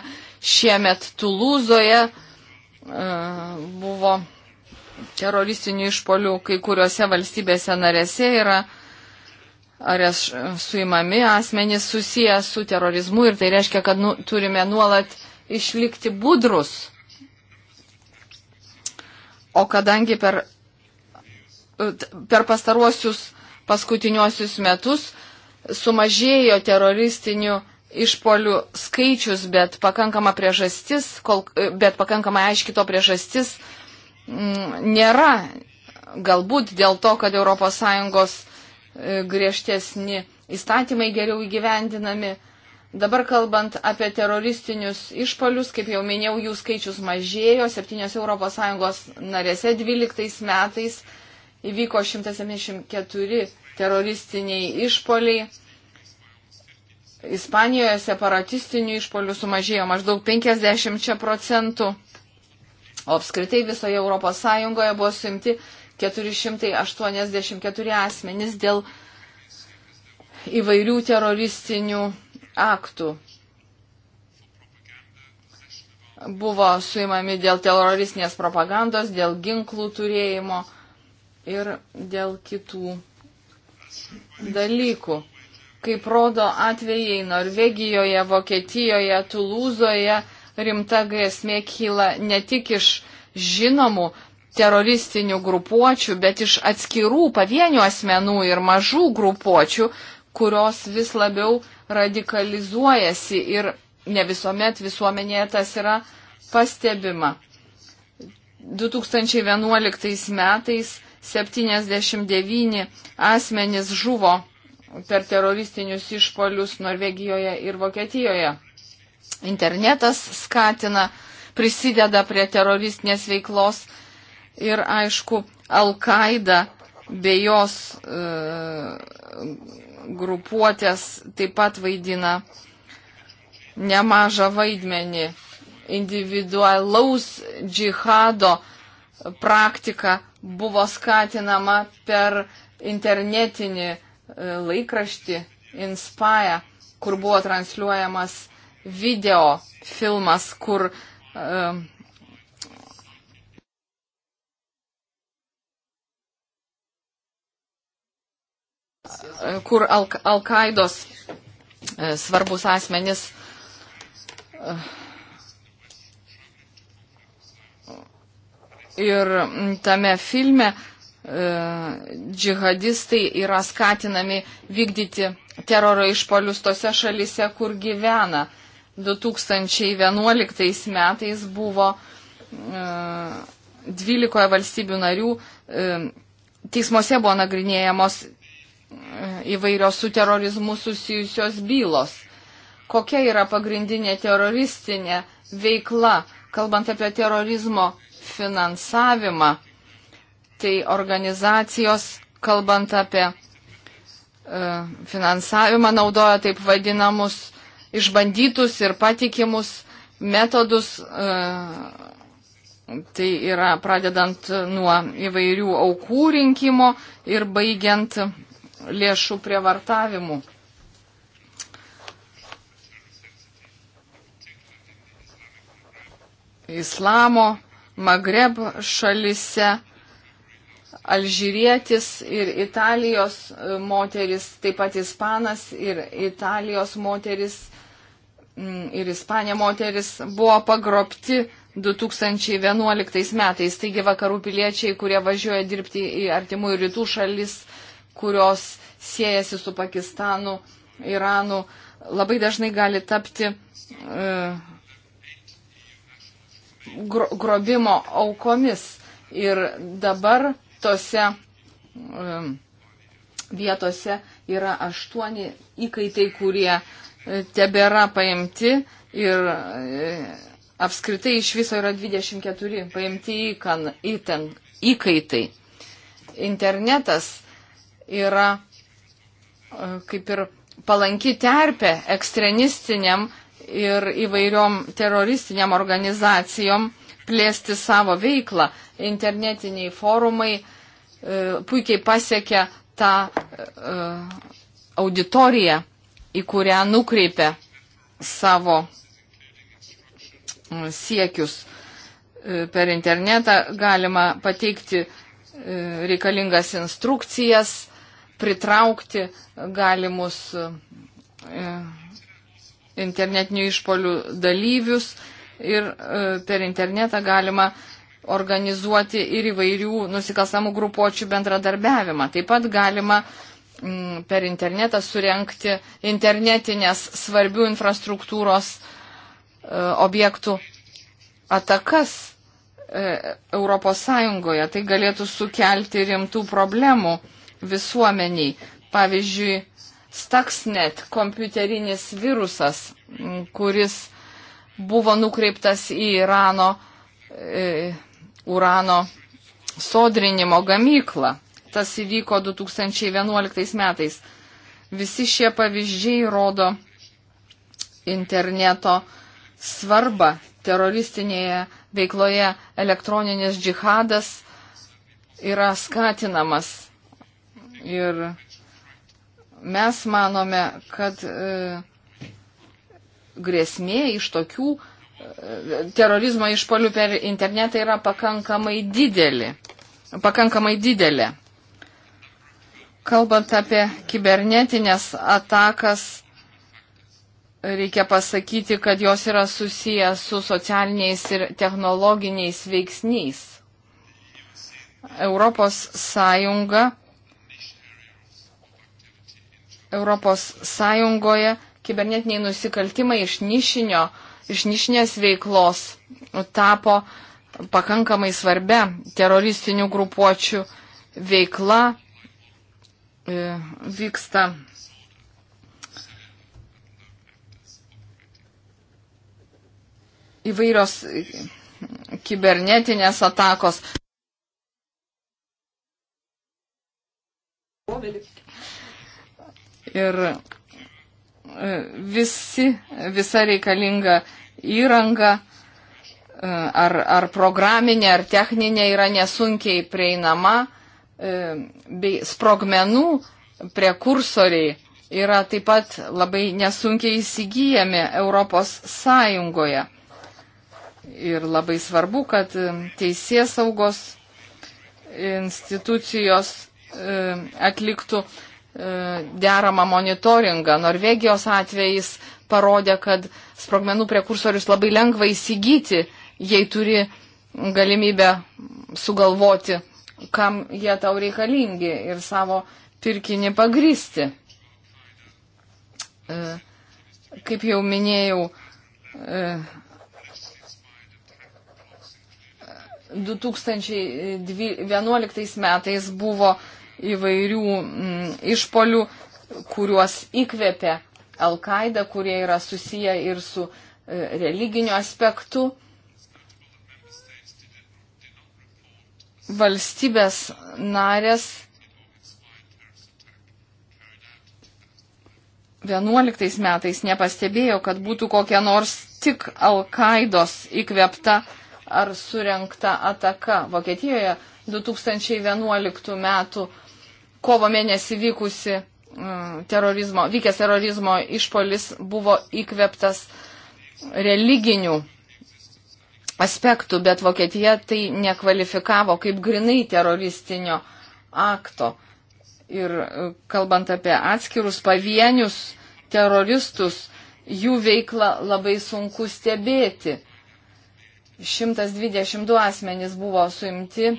šiemet Tulūzoje e, buvo teroristinių išpolių, kai kuriuose valstybėse narėse yra areš, suimami asmenys susiję su terorizmu ir tai reiškia, kad nu, turime nuolat išlikti budrus. O kadangi per, per pastaruosius paskutiniosius metus sumažėjo teroristinių išpolių skaičius, bet pakankama priežastis, kol, bet pakankama aiški to priežastis m, mm, nėra. Galbūt dėl to, kad ES e, griežtesni įstatymai geriau įgyvendinami. Dabar kalbant apie teroristinius išpolius, kaip jau minėjau, jų skaičius mažėjo. 7 ES narėse 12 metais įvyko 174 teroristiniai išpoliai. Ispanijoje separatistinių išpolių sumažėjo maždaug 50 procentų, o apskritai visoje Europos Sąjungoje buvo suimti 484 asmenys dėl įvairių teroristinių aktų. Buvo suimami dėl teroristinės propagandos, dėl ginklų turėjimo ir dėl kitų dalykų. Kaip rodo atvejai Norvegijoje, Vokietijoje, Tulūzoje, rimta grėsmė kyla ne tik iš žinomų teroristinių grupuočių, bet iš atskirų pavienių asmenų ir mažų grupuočių, kurios vis labiau radikalizuojasi ir ne visuomet visuomenėje tas yra pastebima. 2011 metais 79 asmenys žuvo per teroristinius išpolius Norvegijoje ir Vokietijoje. Internetas skatina, prisideda prie teroristinės veiklos ir aišku, Al-Qaida bei jos e, grupuotės taip pat vaidina nemažą vaidmenį individualaus džihado praktika buvo skatinama per internetinį e, laikraštį Inspire, kur buvo transliuojamas video filmas, kur um, kur Al Al-Qaidos svarbus asmenis uh, Ir mm, tame filme e, džihadistai yra skatinami vykdyti teroro išpolius tose šalise, kur gyvena. 2011 metais buvo 12 e, valstybių narių e, teismuose buvo nagrinėjamos įvairios su terorizmu susijusios bylos. Kokia yra pagrindinė teroristinė veikla, kalbant apie terorizmo finansavimą, tai organizacijos, kalbant apie e, finansavimą, naudoja taip vadinamus išbandytus ir patikimus metodus. E, tai yra pradedant nuo įvairių aukų rinkimo ir baigiant lėšų prievartavimu. Islamo Magreb šalise. Alžyrietis ir Italijos e, moteris, taip pat Ispanas ir Italijos moteris mm, ir Ispanė moteris buvo pagrobti 2011 metais. Taigi vakarų piliečiai, kurie važiuoja dirbti į artimųjų rytų šalis, kurios siejasi su Pakistanu, Iranu, labai dažnai gali tapti uh, gro, grobimo aukomis. Ir dabar tose um, vietose yra aštuoni įkaitai, kurie e, tebėra paimti ir e, apskritai iš viso yra 24 paimti įkan, įten, įkaitai. Internetas yra e, kaip ir palanki terpė ekstremistiniam uh, ir įvairiom teroristiniam organizacijom plėsti savo veiklą. Internetiniai forumai e, puikiai pasiekia tą e, auditoriją, į kurią nukreipia savo mm, siekius. E, per internetą galima pateikti e, reikalingas instrukcijas, pritraukti galimus e, internetinių išpolių dalyvius ir e, per internetą galima organizuoti ir įvairių nusikalstamų grupuočių bendradarbiavimą. Taip pat galima mm, per internetą surenkti internetinės svarbių infrastruktūros e, objektų atakas e, Europos Sąjungoje. Tai galėtų sukelti rimtų problemų visuomeniai. Pavyzdžiui, Stuxnet kompiuterinis virusas, kuris buvo nukreiptas į Irano e, urano sodrinimo gamyklą. Tas įvyko 2011 metais. Visi šie pavyzdžiai rodo interneto svarbą teroristinėje veikloje. Elektroninis džihadas yra skatinamas ir mes manome, kad e, grėsmė iš tokių e, terorizmo išpolių per internetą yra pakankamai didelė. Pakankamai didelė. Kalbant apie kibernetinės atakas, reikia pasakyti, kad jos yra susijęs su socialiniais ir technologiniais veiksniais. Europos Sąjunga ES kibernetiniai nusikaltimai iš, nišinio, iš nišinės veiklos tapo pakankamai svarbia teroristinių grupuočių veikla. E, vyksta įvairios kibernetinės atakos. Povelikti ir e, visi, visa reikalinga įranga e, ar, ar programinė, ar techninė yra nesunkiai prieinama, e, bei sprogmenų prekursoriai yra taip pat labai nesunkiai įsigijami Europos Sąjungoje. Ir labai svarbu, kad teisės saugos institucijos atliktų E, deramą monitoringą. Norvegijos atvejais parodė, kad sprogmenų prekursorius labai lengva įsigyti, jei turi galimybę sugalvoti, kam jie tau reikalingi ir savo pirkinį pagristi. E, kaip jau minėjau, 2011 e, metais buvo įvairių mm, išpolių, kuriuos įkvėpė Al-Qaeda, kurie yra susiję ir su e, religiniu aspektu. Valstybės narės 11 metais nepastebėjo, kad būtų kokia nors tik Al-Qaidos įkvėpta ar surenkta ataka. Vokietijoje 2011 metų kovo mėnesį vykusi e, terorizmo, vykęs terorizmo išpolis buvo įkveptas religinių aspektų, bet Vokietija tai nekvalifikavo kaip grinai teroristinio akto. Ir e, kalbant apie atskirus pavienius teroristus, jų veiklą labai sunku stebėti. 122 asmenys buvo suimti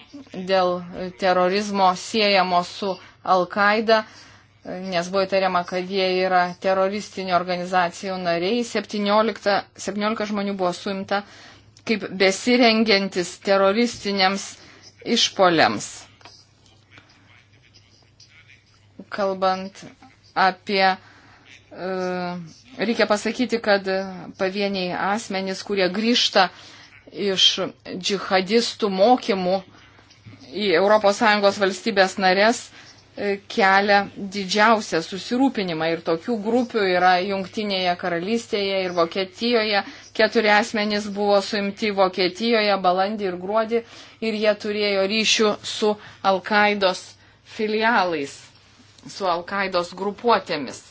dėl terorizmo siejamo su Al-Qaeda, nes buvo įtariama, kad jie yra teroristinių organizacijų nariai. 17, 17 žmonių buvo suimta kaip besirengiantis teroristiniams išpoliams. Kalbant apie e, reikia pasakyti, kad pavieniai asmenys, kurie grįžta iš džihadistų mokymų į ES valstybės narės, E, kelia didžiausią susirūpinimą ir tokių grupių yra Junktinėje karalystėje ir Vokietijoje. Keturi asmenys buvo suimti Vokietijoje balandį ir gruodį ir jie turėjo ryšių su Alkaidos filialais, su Alkaidos grupuotėmis.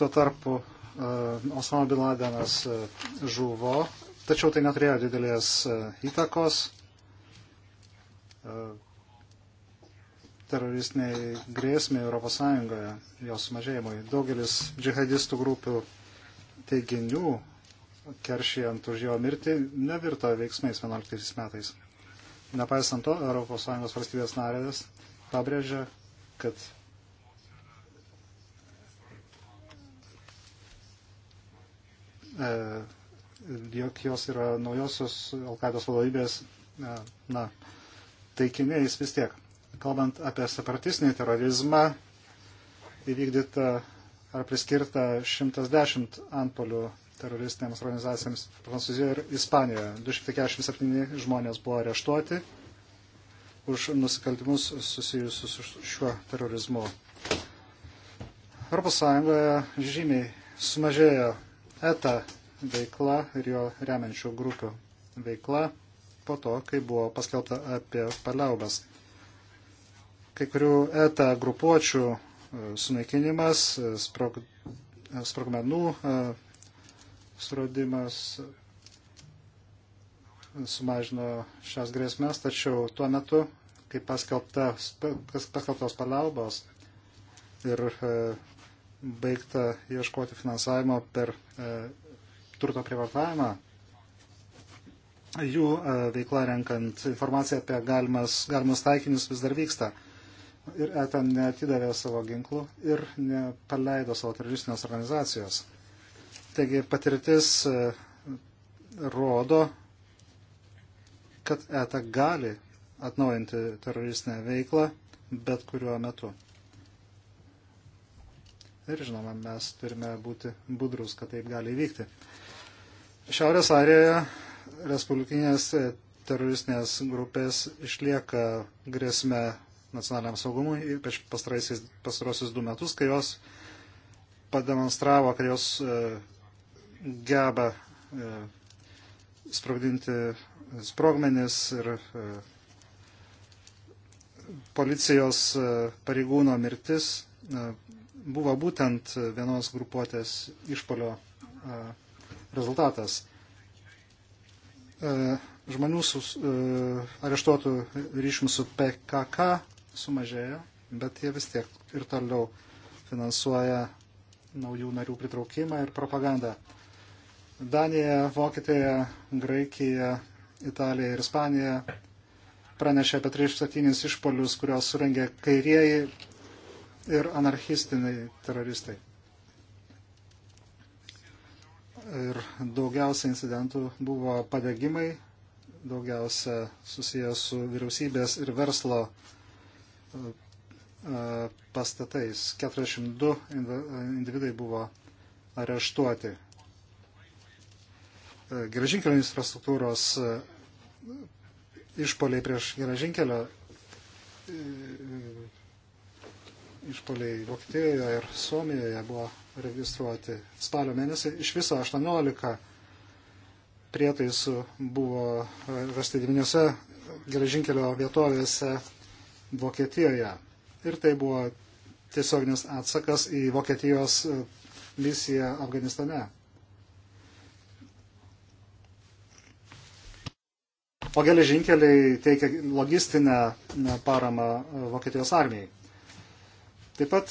Tuo tarpu e, Osama Bin Ladenas e, žuvo, tačiau tai neturėjo didelės įtakos teroristiniai grėsmiai Europos Sąjungoje, jos mažėjimui. Daugelis džihadistų grupių teiginių keršijant už jo mirtį nevirto veiksmais 11 metais. Nepaisant to, ES valstybės narės pabrėžia, kad e, jog jos yra naujosios Alkaidos vadovybės e, na, taikiniais vis tiek. Kalbant apie separatistinį terorizmą, įvykdyta ar priskirta 110 antpolių teroristinėms organizacijams Prancūzijoje ir Ispanijoje. 247 žmonės buvo areštuoti už nusikaltimus susijusius su šiuo terorizmu. Europos Sąjungoje žymiai sumažėjo ETA veikla ir jo remiančių grupių veikla po to, kai buvo paskelbta apie paliaubas. Kai kurių ETA grupuočių e, sunaikinimas, e, sprog, e, sprogmenų suradimas sumažino šias grėsmės, tačiau tuo metu, kai paskelbta, paskelbtos paliaubos ir baigta ieškoti finansavimo per turto privartavimą, jų e, veikla renkant informaciją apie galimas, galimus taikinius vis dar vyksta. Ir ETAN neatidavė savo ginklų ir nepaleido savo teroristinės organizacijos. Taigi patirtis e, rodo, kad ETA gali atnaujinti teroristinę veiklą bet kuriuo metu. Ir žinoma, mes turime būti budrus, kad taip gali įvykti. Šiaurės Airijoje respublikinės e, teroristinės grupės išlieka grėsme nacionaliniam saugumui, ypač pastarosius du metus, kai jos pademonstravo, kad jos e, geba e, sprogdinti sprogmenis ir policijos pareigūno mirtis buvo būtent vienos grupuotės išpolio rezultatas. E, žmonių sus, e, areštuotų ryšim su PKK sumažėjo, bet jie vis tiek ir toliau finansuoja naujų narių pritraukimą ir propagandą. Danija, Vokietija, Graikija, Italija ir Ispanija pranešė apie 37 išpolius, kuriuos surengė kairieji ir anarchistiniai teroristai ir daugiausia incidentų buvo padegimai, daugiausia susijęs su vyriausybės ir verslo e, e, pastatais. 42 e, individai buvo areštuoti. Geležinkelio infrastruktūros išpoliai prieš geležinkelio išpoliai Vokietijoje ir Suomijoje buvo registruoti. Spalio mėnesį iš viso 18 prietaisų buvo e, rasti devyniose geležinkelio vietovėse Vokietijoje. Ir tai buvo tiesioginis atsakas į Vokietijos e, misiją Afganistane. O geležinkeliai teikia logistinę e, paramą Vokietijos armijai. Taip pat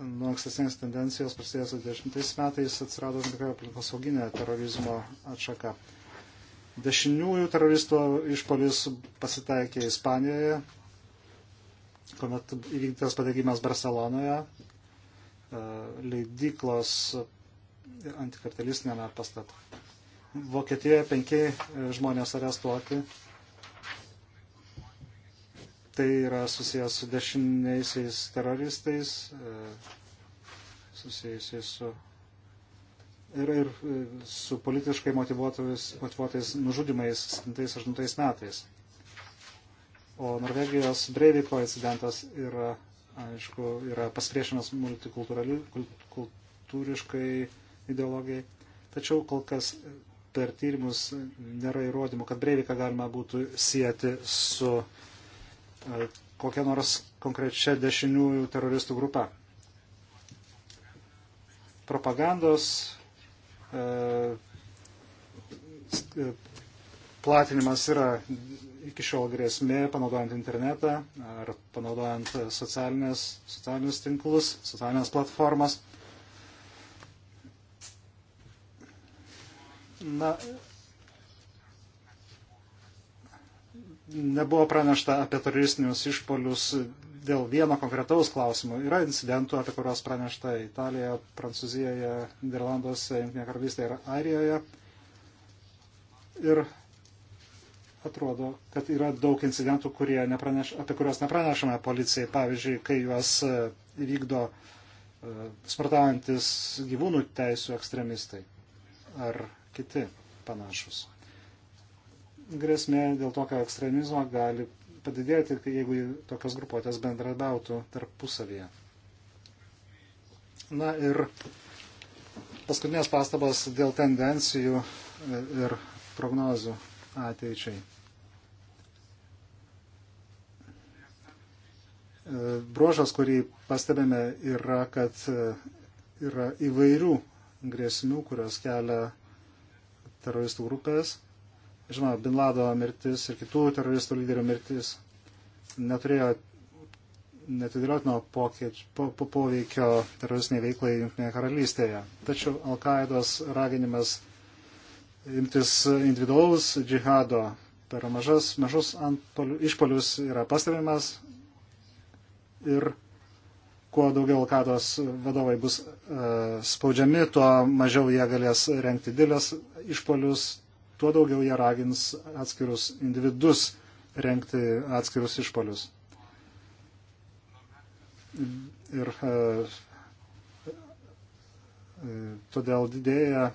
nuo ankstesnės tendencijos prasidėjęs 20 metais atsirado tam tikra aplinkosauginė terorizmo atšaka. Dešiniųjų teroristų išpolis pasitaikė Ispanijoje, kuomet įvykdytas padegimas Barcelonoje, e, leidyklos antikartelistinėme pastate. Vokietijoje penki žmonės arestuoti tai yra susijęs su dešiniaisiais teroristais, e, susijusiais su ir, ir e, su politiškai motivuotais, motivuotais nužudimais 78 metais. O Norvegijos Breiviko incidentas yra, aišku, yra pasipriešinimas multikultūriškai ideologijai. Tačiau kol kas per tyrimus nėra įrodymų, kad Breiviką galima būtų sieti su kokia nors konkrečia dešiniųjų teroristų grupa. Propagandos e, e, platinimas yra iki šiol grėsmė, panaudojant internetą ar panaudojant socialinius tinklus, socialinės platformas. Na, nebuvo pranešta apie teroristinius išpolius dėl vieno konkretaus klausimo. Yra incidentų, apie kuriuos pranešta Italijoje, Prancūzijoje, Niderlanduose, Junktinėje karalystėje ir Airijoje. Ir atrodo, kad yra daug incidentų, nepraneš, apie kuriuos nepranešame policijai. Pavyzdžiui, kai juos e, vykdo e, spartaujantis gyvūnų teisų ekstremistai ar kiti panašus grėsmė dėl tokio ekstremizmo gali padidėti, jeigu tokios grupuotės bendradautų tarpusavyje. Na ir paskutinės pastabas dėl tendencijų e, ir prognozių ateičiai. E, bruožas, kurį pastebėme, yra, kad e, yra įvairių grėsmių, kurios kelia teroristų grupės Žinoma, Bin Lado mirtis ir kitų teroristų lyderių mirtis neturėjo netidėliotino po, po, poveikio teroristiniai veiklai Junktinėje karalystėje. Tačiau Al-Qaidos raginimas imtis individualaus džihado per mažas, mažus antpolių, išpolius yra pastebimas ir kuo daugiau Al-Qaidos vadovai bus uh, spaudžiami, tuo mažiau jie galės renkti dėlės išpolius, tuo daugiau jie ragins atskirus individus renkti atskirus išpolius. Ir e, e todėl didėja,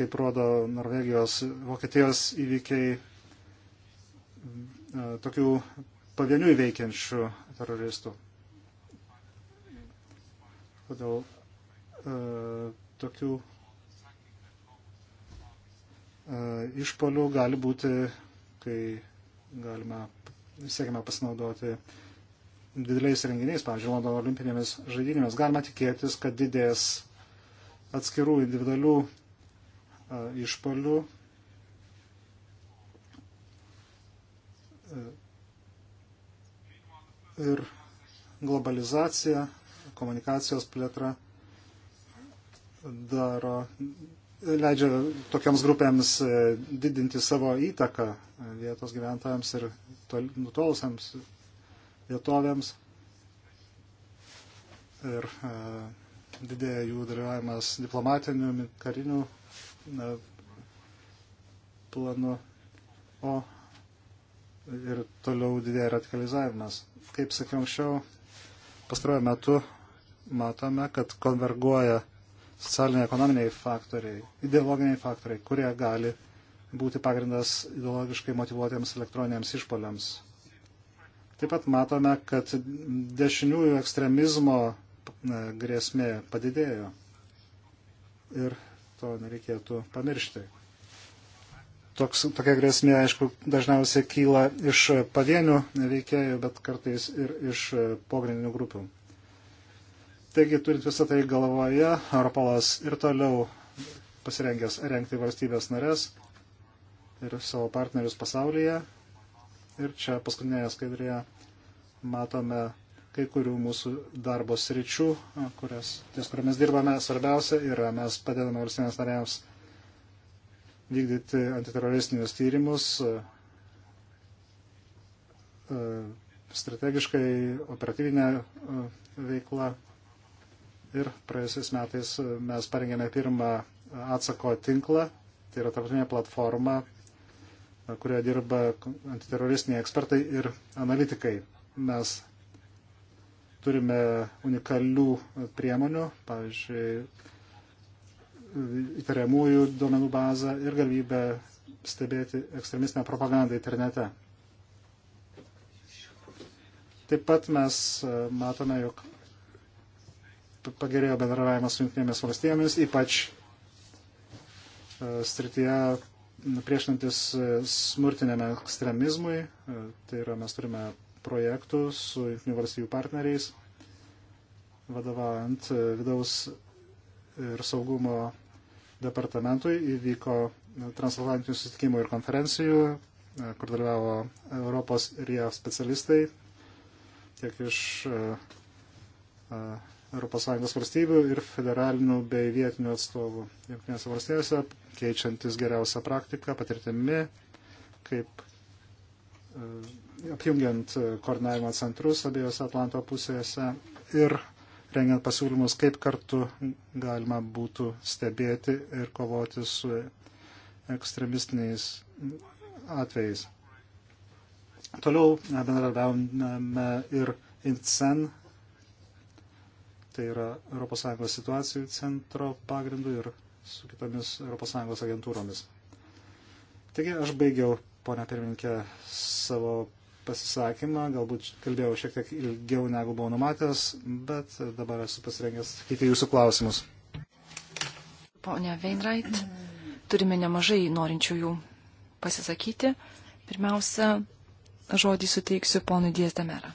kaip rodo Norvegijos, Vokietijos įvykiai, e, tokių pavienių veikiančių teroristų. Todėl e, tokių E, išpolių gali būti, kai galima, siekime pasinaudoti dideliais renginiais, pavyzdžiui, Londono olimpinėmis žaidynėmis, galima tikėtis, kad didės atskirų individualių e, išpolių. E, ir globalizacija, komunikacijos plėtra daro leidžia tokiams grupėms e, didinti savo įtaką e, vietos gyventojams ir nutolusiems vietovėms. Ir e, didėja jų dalyvavimas diplomatinių, karinių planų. O ir toliau didėja radikalizavimas. Kaip sakiau anksčiau, pastaruoju metu matome, kad konverguoja socialiniai ekonominiai faktoriai, ideologiniai faktoriai, kurie gali būti pagrindas ideologiškai motivuotiems elektroniniams išpoliams. Taip pat matome, kad dešiniųjų ekstremizmo grėsmė padidėjo ir to nereikėtų pamiršti. Toks, tokia grėsmė, aišku, dažniausiai kyla iš pavienių veikėjų, bet kartais ir iš e, pogrindinių grupių. Taigi, turint visą tai galvoje, Europolas ir toliau pasirengęs renkti valstybės narės ir savo partnerius pasaulyje. Ir čia paskutinėje skaidrėje matome kai kurių mūsų darbo sričių, kurias, ties kuriamis dirbame. Svarbiausia yra, mes padedame valstybės narėms vykdyti antiteroristinius tyrimus e, strategiškai operatyvinę e, veiklą Ir praėjusiais metais mes parengėme pirmą atsako tinklą, tai yra tarptautinė platforma, kurioje dirba antiteroristiniai ekspertai ir analitikai. Mes turime unikalių priemonių, pavyzdžiui, įtariamųjų duomenų bazą ir galimybę stebėti ekstremistinę propagandą internete. Taip pat mes matome, jog pagerėjo bendravimas su jungtinėmis valstybėmis, ypač e, srityje priešinantis e, smurtiniam ekstremizmui. E, tai yra, mes turime projektų su jungtinių valstybių partneriais, vadovaujant vidaus ir saugumo departamentui įvyko transatlantinių susitikimų ir konferencijų, kur dalyvavo Europos ir JAV specialistai, tiek iš ES valstybių ir federalinių bei vietinių atstovų. Junktinėse valstybėse keičiantis geriausią praktiką, patirtimi, kaip e, apjungiant e, koordinavimo centrus abiejose Atlanto pusėse ir rengiant pasiūlymus, kaip kartu galima būtų stebėti ir kovoti su ekstremistiniais atvejais. Toliau e, bendradarbiavome ir INCEN Tai yra ES situacijų centro pagrindu ir su kitomis ES agentūromis. Taigi aš baigiau, ponia pirmininkė, savo pasisakymą, galbūt kalbėjau šiek tiek ilgiau negu buvau numatęs, bet dabar esu pasirengęs atsakyti jūsų klausimus. Pone Veinrait, turime nemažai norinčiųjų pasisakyti. Pirmiausia, žodį suteiksiu ponui Diezdemerą.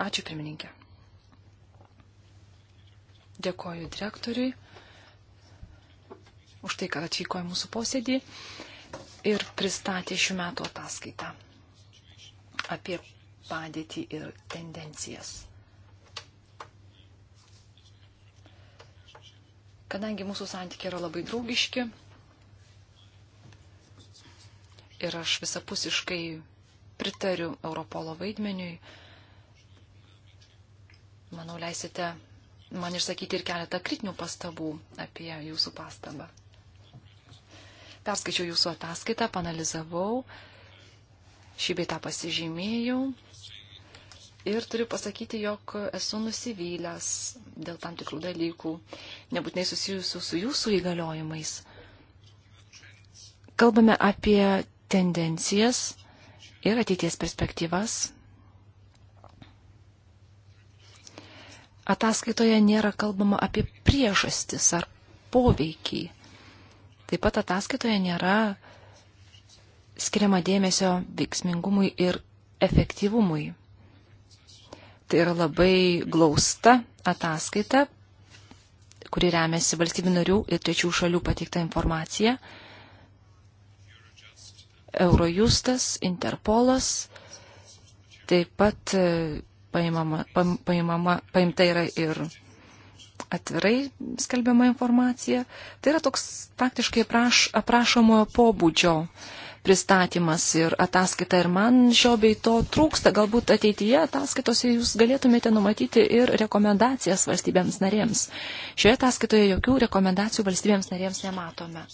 Ačiū pirmininkė. Dėkoju direktoriui už tai, kad atvyko į mūsų posėdį ir pristatė šių metų ataskaitą apie padėtį ir tendencijas. Kadangi mūsų santykiai yra labai draugiški ir aš visapusiškai pritariu Europolo vaidmeniui, manau, leisite man išsakyti ir keletą kritinių pastabų apie jūsų pastabą. Perskaičiau jūsų ataskaitą, panalizavau, šį beitą pasižymėjau ir turiu pasakyti, jog esu nusivylęs dėl tam tikrų dalykų, nebūtinai susijusių su jūsų įgaliojimais. Kalbame apie tendencijas ir ateities perspektyvas ataskaitoje nėra kalbama apie priežastis ar poveikį. Taip pat ataskaitoje nėra skiriama dėmesio veiksmingumui ir efektyvumui. Tai yra labai glausta ataskaita, kuri remiasi valstybių narių ir trečių šalių pateiktą informaciją. Eurojustas, Interpolas, taip pat paimama, paimama, paimta yra ir atvirai skelbiama informacija. Tai yra toks faktiškai praš, aprašomojo pobūdžio pristatymas ir ataskaita. Ir man šio bei to trūksta. Galbūt ateityje ataskaitose jūs galėtumėte numatyti ir rekomendacijas valstybėms narėms. Šioje ataskaitoje jokių rekomendacijų valstybėms narėms nematome.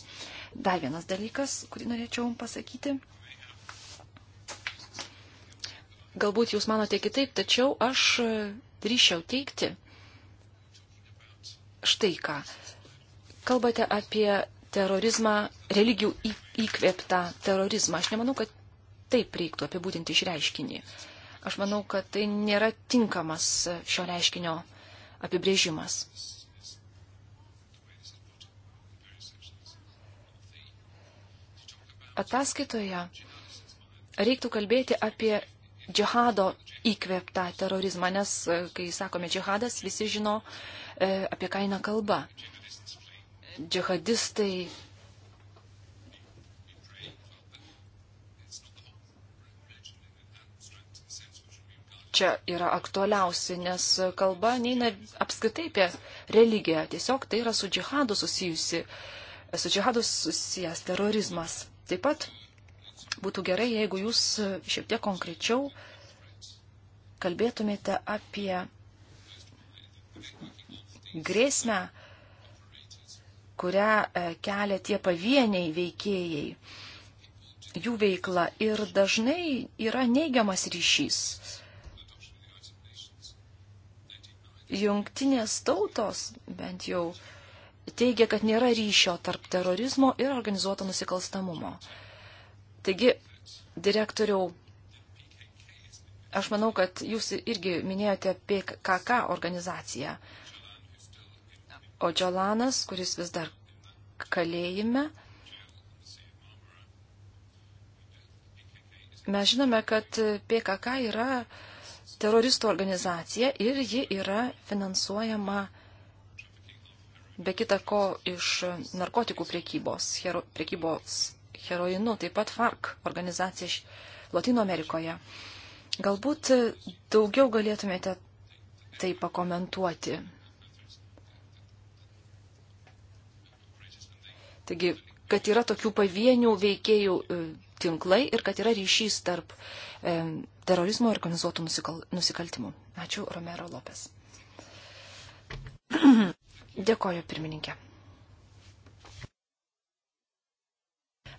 Dar vienas dalykas, kurį norėčiau pasakyti. Galbūt jūs manote kitaip, tačiau aš e, drįšiau teikti štai ką. Kalbate apie terorizmą, religijų įkvėptą terorizmą. Aš nemanau, kad taip reiktų apibūdinti išreiškinį. Aš manau, kad tai nėra tinkamas šio reiškinio apibrėžimas. Ataskaitoje reiktų kalbėti apie džihado įkvėptą terorizmą, nes, e, kai sakome džihadas, visi žino, e, apie ką eina kalba. Džihadistai čia yra aktualiausi, nes kalba neina apskritai apie religiją, tiesiog tai yra su džihadu susijusi, su džihadu susijęs terorizmas. Taip pat Būtų gerai, jeigu jūs šiek tiek konkrečiau kalbėtumėte apie grėsmę, kurią e, kelia tie pavieniai veikėjai, jų veikla. Ir dažnai yra neigiamas ryšys. Jungtinės tautos bent jau teigia, kad nėra ryšio tarp terorizmo ir organizuoto nusikalstamumo. Taigi, direktoriau, aš manau, kad jūs irgi minėjote PKK organizaciją. O Džalanas, kuris vis dar kalėjime, mes žinome, kad PKK yra teroristų organizacija ir ji yra finansuojama be kita ko iš narkotikų priekybos, hero, priekybos heroinu, taip pat FARC organizacija iš Latino Amerikoje. Galbūt daugiau galėtumėte tai pakomentuoti. Taigi, kad yra tokių pavienių veikėjų e, tinklai ir kad yra ryšys tarp e, terorizmo ir organizuotų nusikal, nusikaltimų. Ačiū, Romero Lopes. <clears throat> Dėkoju, pirmininkė.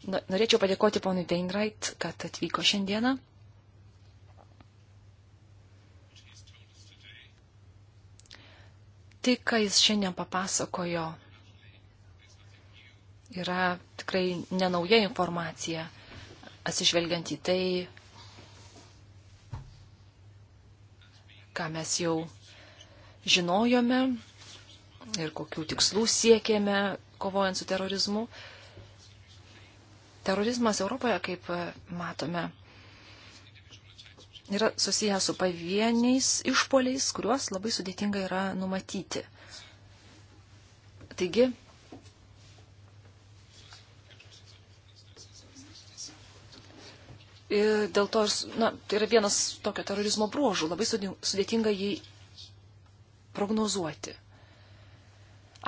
Norėčiau padėkoti ponui Wainwright, kad atvyko šiandieną. Tai, ką jis šiandien papasakojo, yra tikrai nenauja informacija, atsižvelgiant į tai, ką mes jau žinojome ir kokių tikslų siekėme kovojant su terorizmu. Uh, Terorizmas Europoje, kaip e, matome, yra susijęs su pavieniais išpoliais, kuriuos labai sudėtinga yra numatyti. Taigi, Ir e, dėl to, na, tai yra vienas tokio terorizmo bruožų, labai sudėtinga jį prognozuoti.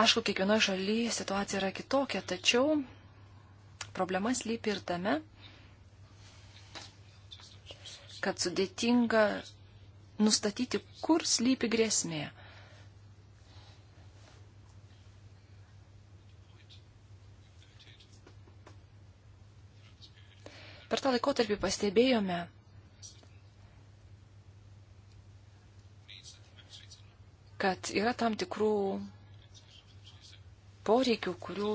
Aišku, kiekvienoje šalyje situacija yra kitokia, tačiau Problemas lypi ir tame, kad sudėtinga nustatyti, kur slypi grėsmė. Per tą laikotarpį pastebėjome, kad yra tam tikrų poreikių, kurių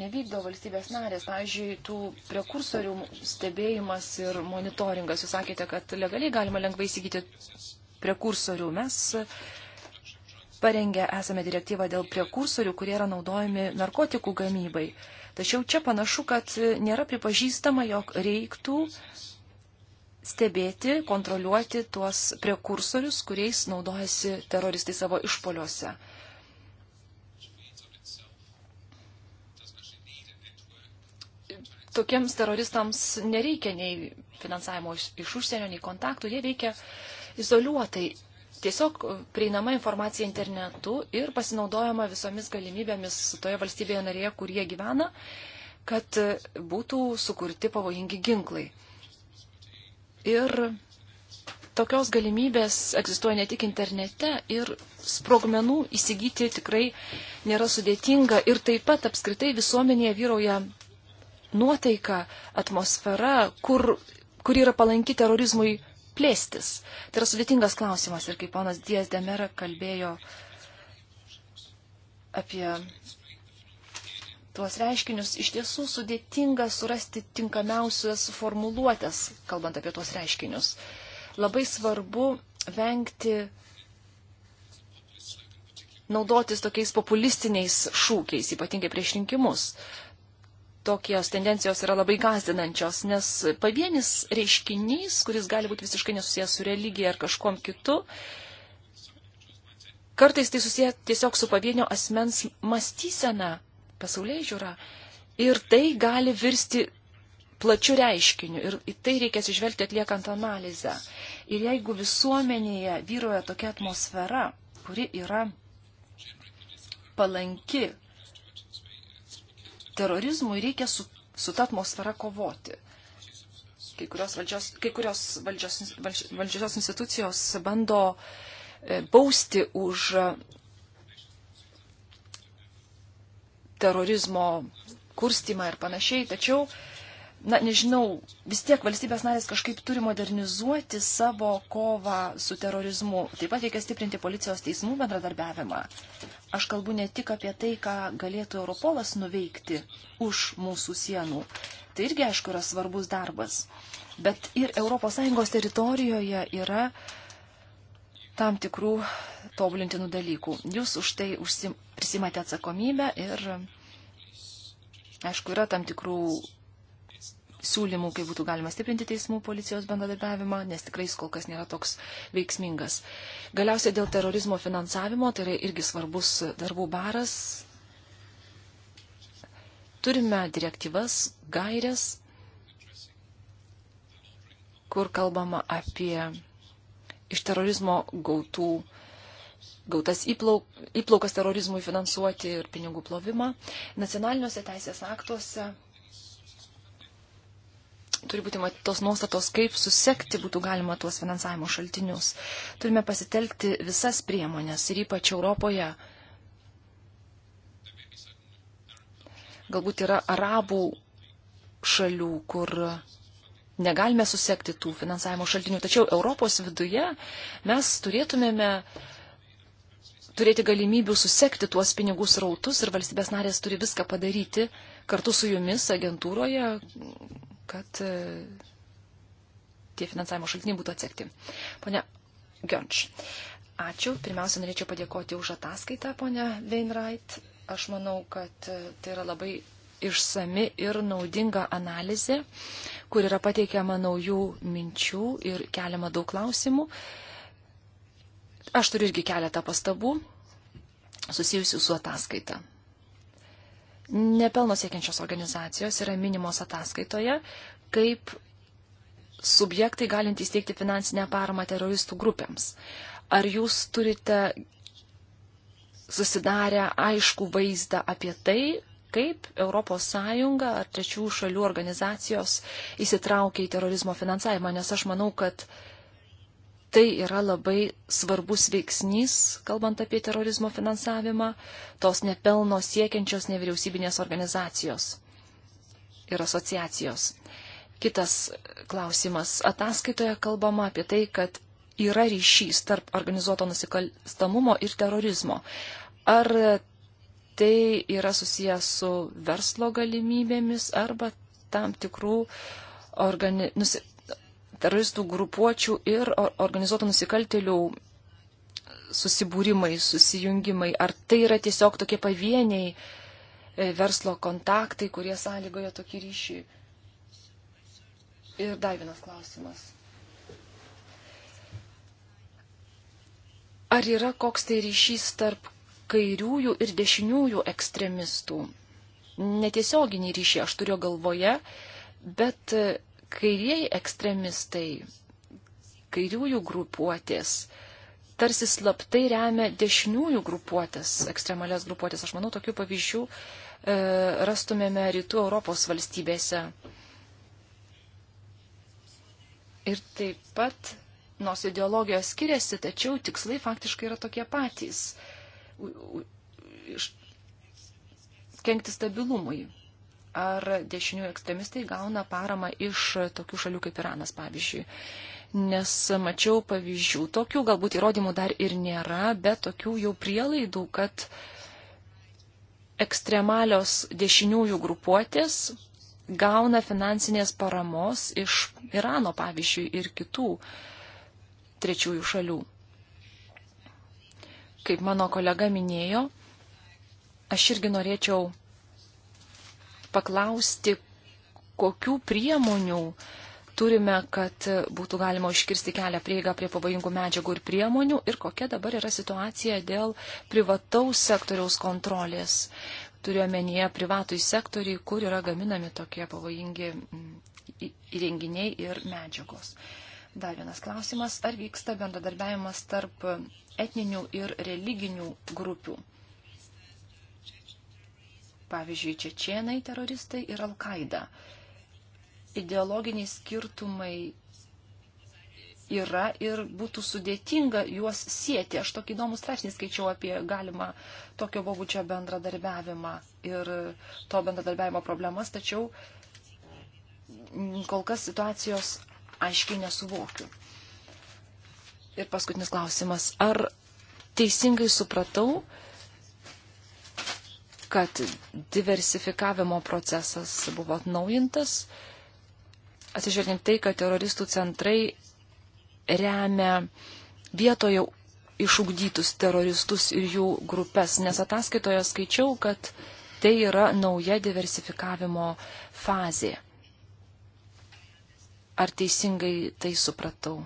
nevykdo valstybės narės. Pavyzdžiui, tų prekursorių stebėjimas ir monitoringas. Jūs sakėte, kad legaliai galima lengvai įsigyti prekursorių. Mes parengę esame direktyvą dėl prekursorių, kurie yra naudojami narkotikų gamybai. Tačiau čia panašu, kad nėra pripažįstama, jog reiktų stebėti, kontroliuoti tuos prekursorius, kuriais naudojasi teroristai savo išpoliuose. tokiems teroristams nereikia nei finansavimo iš, iš užsienio, nei kontaktų, jie veikia izoliuotai. Tiesiog prieinama informacija internetu ir pasinaudojama visomis galimybėmis toje valstybėje narėje, kur jie gyvena, kad būtų sukurti pavojingi ginklai. Ir tokios galimybės egzistuoja ne tik internete ir sprogmenų įsigyti tikrai nėra sudėtinga ir taip pat apskritai visuomenėje vyrauja nuotaika, atmosfera, kur, kur yra palanki terorizmui plėstis. Tai yra sudėtingas klausimas ir kaip ponas Dijas Demera kalbėjo apie tuos reiškinius, iš tiesų sudėtinga surasti tinkamiausias formuluotės, kalbant apie tuos reiškinius. Labai svarbu vengti naudotis tokiais populistiniais šūkiais, ypatingai prieš rinkimus tokios tendencijos yra labai gazdinančios, nes pavienis reiškinys, kuris gali būti visiškai nesusijęs su religija ar kažkom kitu, kartais tai susiję tiesiog su pavienio asmens mąstysena, pasaulyje žiūra. Ir tai gali virsti plačiu reiškiniu ir į tai reikia atsižvelgti atliekant analizę. Ir jeigu visuomenėje vyroja tokia atmosfera, kuri yra palanki terorizmui reikia su, su ta atmosfera kovoti. Kai kurios valdžios, kai kurios valdžios, valdž, valdžios institucijos bando e, bausti už e, terorizmo kurstimą ir panašiai, tačiau uh, na nežinau, vis tiek valstybės narės kažkaip turi modernizuoti savo kovą su terorizmu. Taip pat reikia stiprinti policijos teismų bendradarbiavimą. Aš kalbu ne tik apie tai, ką galėtų Europolas nuveikti už mūsų sienų. Tai irgi, aišku, yra svarbus darbas. Bet ir ES teritorijoje yra tam tikrų tobulintinų dalykų. Jūs už tai užsim, prisimate atsakomybę ir, aišku, yra tam tikrų siūlymų, kaip būtų galima stiprinti teismų policijos bendradarbiavimą, nes tikrai jis kol kas nėra toks veiksmingas. Galiausiai dėl terorizmo finansavimo, tai yra irgi svarbus darbų baras. Turime direktyvas, gairias, kur kalbama apie iš terorizmo gautų, gautas įplauk, įplaukas terorizmui finansuoti ir pinigų plovimą. Nacionaliniuose teisės aktuose turi būti tos nuostatos, kaip susekti būtų galima tuos finansavimo šaltinius. Turime pasitelkti visas priemonės ir ypač Europoje. Galbūt yra arabų šalių, kur negalime susekti tų finansavimo šaltinių, tačiau Europos viduje mes turėtumėme turėti galimybių susekti tuos pinigus rautus ir valstybės narės turi viską padaryti kartu su jumis agentūroje, kad e, tie finansavimo šaltiniai būtų atsekti. Pone Gionč, ačiū. Pirmiausia, norėčiau padėkoti už ataskaitą, pone Veinrait. Aš manau, kad e, tai yra labai išsami ir naudinga analizė, kur yra pateikiama naujų minčių ir keliama daug klausimų. Aš turiu irgi keletą pastabų susijusių su ataskaita. Nepelno siekiančios organizacijos yra minimos ataskaitoje, kaip subjektai galintys teikti finansinę paramą teroristų grupėms. Ar jūs turite susidarę aišku vaizdą apie tai, kaip ES ar trečių šalių organizacijos įsitraukia į terorizmo finansavimą, nes aš manau, kad uh, tai yra labai svarbus veiksnys, kalbant apie terorizmo finansavimą, tos nepelno siekiančios nevyriausybinės organizacijos ir asociacijos. Kitas klausimas. Ataskaitoje kalbama apie tai, kad yra ryšys tarp organizuoto nusikalstamumo ir terorizmo. Ar tai yra susijęs su verslo galimybėmis arba tam tikrų organi... nusi teroristų grupuočių ir organizuotų nusikaltelių susibūrimai, susijungimai. Ar tai yra tiesiog tokie pavieniai e, verslo kontaktai, kurie sąlygoja tokį ryšį? Ir dar vienas klausimas. Ar yra koks tai ryšys tarp kairiųjų ir dešiniųjų ekstremistų? Netiesioginį ryšį aš turiu galvoje, bet e, kairieji ekstremistai, kairiųjų grupuotės, tarsi slaptai remia dešiniųjų grupuotės, ekstremalias grupuotės. Aš manau, tokių pavyzdžių e, rastumėme rytų Europos valstybėse. Ir taip pat, nors ideologijos skiriasi, tačiau tikslai faktiškai yra tokie patys. U, u, iš, kenkti stabilumui ar dešinių ekstremistai gauna paramą iš tokių šalių kaip Iranas, pavyzdžiui. Nes mačiau pavyzdžių, tokių galbūt įrodymų dar ir nėra, bet tokių jau prielaidų, kad ekstremalios dešiniųjų grupuotės gauna finansinės paramos iš Irano, pavyzdžiui, ir kitų trečiųjų šalių. Kaip mano kolega minėjo, aš irgi norėčiau paklausti, kokių priemonių turime, kad būtų galima užkirsti kelią prieigą prie pavojingų medžiagų ir priemonių ir kokia dabar yra situacija dėl privataus sektoriaus kontrolės. Turiuomenyje privatui sektoriai, kur yra gaminami tokie pavojingi mm, įrenginiai ir medžiagos. Dar vienas klausimas, ar vyksta bendradarbiavimas tarp etninių ir religinių grupių? pavyzdžiui, čečienai teroristai ir Al-Qaida. Ideologiniai skirtumai yra ir būtų sudėtinga juos sieti. Aš tokį įdomų straipsnį skaičiau apie galimą tokio bobučio bendradarbiavimą ir to bendradarbiavimo problemas, tačiau kol kas situacijos aiškiai nesuvokiu. Ir paskutinis klausimas. Ar teisingai supratau, kad diversifikavimo procesas buvo atnaujintas, atsižvelgiant tai, kad teroristų centrai remia vietoje išugdytus teroristus ir jų grupės, nes ataskaitoje skaičiau, kad tai yra nauja diversifikavimo fazė. Ar teisingai tai supratau?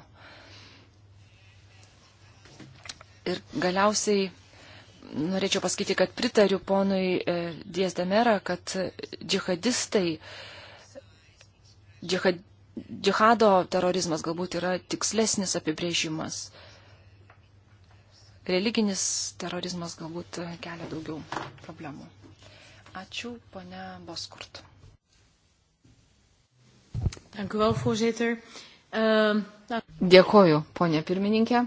Ir galiausiai norėčiau pasakyti, kad pritariu ponui e, Diezdemera, kad džihadistai, džihad, džihado terorizmas galbūt yra tikslesnis apibrėžimas. Religinis terorizmas galbūt kelia daugiau problemų. Ačiū, ponia Boskurt. Ehm, Dėkuoju, ponia pirmininkė.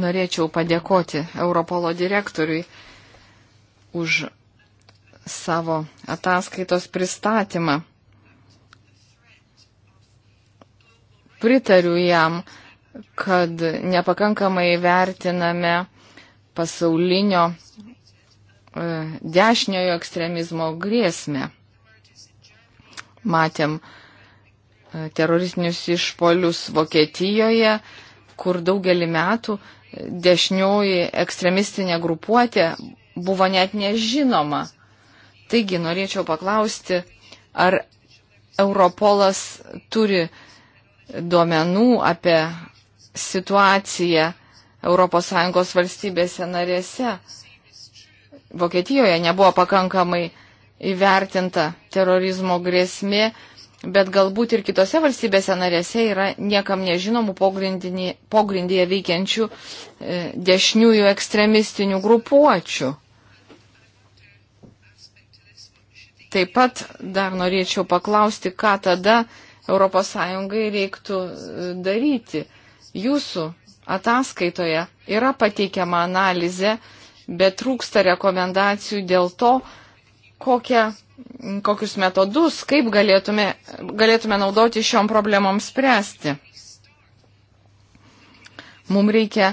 norėčiau padėkoti Europolo direktoriui už savo ataskaitos pristatymą. Pritariu jam, kad nepakankamai vertiname pasaulinio e, dešiniojo ekstremizmo grėsmę. Matėm e, teroristinius išpolius Vokietijoje, kur daugelį metų dešinioji ekstremistinė grupuotė buvo net nežinoma. Taigi norėčiau paklausti, ar Europolas turi duomenų apie situaciją ES valstybėse narėse. Vokietijoje nebuvo pakankamai įvertinta terorizmo grėsmė, bet galbūt ir kitose valstybėse narėse yra niekam nežinomų pogrindyje veikiančių e, dešiniųjų ekstremistinių grupuočių. Taip pat dar norėčiau paklausti, ką tada ES reiktų e, daryti. Jūsų ataskaitoje yra pateikiama analizė, bet trūksta rekomendacijų dėl to, kokią, kokius metodus, kaip galėtume, galėtume naudoti šiom problemom spręsti. Mums reikia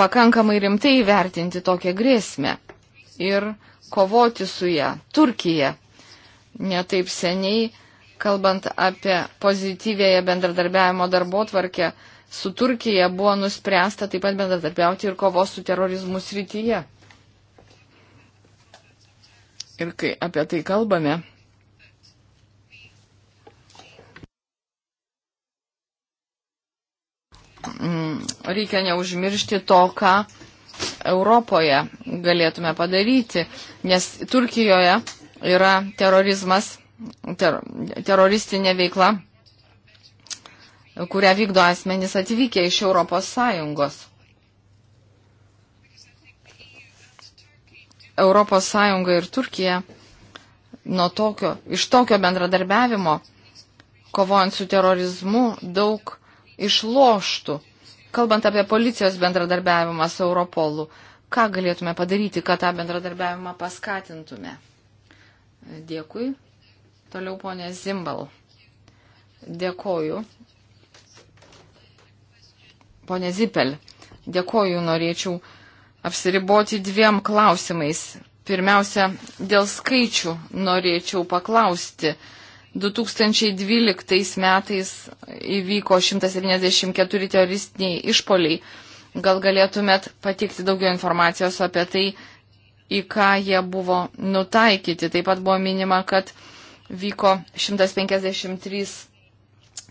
pakankamai rimtai įvertinti tokią grėsmę ir kovoti su ją. Turkija netaip seniai, kalbant apie pozityvėje bendradarbiavimo darbo tvarkę, su Turkija buvo nuspręsta taip pat bendradarbiauti ir kovos su terorizmu srityje. Ir kai apie tai kalbame, mm, reikia neužmiršti to, ką Europoje galėtume padaryti, nes Turkijoje yra terorizmas, ter, teroristinė veikla, kurią vykdo asmenys atvykę iš Europos Sąjungos. ES ir Turkija nuo tokio, iš tokio bendradarbiavimo, kovojant su terorizmu, daug išloštų. Kalbant apie policijos bendradarbiavimą su Europolu, ką galėtume padaryti, kad tą bendradarbiavimą paskatintume? Dėkui. Toliau ponė Zimbal. Dėkoju. Pone Zipel, dėkoju, norėčiau apsiriboti dviem klausimais. Pirmiausia, dėl skaičių norėčiau paklausti. 2012 metais įvyko 174 teroristiniai išpoliai. Gal galėtumėt patikti daugiau informacijos apie tai, į ką jie buvo nutaikyti. Taip pat buvo minima, kad vyko 153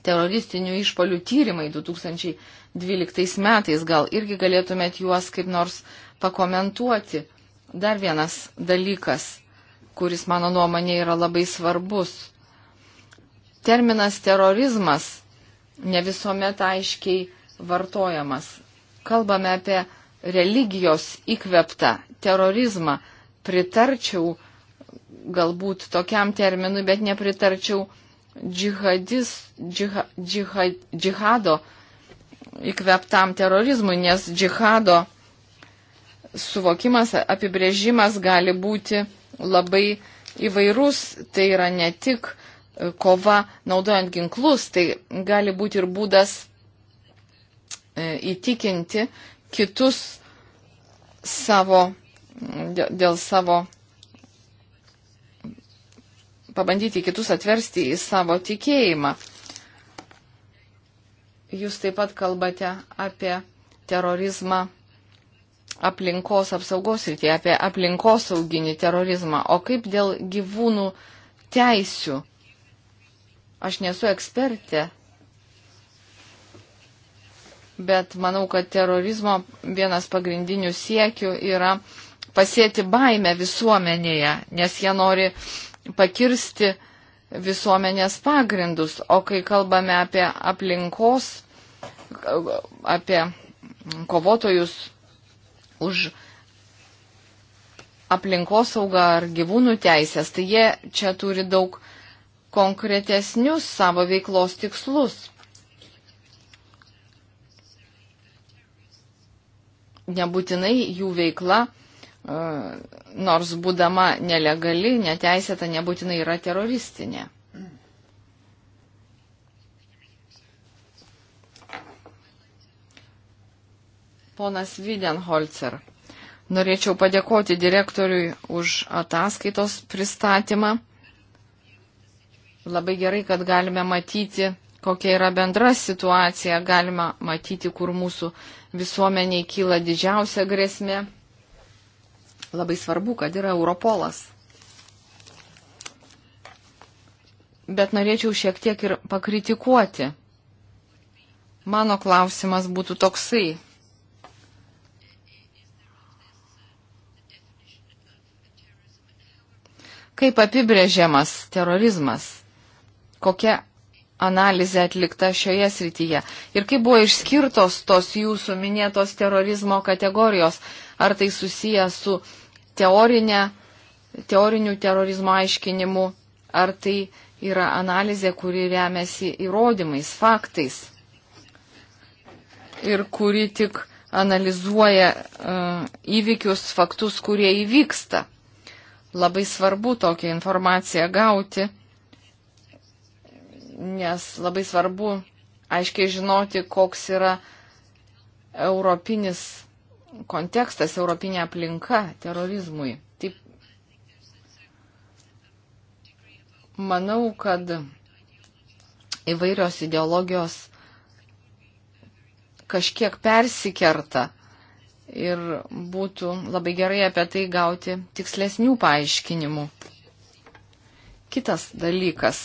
teroristinių išpolių tyrimai 2012 metais. Gal irgi galėtumėt juos kaip nors pakomentuoti. Dar vienas dalykas, kuris mano nuomonė yra labai svarbus. Terminas terorizmas ne visuomet aiškiai vartojamas. Kalbame apie religijos įkveptą terorizmą. Pritarčiau galbūt tokiam terminui, bet nepritarčiau džihadis, džiha, džiha, džihado įkveptam terorizmui, nes džihado suvokimas, apibrėžimas gali būti labai įvairus. Tai yra ne tik e, kova naudojant ginklus, tai gali būti ir būdas e, įtikinti kitus savo, dėl savo, pabandyti kitus atversti į savo tikėjimą. Jūs taip pat kalbate apie terorizmą aplinkos apsaugos rytį, apie aplinkos sauginį terorizmą, o kaip dėl gyvūnų teisių. Aš nesu ekspertė, bet manau, kad terorizmo vienas pagrindinių siekių yra pasėti baimę visuomenėje, nes jie nori pakirsti visuomenės pagrindus. O kai kalbame apie aplinkos, apie kovotojus už aplinkosaugą ar gyvūnų teisės, tai jie čia turi daug konkretesnius savo veiklos tikslus. Nebūtinai jų veikla, e, nors būdama nelegali, neteisėta, nebūtinai yra teroristinė. Ponas Videnholzer. Norėčiau padėkoti direktoriui už ataskaitos pristatymą. Labai gerai, kad galime matyti, kokia yra bendra situacija, galime matyti, kur mūsų visuomeniai kyla didžiausia grėsmė. Labai svarbu, kad yra Europolas. Bet norėčiau šiek tiek ir pakritikuoti. Mano klausimas būtų toksai kaip apibrėžiamas terorizmas, kokia analizė atlikta šioje srityje ir kaip buvo išskirtos tos jūsų minėtos terorizmo kategorijos, ar tai susiję su teorinė, teoriniu terorizmo aiškinimu, ar tai yra analizė, kuri remiasi įrodymais, faktais ir kuri tik analizuoja uh, įvykius, faktus, kurie įvyksta. Labai svarbu tokią informaciją gauti, nes labai svarbu aiškiai žinoti, koks yra europinis kontekstas, europinė aplinka terorizmui. Taip, manau, kad įvairios ideologijos kažkiek persikerta ir būtų labai gerai apie tai gauti tikslesnių paaiškinimų. Kitas dalykas,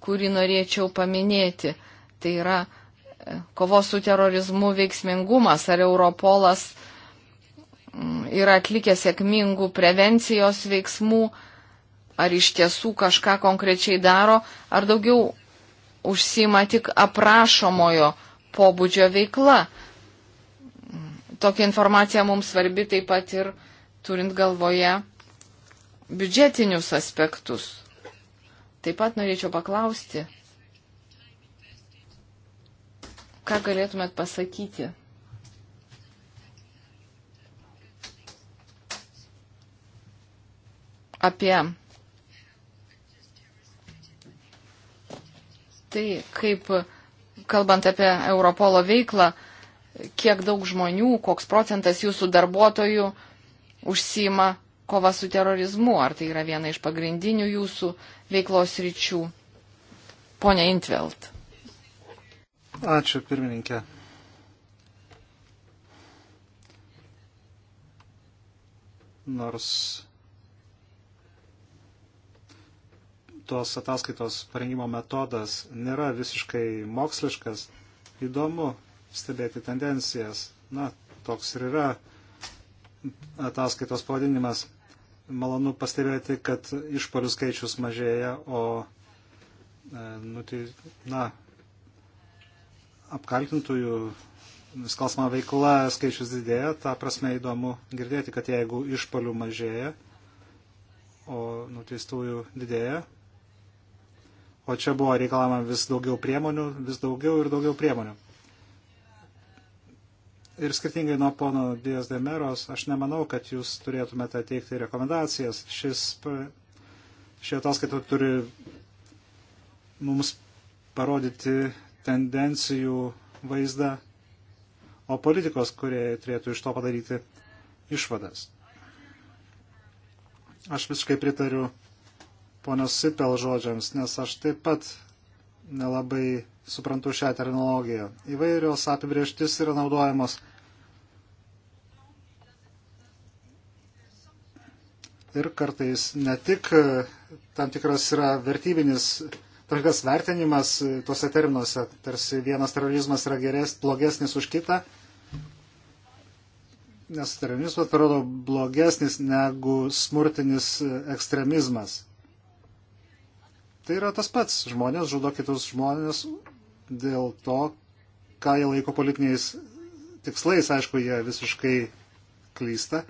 kurį norėčiau paminėti, tai yra e, kovos su terorizmu veiksmingumas, ar Europolas mm, yra atlikęs sėkmingų prevencijos veiksmų, ar iš tiesų kažką konkrečiai daro, ar daugiau užsima tik aprašomojo pobūdžio veikla tokia informacija mums svarbi taip pat ir turint galvoje biudžetinius aspektus. Taip pat norėčiau paklausti, ką galėtumėt pasakyti apie tai, kaip, kalbant apie Europolo veiklą, kiek daug žmonių, koks procentas jūsų darbuotojų užsima kova su terorizmu, ar tai yra viena iš pagrindinių jūsų veiklos ryčių. Pone Intvelt. Ačiū, pirmininkė. Nors tos ataskaitos parengimo metodas nėra visiškai moksliškas, įdomu stebėti tendencijas. Na, toks ir yra ataskaitos pavadinimas. Malonu pastebėti, kad išpolių skaičius mažėja, o nu, tai, na, apkaltintųjų skalsma veikla skaičius didėja, ta prasme įdomu girdėti, kad jeigu išpolių mažėja, o nuteistųjų didėja, o čia buvo reikalama vis daugiau priemonių, vis daugiau ir daugiau priemonių ir skirtingai nuo pono Dijas Demeros, aš nemanau, kad jūs turėtumėte teikti rekomendacijas. Šis, ši ataskaita turi mums parodyti tendencijų vaizdą, o politikos, kurie turėtų iš to padaryti išvadas. Aš visiškai pritariu ponios Sipel žodžiams, nes aš taip pat nelabai suprantu šią terminologiją. Įvairios apibrieštis yra naudojamos ir kartais ne tik e, tam tikras yra vertybinis, tam tikras vertinimas e, tuose terminuose, tarsi vienas terorizmas yra geres, blogesnis už kitą, nes terorizmas atrodo blogesnis negu smurtinis e, ekstremizmas. Tai yra tas pats. Žmonės žudo kitus žmonės dėl to, ką jie laiko politiniais tikslais. Aišku, jie visiškai klysta.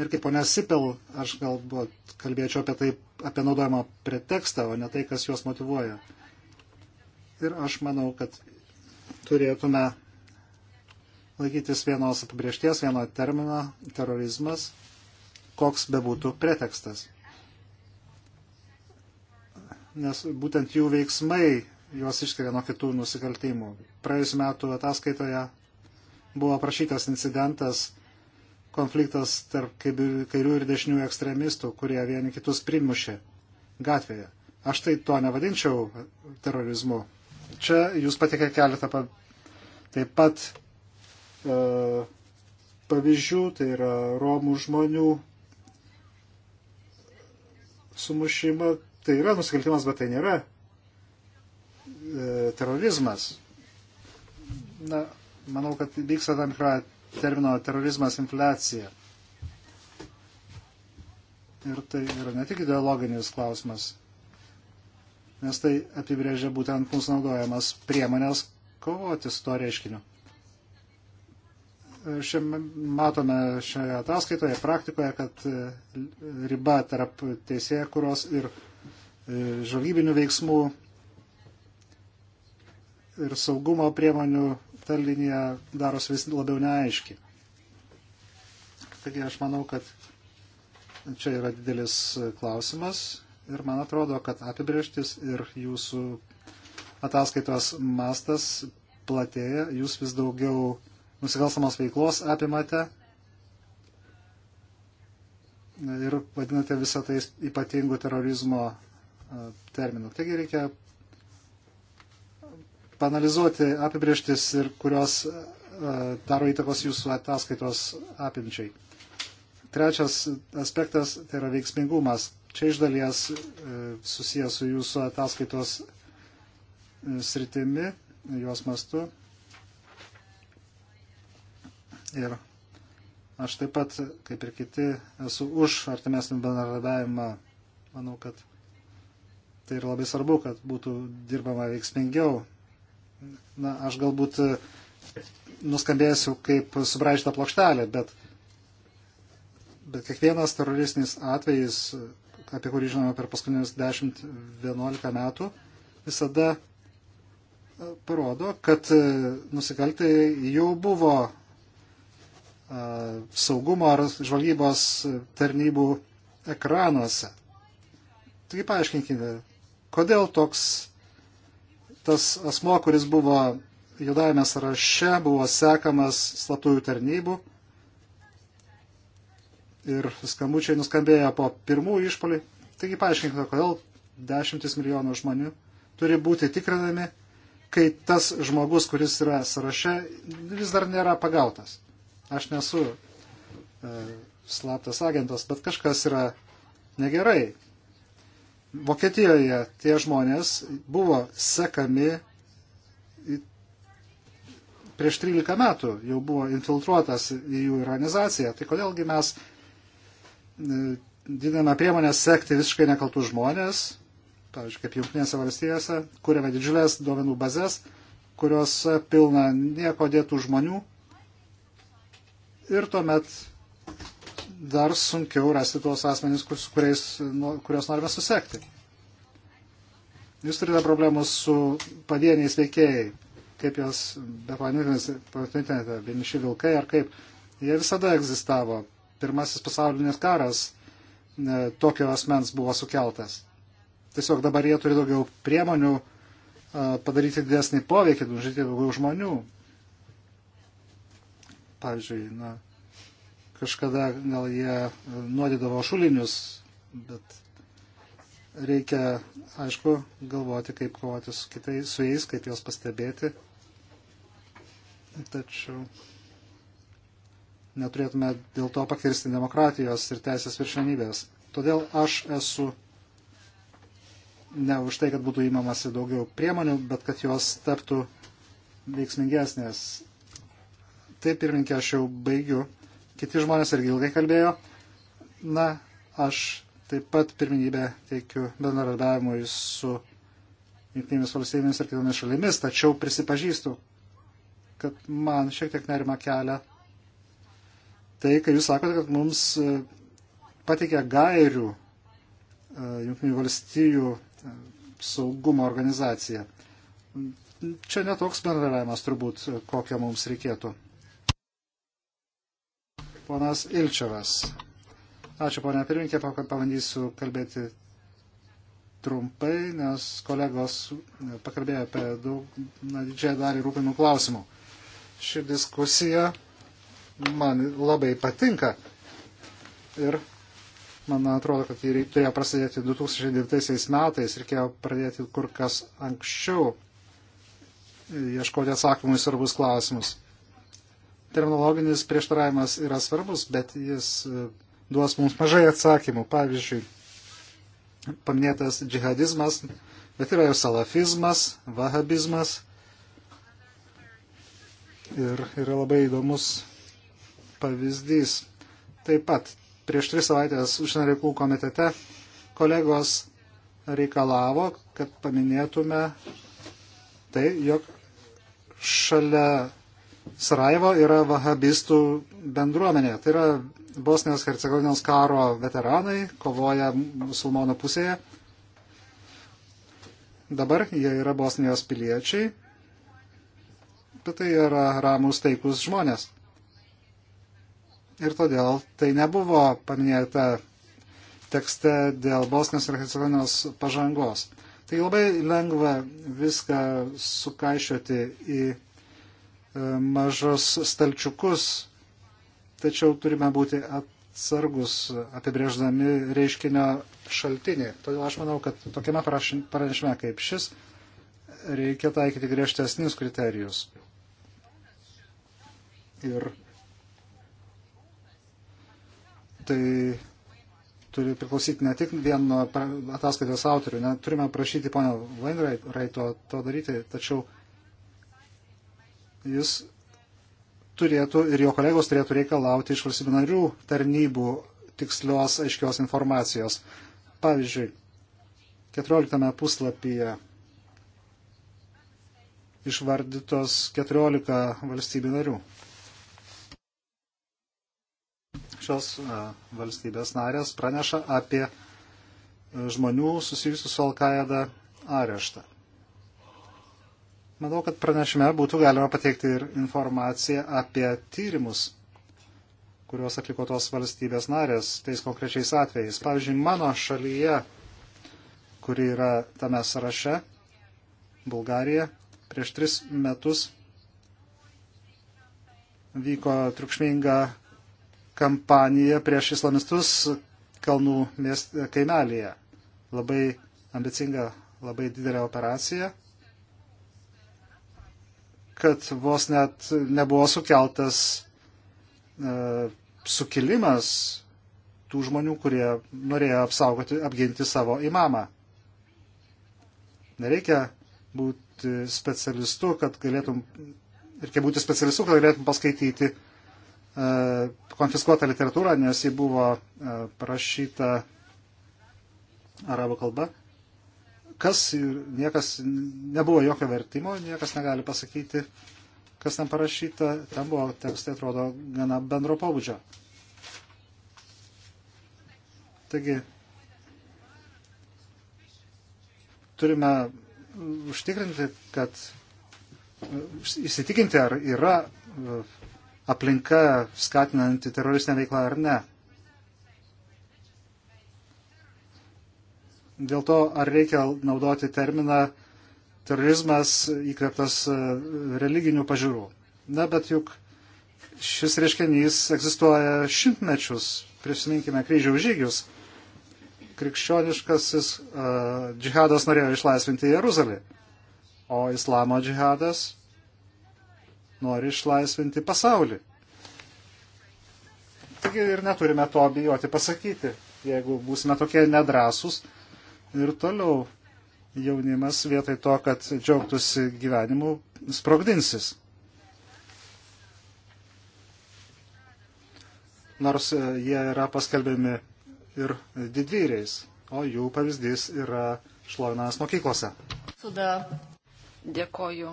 Ir kaip ponia Sipel, aš galbūt kalbėčiau apie tai, apie naudojimo pretekstą, o ne tai, kas juos motivuoja. Ir aš manau, kad turėtume laikytis vienos apibriešties, vieno termino - terorizmas, koks bebūtų pretekstas. Nes būtent jų veiksmai juos išskiria nuo kitų nusikaltimų. Praėjusiu metu ataskaitoje buvo aprašytas incidentas, konfliktas tarp kairių ir dešinių ekstremistų, kurie vieni kitus primušė gatvėje. Aš tai to nevadinčiau terorizmu. Čia jūs patikė keletą pa... taip pat e, pavyzdžių, tai yra Romų žmonių sumušimą. Tai yra nusikaltimas, bet tai nėra e, terorizmas. Na, manau, kad vyksta tam tikra termino terorizmas infliacija. Ir tai yra ne tik ideologinis klausimas, nes tai apibrėžia būtent mūsų naudojamas priemonės kovoti su to reiškiniu. Šiame, matome šioje ataskaitoje, praktikoje, kad e, riba tarp teisėje kuros ir e, žvalgybinių veiksmų ir saugumo priemonių ta linija darosi vis labiau neaiški. Taigi aš manau, kad čia yra didelis e, klausimas ir man atrodo, kad apibrieštis ir jūsų ataskaitos mastas platėja, jūs vis daugiau nusikalstamos veiklos apimate ir vadinate visą tai ypatingų terorizmo e, terminų. Taigi reikia panalizuoti apibrieštis ir kurios e, daro įtakos jūsų ataskaitos apimčiai. Trečias aspektas tai yra veiksmingumas. Čia iš dalies e, susijęs su jūsų ataskaitos e, sritimi, jos mastu. Ir aš taip pat, kaip ir kiti, esu už artimesnį bendradarbiavimą. Manau, kad tai yra labai svarbu, kad būtų dirbama veiksmingiau na, aš galbūt e, nuskambėsiu kaip subraižyta plokštelė, bet, bet kiekvienas teroristinis atvejis, apie kurį žinome per paskutinius 10-11 metų, visada e, parodo, kad e, nusikaltai jau buvo saugumo ar žvalgybos tarnybų ekranuose. Taigi paaiškinkite, kodėl toks tas asmo, kuris buvo judavime sąraše, buvo sekamas slaptųjų tarnybų. Ir skambučiai nuskambėjo po pirmų išpolį. Taigi paaiškinkite, kodėl dešimtis milijonų žmonių turi būti tikrinami, kai tas žmogus, kuris yra sąraše, vis dar nėra pagautas. Aš nesu e, slaptas agentas, bet kažkas yra negerai. Vokietijoje tie žmonės buvo sekami prieš 13 metų, jau buvo infiltruotas į jų organizaciją. Tai kodėlgi mes e, didiname priemonės sekti visiškai nekaltus žmonės, pavyzdžiui, kaip Junktinėse valstijose, kuriame didžiulės duomenų bazės, kurios pilna nieko dėtų žmonių. Ir tuomet dar sunkiau rasti tuos asmenys, kur, kuriais, nu, kuriuos norime susekti. Jūs turite problemų su pavieniais veikėjai, kaip jos bepavadintumėte, vieniši vilkai ar kaip. Jie visada egzistavo. Pirmasis pasaulinis karas ne, tokio asmens buvo sukeltas. Tiesiog dabar jie turi daugiau priemonių e, padaryti didesnį poveikį, nužudyti daugiau žmonių. Pavyzdžiui, na, kažkada gal jie e, nuodydavo šulinius, bet reikia, aišku, galvoti, kaip kovoti su, kitai, su jais, kaip juos pastebėti. Tačiau neturėtume dėl to pakirsti demokratijos ir teisės viršenybės. Todėl aš esu ne už tai, kad būtų įmamasi daugiau priemonių, bet kad jos taptų veiksmingesnės. Taip, pirminkė, aš jau baigiu kiti žmonės irgi ilgai kalbėjo. Na, aš taip pat pirminybę teikiu bendradarbiavimui su jungtinėmis valstybėmis ir kitomis šalimis, tačiau prisipažįstu, kad man šiek tiek nerima kelia tai, kai jūs sakote, kad mums e, pateikia gairių e, jungtinių valstybių e, saugumo organizacija. Čia netoks bendravimas turbūt, kokio mums reikėtų ponas Ilčiavas. Ačiū, ponia pirminkė, pabandysiu kalbėti trumpai, nes kolegos pakalbėjo apie daug, na, didžiąją dalį rūpimų klausimų. Ši diskusija man labai patinka ir man atrodo, kad jį turėjo prasidėti 2009 metais, reikėjo pradėti kur kas anksčiau ieškoti atsakymų į svarbus klausimus terminologinis prieštaravimas yra svarbus, bet jis e, duos mums mažai atsakymų. Pavyzdžiui, paminėtas džihadizmas, bet yra ir salafizmas, vahabizmas. Ir yra labai įdomus pavyzdys. Taip pat prieš tris savaitės užsienio reikalų komitete kolegos reikalavo, kad paminėtume tai, jog šalia Sarajevo yra vahabistų bendruomenė. Tai yra Bosnijos Hercegovinos karo veteranai, kovoja musulmonų pusėje. Dabar jie yra Bosnijos piliečiai, bet tai yra ramus taikus žmonės. Ir todėl tai nebuvo paminėta tekste dėl Bosnijos ir Hercegovinos pažangos. Tai labai lengva viską sukaišioti į E, mažos stalčiukus, tačiau turime būti atsargus apibrėždami reiškinio šaltinį. Todėl aš manau, kad tokiame pranešime kaip šis reikia taikyti griežtesnius kriterijus. Ir tai turi priklausyti ne tik vien nuo ataskaitos autorių, ne, turime prašyti ponio Vainraito to daryti, tačiau jis turėtų ir jo kolegos turėtų reikalauti iš valstybių narių tarnybų tikslios aiškios informacijos. Pavyzdžiui, 14 puslapyje išvardytos 14 valstybių narių. Šios e, valstybės narės praneša apie e, žmonių susijusių su Alkaida areštą. Manau, kad pranešime būtų galima pateikti ir informaciją apie tyrimus, kuriuos atliko tos valstybės narės tais konkrečiais atvejais. Pavyzdžiui, mano šalyje, kuri yra tame sąraše, Bulgarija, prieš tris metus vyko triukšminga kampanija prieš islamistus kalnų miest, kaimelėje. Labai ambicinga, labai didelė operacija kad vos net nebuvo sukeltas e, sukilimas tų žmonių, kurie norėjo apsaugoti, apginti savo imamą. Nereikia būti specialistu, kad galėtum, reikia būti specialistu, kad galėtum paskaityti e, konfiskuotą literatūrą, nes ji buvo e, parašyta arabų kalba kas, niekas, nebuvo jokio vertimo, niekas negali pasakyti, kas ten parašyta, ten buvo tekstai, atrodo, gana bendro pobūdžio. Taigi, turime užtikrinti, kad įsitikinti, ar yra e, aplinka skatinanti teroristinę veiklą ar ne. Dėl to, ar reikia naudoti terminą terorizmas įkvėptas e, religinių pažiūrų. Na, bet juk šis reiškinys egzistuoja šimtmečius. Prisiminkime kryžiaus žygius. Krikščioniškasis uh, džihadas norėjo išlaisvinti Jeruzalį, o islamo džihadas nori išlaisvinti pasaulį. Taigi ir neturime to bijoti pasakyti. Jeigu būsime tokie nedrasus, uh, ir toliau jaunimas vietoj to, kad džiaugtųsi gyvenimu, sprogdinsis. Nors e, jie yra paskelbiami ir didvyriais, o jų pavyzdys yra šlovinamas mokyklose. Suda. Dėkoju.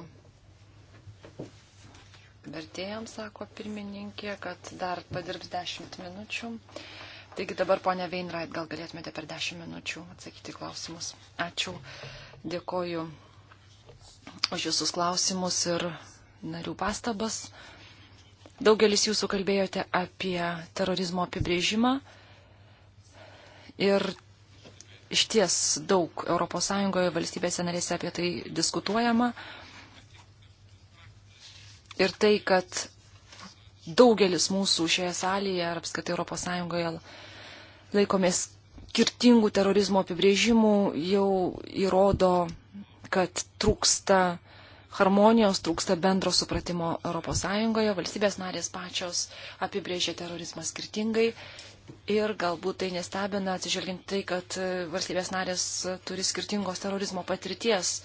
Vertėjams sako pirmininkė, kad dar padirbs 10 minučių. Taigi dabar, ponia Veinrait, gal galėtumėte per 10 minučių atsakyti klausimus. Ačiū, dėkoju už jūsus klausimus ir narių pastabas. Daugelis jūsų kalbėjote apie terorizmo apibrėžimą ir iš ties daug ES valstybėse narėse apie tai diskutuojama. Ir tai, kad daugelis mūsų šioje salėje ar apskritai Europos Sąjungoje laikomės skirtingų terorizmo apibrėžimų, jau įrodo, kad trūksta harmonijos, trūksta bendro supratimo Europos Sąjungoje, valstybės narės pačios apibrėžia terorizmą skirtingai. Ir galbūt tai nestebina, atsižvelgiant tai, kad valstybės narės turi skirtingos terorizmo patirties.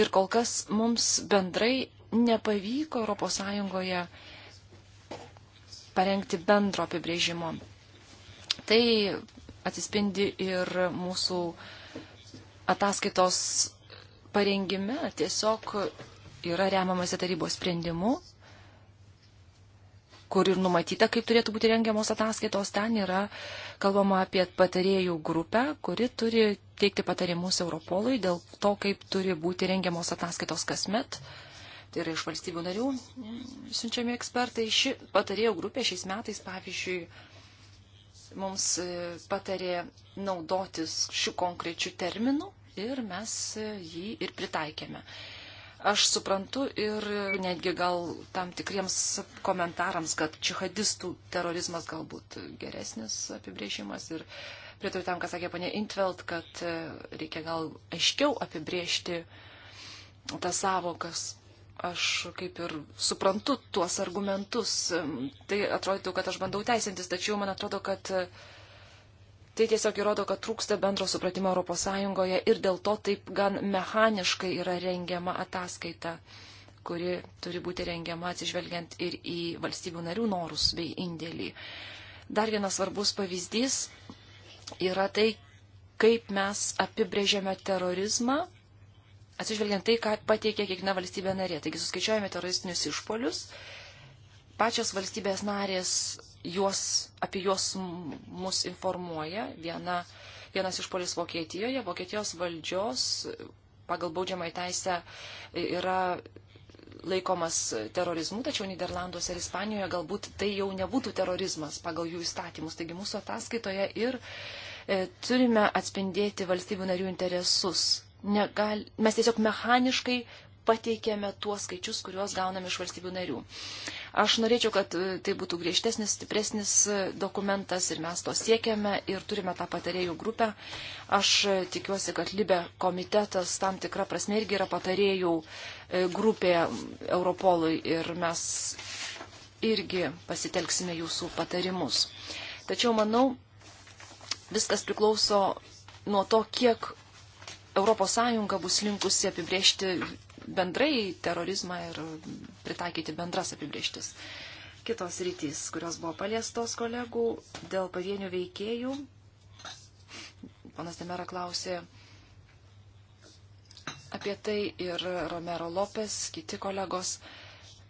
Ir kol kas mums bendrai nepavyko ES parengti bendro apibrėžimo. Tai atsispindi ir mūsų ataskaitos parengime, tiesiog yra remiamasi tarybos sprendimu, kur ir numatyta, kaip turėtų būti rengiamos ataskaitos, ten yra kalbama apie patarėjų grupę, kuri turi teikti patarimus Europolui dėl to, kaip turi būti rengiamos ataskaitos kasmet. Uh, tai yra iš valstybių narių siunčiami ekspertai. Ši patarėjo grupė šiais metais, pavyzdžiui, mums e, patarė naudotis šių konkrečių terminų ir mes e, jį ir pritaikėme. Aš suprantu ir netgi gal tam tikriems komentarams, kad džihadistų terorizmas galbūt geresnis apibrėžimas ir pritariu tam, ką sakė ponė Intveld, kad e, reikia gal aiškiau apibrėžti tas savokas aš kaip ir suprantu tuos argumentus. Tai atrodytų, kad aš bandau teisintis, tačiau man atrodo, kad e, tai tiesiog įrodo, kad trūksta bendro supratimo ES ir dėl to taip gan mechaniškai yra rengiama ataskaita, kuri turi būti rengiama atsižvelgiant ir į valstybių narių norus bei indėlį. Dar vienas svarbus pavyzdys yra tai, kaip mes apibrėžiame terorizmą atsižvelgiant tai, ką pateikė kiekviena valstybė narė. Taigi suskaičiuojame teroristinius išpolius, pačios valstybės narės juos, apie juos mus informuoja. Viena, vienas išpolis Vokietijoje, Vokietijos valdžios pagal baudžiamą teisę yra laikomas terorizmu, tačiau Niderlanduose ir Ispanijoje galbūt tai jau nebūtų terorizmas pagal jų įstatymus. Taigi mūsų ataskaitoje ir e, turime atspindėti valstybių narių interesus negal, mes tiesiog mechaniškai pateikėme tuos skaičius, kuriuos gauname iš valstybių narių. Aš norėčiau, kad e, tai būtų griežtesnis, stipresnis e, dokumentas ir mes to siekiame ir turime tą patarėjų grupę. Aš e, tikiuosi, kad Libe komitetas tam tikra prasme irgi yra patarėjų grupė Europolui ir mes irgi pasitelksime jūsų patarimus. Tačiau manau, viskas priklauso nuo to, kiek ES bus linkusi apibriežti bendrai terorizmą ir pritaikyti bendras apibriežtis. Kitos rytis, kurios buvo paliestos kolegų dėl pavienių veikėjų. Panas Demera klausė apie tai ir Romero Lopes, kiti kolegos.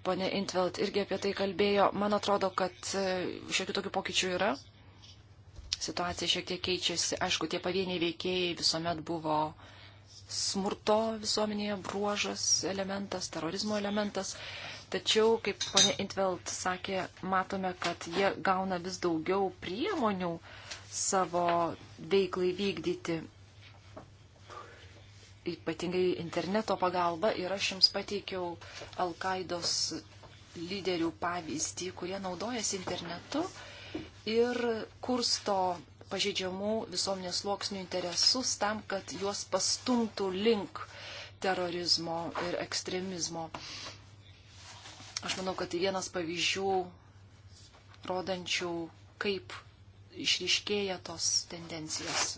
Pone Intveld irgi apie tai kalbėjo. Man atrodo, kad e, šiokių tokių pokyčių yra. Situacija šiek tiek keičiasi. Aišku, tie pavieniai veikėjai visuomet buvo uh, smurto visuomenėje bruožas, elementas, terorizmo elementas. Tačiau, kaip ponė Intveld sakė, matome, kad jie gauna vis daugiau priemonių savo veiklai vykdyti. Ypatingai interneto pagalba ir aš jums pateikiau Al-Qaidos lyderių pavyzdį, kurie naudojasi internetu ir kursto pažeidžiamų visuomenės sluoksnių interesus tam, kad juos pastumtų link terorizmo ir ekstremizmo. Aš manau, kad tai vienas pavyzdžių, rodančių, kaip išryškėja tos tendencijos.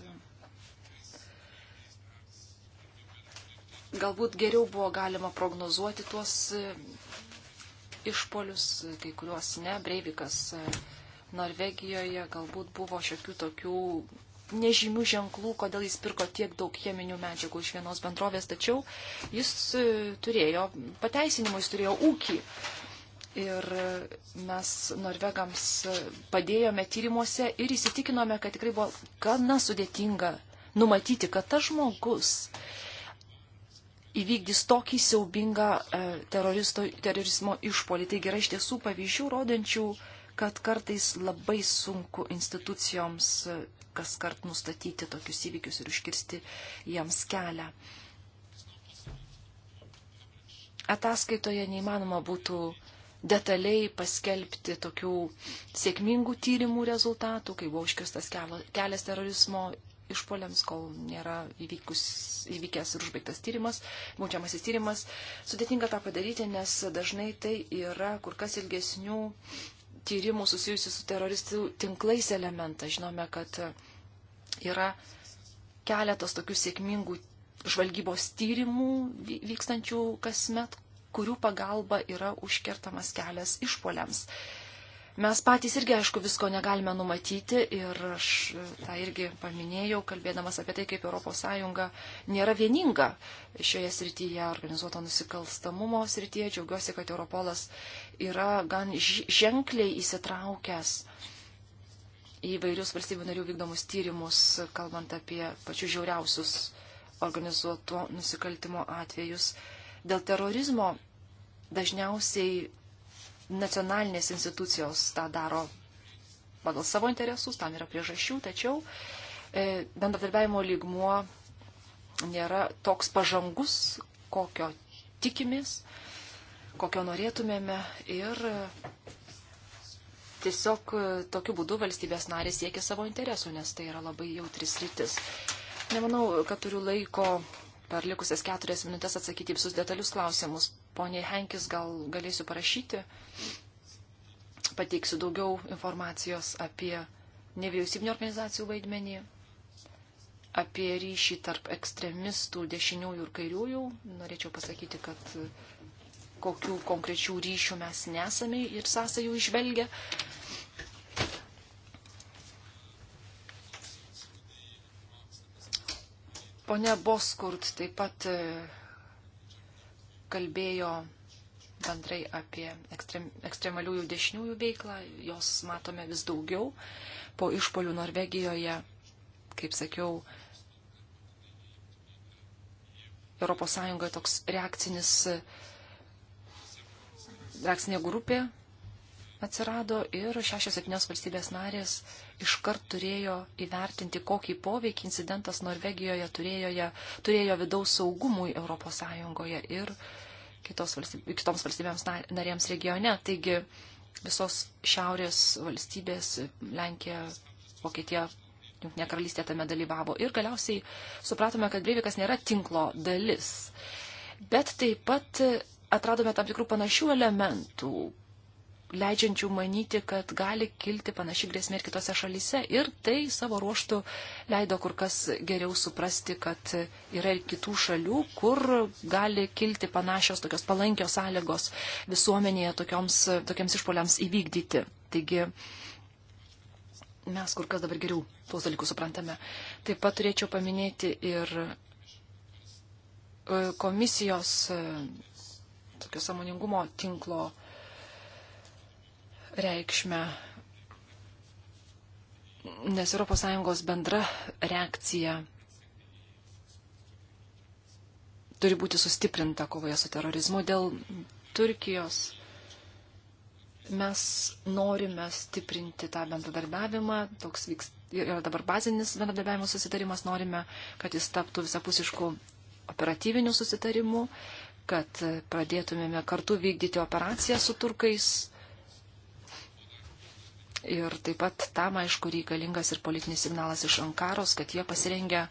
Galbūt geriau buvo galima prognozuoti tuos išpolius, kai kuriuos ne. Breivikas Norvegijoje galbūt buvo šiokių tokių nežymių ženklų, kodėl jis pirko tiek daug cheminių medžiagų iš vienos bendrovės, tačiau jis e, turėjo pateisinimų, jis turėjo ūkį. Ir mes norvegams padėjome tyrimuose ir įsitikinome, kad tikrai buvo gana sudėtinga numatyti, kad tas žmogus įvykdys tokį siaubingą e, terorizmo išpolį. Taigi yra iš tiesų pavyzdžių rodančių, uh, kad kartais labai sunku institucijoms e, kas kart nustatyti tokius įvykius ir užkirsti jiems kelią. Ataskaitoje neįmanoma būtų detaliai paskelbti tokių sėkmingų tyrimų rezultatų, kai buvo užkirstas kelias terorizmo išpoliams, kol nėra įvykus, įvykęs ir užbaigtas tyrimas, baudžiamasis tyrimas. Sudėtinga tą padaryti, nes dažnai tai yra kur kas ilgesnių tyrimų susijusių su teroristų tinklais elementą. Žinome, kad e, yra keletas tokių sėkmingų žvalgybos tyrimų vykstančių kasmet, kurių pagalba yra užkertamas kelias išpoliams. Mes patys irgi, aišku, visko negalime numatyti ir aš tą irgi paminėjau, kalbėdamas apie tai, kaip ES nėra vieninga šioje srityje, organizuoto nusikalstamumo srityje. Džiaugiuosi, kad Europolas yra gan ženkliai įsitraukęs į vairius valstybių narių vykdomus tyrimus, kalbant apie pačius žiauriausius organizuoto nusikaltimo atvejus. Dėl terorizmo dažniausiai nacionalinės institucijos tą daro pagal savo interesus, tam yra priežasčių, tačiau e, bendradarbiavimo lygmuo nėra toks pažangus, kokio tikimės, kokio norėtumėme ir e, tiesiog e, tokiu būdu valstybės narės siekia savo interesų, nes tai yra labai jautris rytis. Nemanau, kad turiu laiko per likusias keturias minutės atsakyti visus detalius klausimus. Pone Henkis, gal galėsiu parašyti, pateiksiu daugiau informacijos apie nevyriausybinio organizacijų vaidmenį, apie ryšį tarp ekstremistų, dešiniųjų ir kairiųjų. Norėčiau pasakyti, kad kokių konkrečių ryšių mes nesame ir sąsajų išvelgia. Pone Boskurt taip pat e, kalbėjo bendrai apie ekstrem, ekstremaliųjų dešiniųjų veiklą, jos matome vis daugiau. Po išpolių Norvegijoje, kaip sakiau, ES toks reakcinis, e, reakcinė grupė atsirado ir šešios septynios valstybės narės iškart turėjo įvertinti, kokį poveikį incidentas Norvegijoje turėjo, turėjo vidaus saugumui ES ir valstybė, kitoms valstybėms narėms regione. Taigi visos šiaurės valstybės, Lenkija, Vokietija, Junktinė karalystė tame dalyvavo ir galiausiai supratome, kad Breivikas nėra tinklo dalis. Bet taip pat atradome tam tikrų panašių elementų, leidžiančių manyti, kad gali kilti panaši grėsmė ir kitose šalyse. Ir tai savo ruoštų leido kur kas geriau suprasti, kad yra ir kitų šalių, kur gali kilti panašios tokios palankios sąlygos visuomenėje tokioms, tokiems išpoliams įvykdyti. Taigi mes kur kas dabar geriau tuos dalykus suprantame. Taip pat turėčiau paminėti ir e, komisijos e, tokio samoningumo tinklo reikšmę, nes ES bendra reakcija turi būti sustiprinta kovoje su terorizmu dėl Turkijos. Mes norime stiprinti tą bendradarbiavimą, toks vyks, yra dabar bazinis bendradarbiavimo susitarimas, norime, kad jis taptų visapusiškų operatyvinių susitarimų, kad pradėtumėme kartu vykdyti operaciją su turkais, Ir taip pat tam, aišku, reikalingas ir politinis signalas iš Ankaros, kad jie pasirengia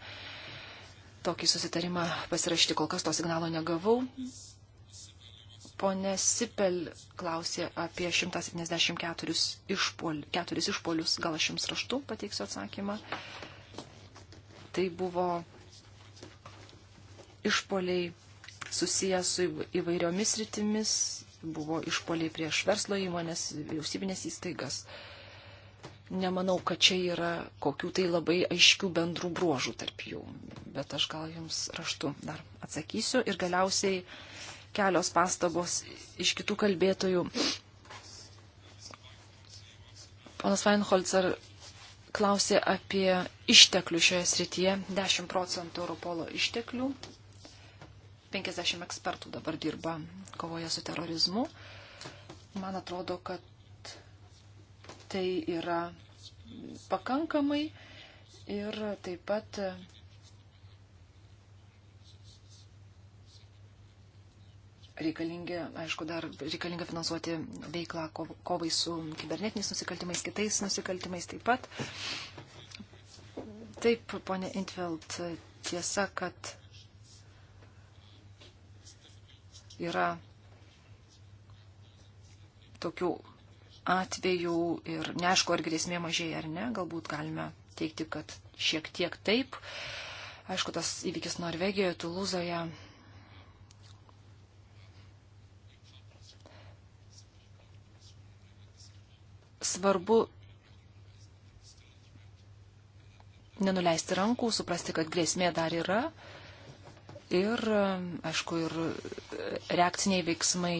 tokį susitarimą pasirašyti. Kol kas to signalo negavau. Pone Sipel klausė apie 174 išpol, išpolius. Gal aš jums raštu pateiksiu atsakymą. Tai buvo išpoliai susijęs su įvairiomis rytimis, buvo išpoliai prieš verslo įmonės, vyriausybinės įstaigas. Uh, nemanau, kad čia yra kokių tai labai aiškių bendrų bruožų tarp jų. Bet aš gal jums raštu dar atsakysiu. Ir galiausiai kelios pastabos iš kitų kalbėtojų. Ponas Weinholzer klausė apie išteklių šioje srityje. 10 procentų Europolo išteklių. 50 ekspertų dabar dirba kovoje su terorizmu. Man atrodo, kad tai yra pakankamai ir taip pat reikalingi, aišku, dar reikalinga finansuoti veiklą kovai su kibernetiniais nusikaltimais, kitais nusikaltimais taip pat. Taip, ponė Intveld, tiesa, kad yra tokių atvejų ir neaišku, ar grėsmė mažėja ar ne, galbūt galime teikti, kad šiek tiek taip. Aišku, tas įvykis Norvegijoje, Tulūzoje. Svarbu nenuleisti rankų, suprasti, kad grėsmė dar yra ir, aišku, ir reakciniai veiksmai,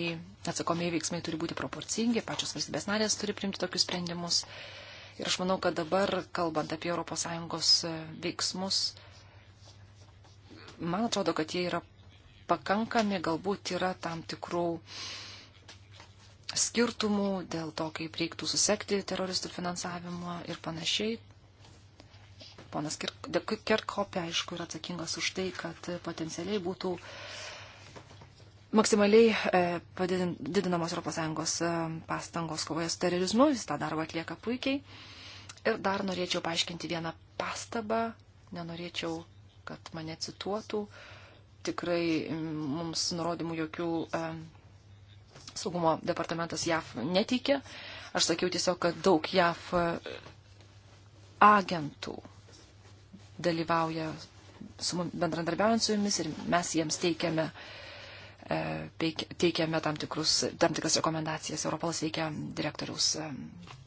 atsakomieji veiksmai turi būti proporcingi, pačios valstybės narės turi priimti tokius sprendimus. Ir aš manau, kad dabar, kalbant apie ES veiksmus, man atrodo, kad jie yra pakankami, galbūt yra tam tikrų skirtumų dėl to, kaip reiktų susekti teroristų finansavimą ir panašiai. Ponas Kerkopė, aišku, yra atsakingas už tai, kad potencialiai būtų maksimaliai e, padidinamos ES e, pastangos kovoje su terorizmu. Jis tą darbą atlieka puikiai. Ir dar norėčiau paaiškinti vieną pastabą. Nenorėčiau, kad mane cituotų. Tikrai mums nurodymų jokių e, saugumo departamentas JAF neteikia. Aš sakiau tiesiog, kad daug JAF agentų dalyvauja su bendradarbiaujant su jumis ir mes jiems teikiame, e, teikiame tam, tikrus, tam tikras rekomendacijas. Europolas veikia direktoriaus e,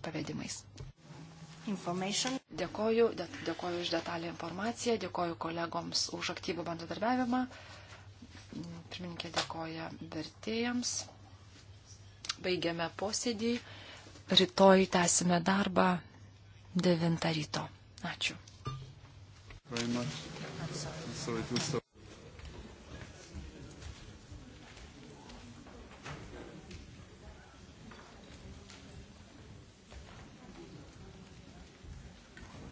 pavedimais. Dėkoju, dėkoju už detalę informaciją, dėkoju kolegoms už aktyvų bendradarbiavimą. Pirmininkė dėkoja vertėjams. Baigiame posėdį. Rytoj tęsime darbą 9 ryto. Ačiū very much. I'm sorry to stop.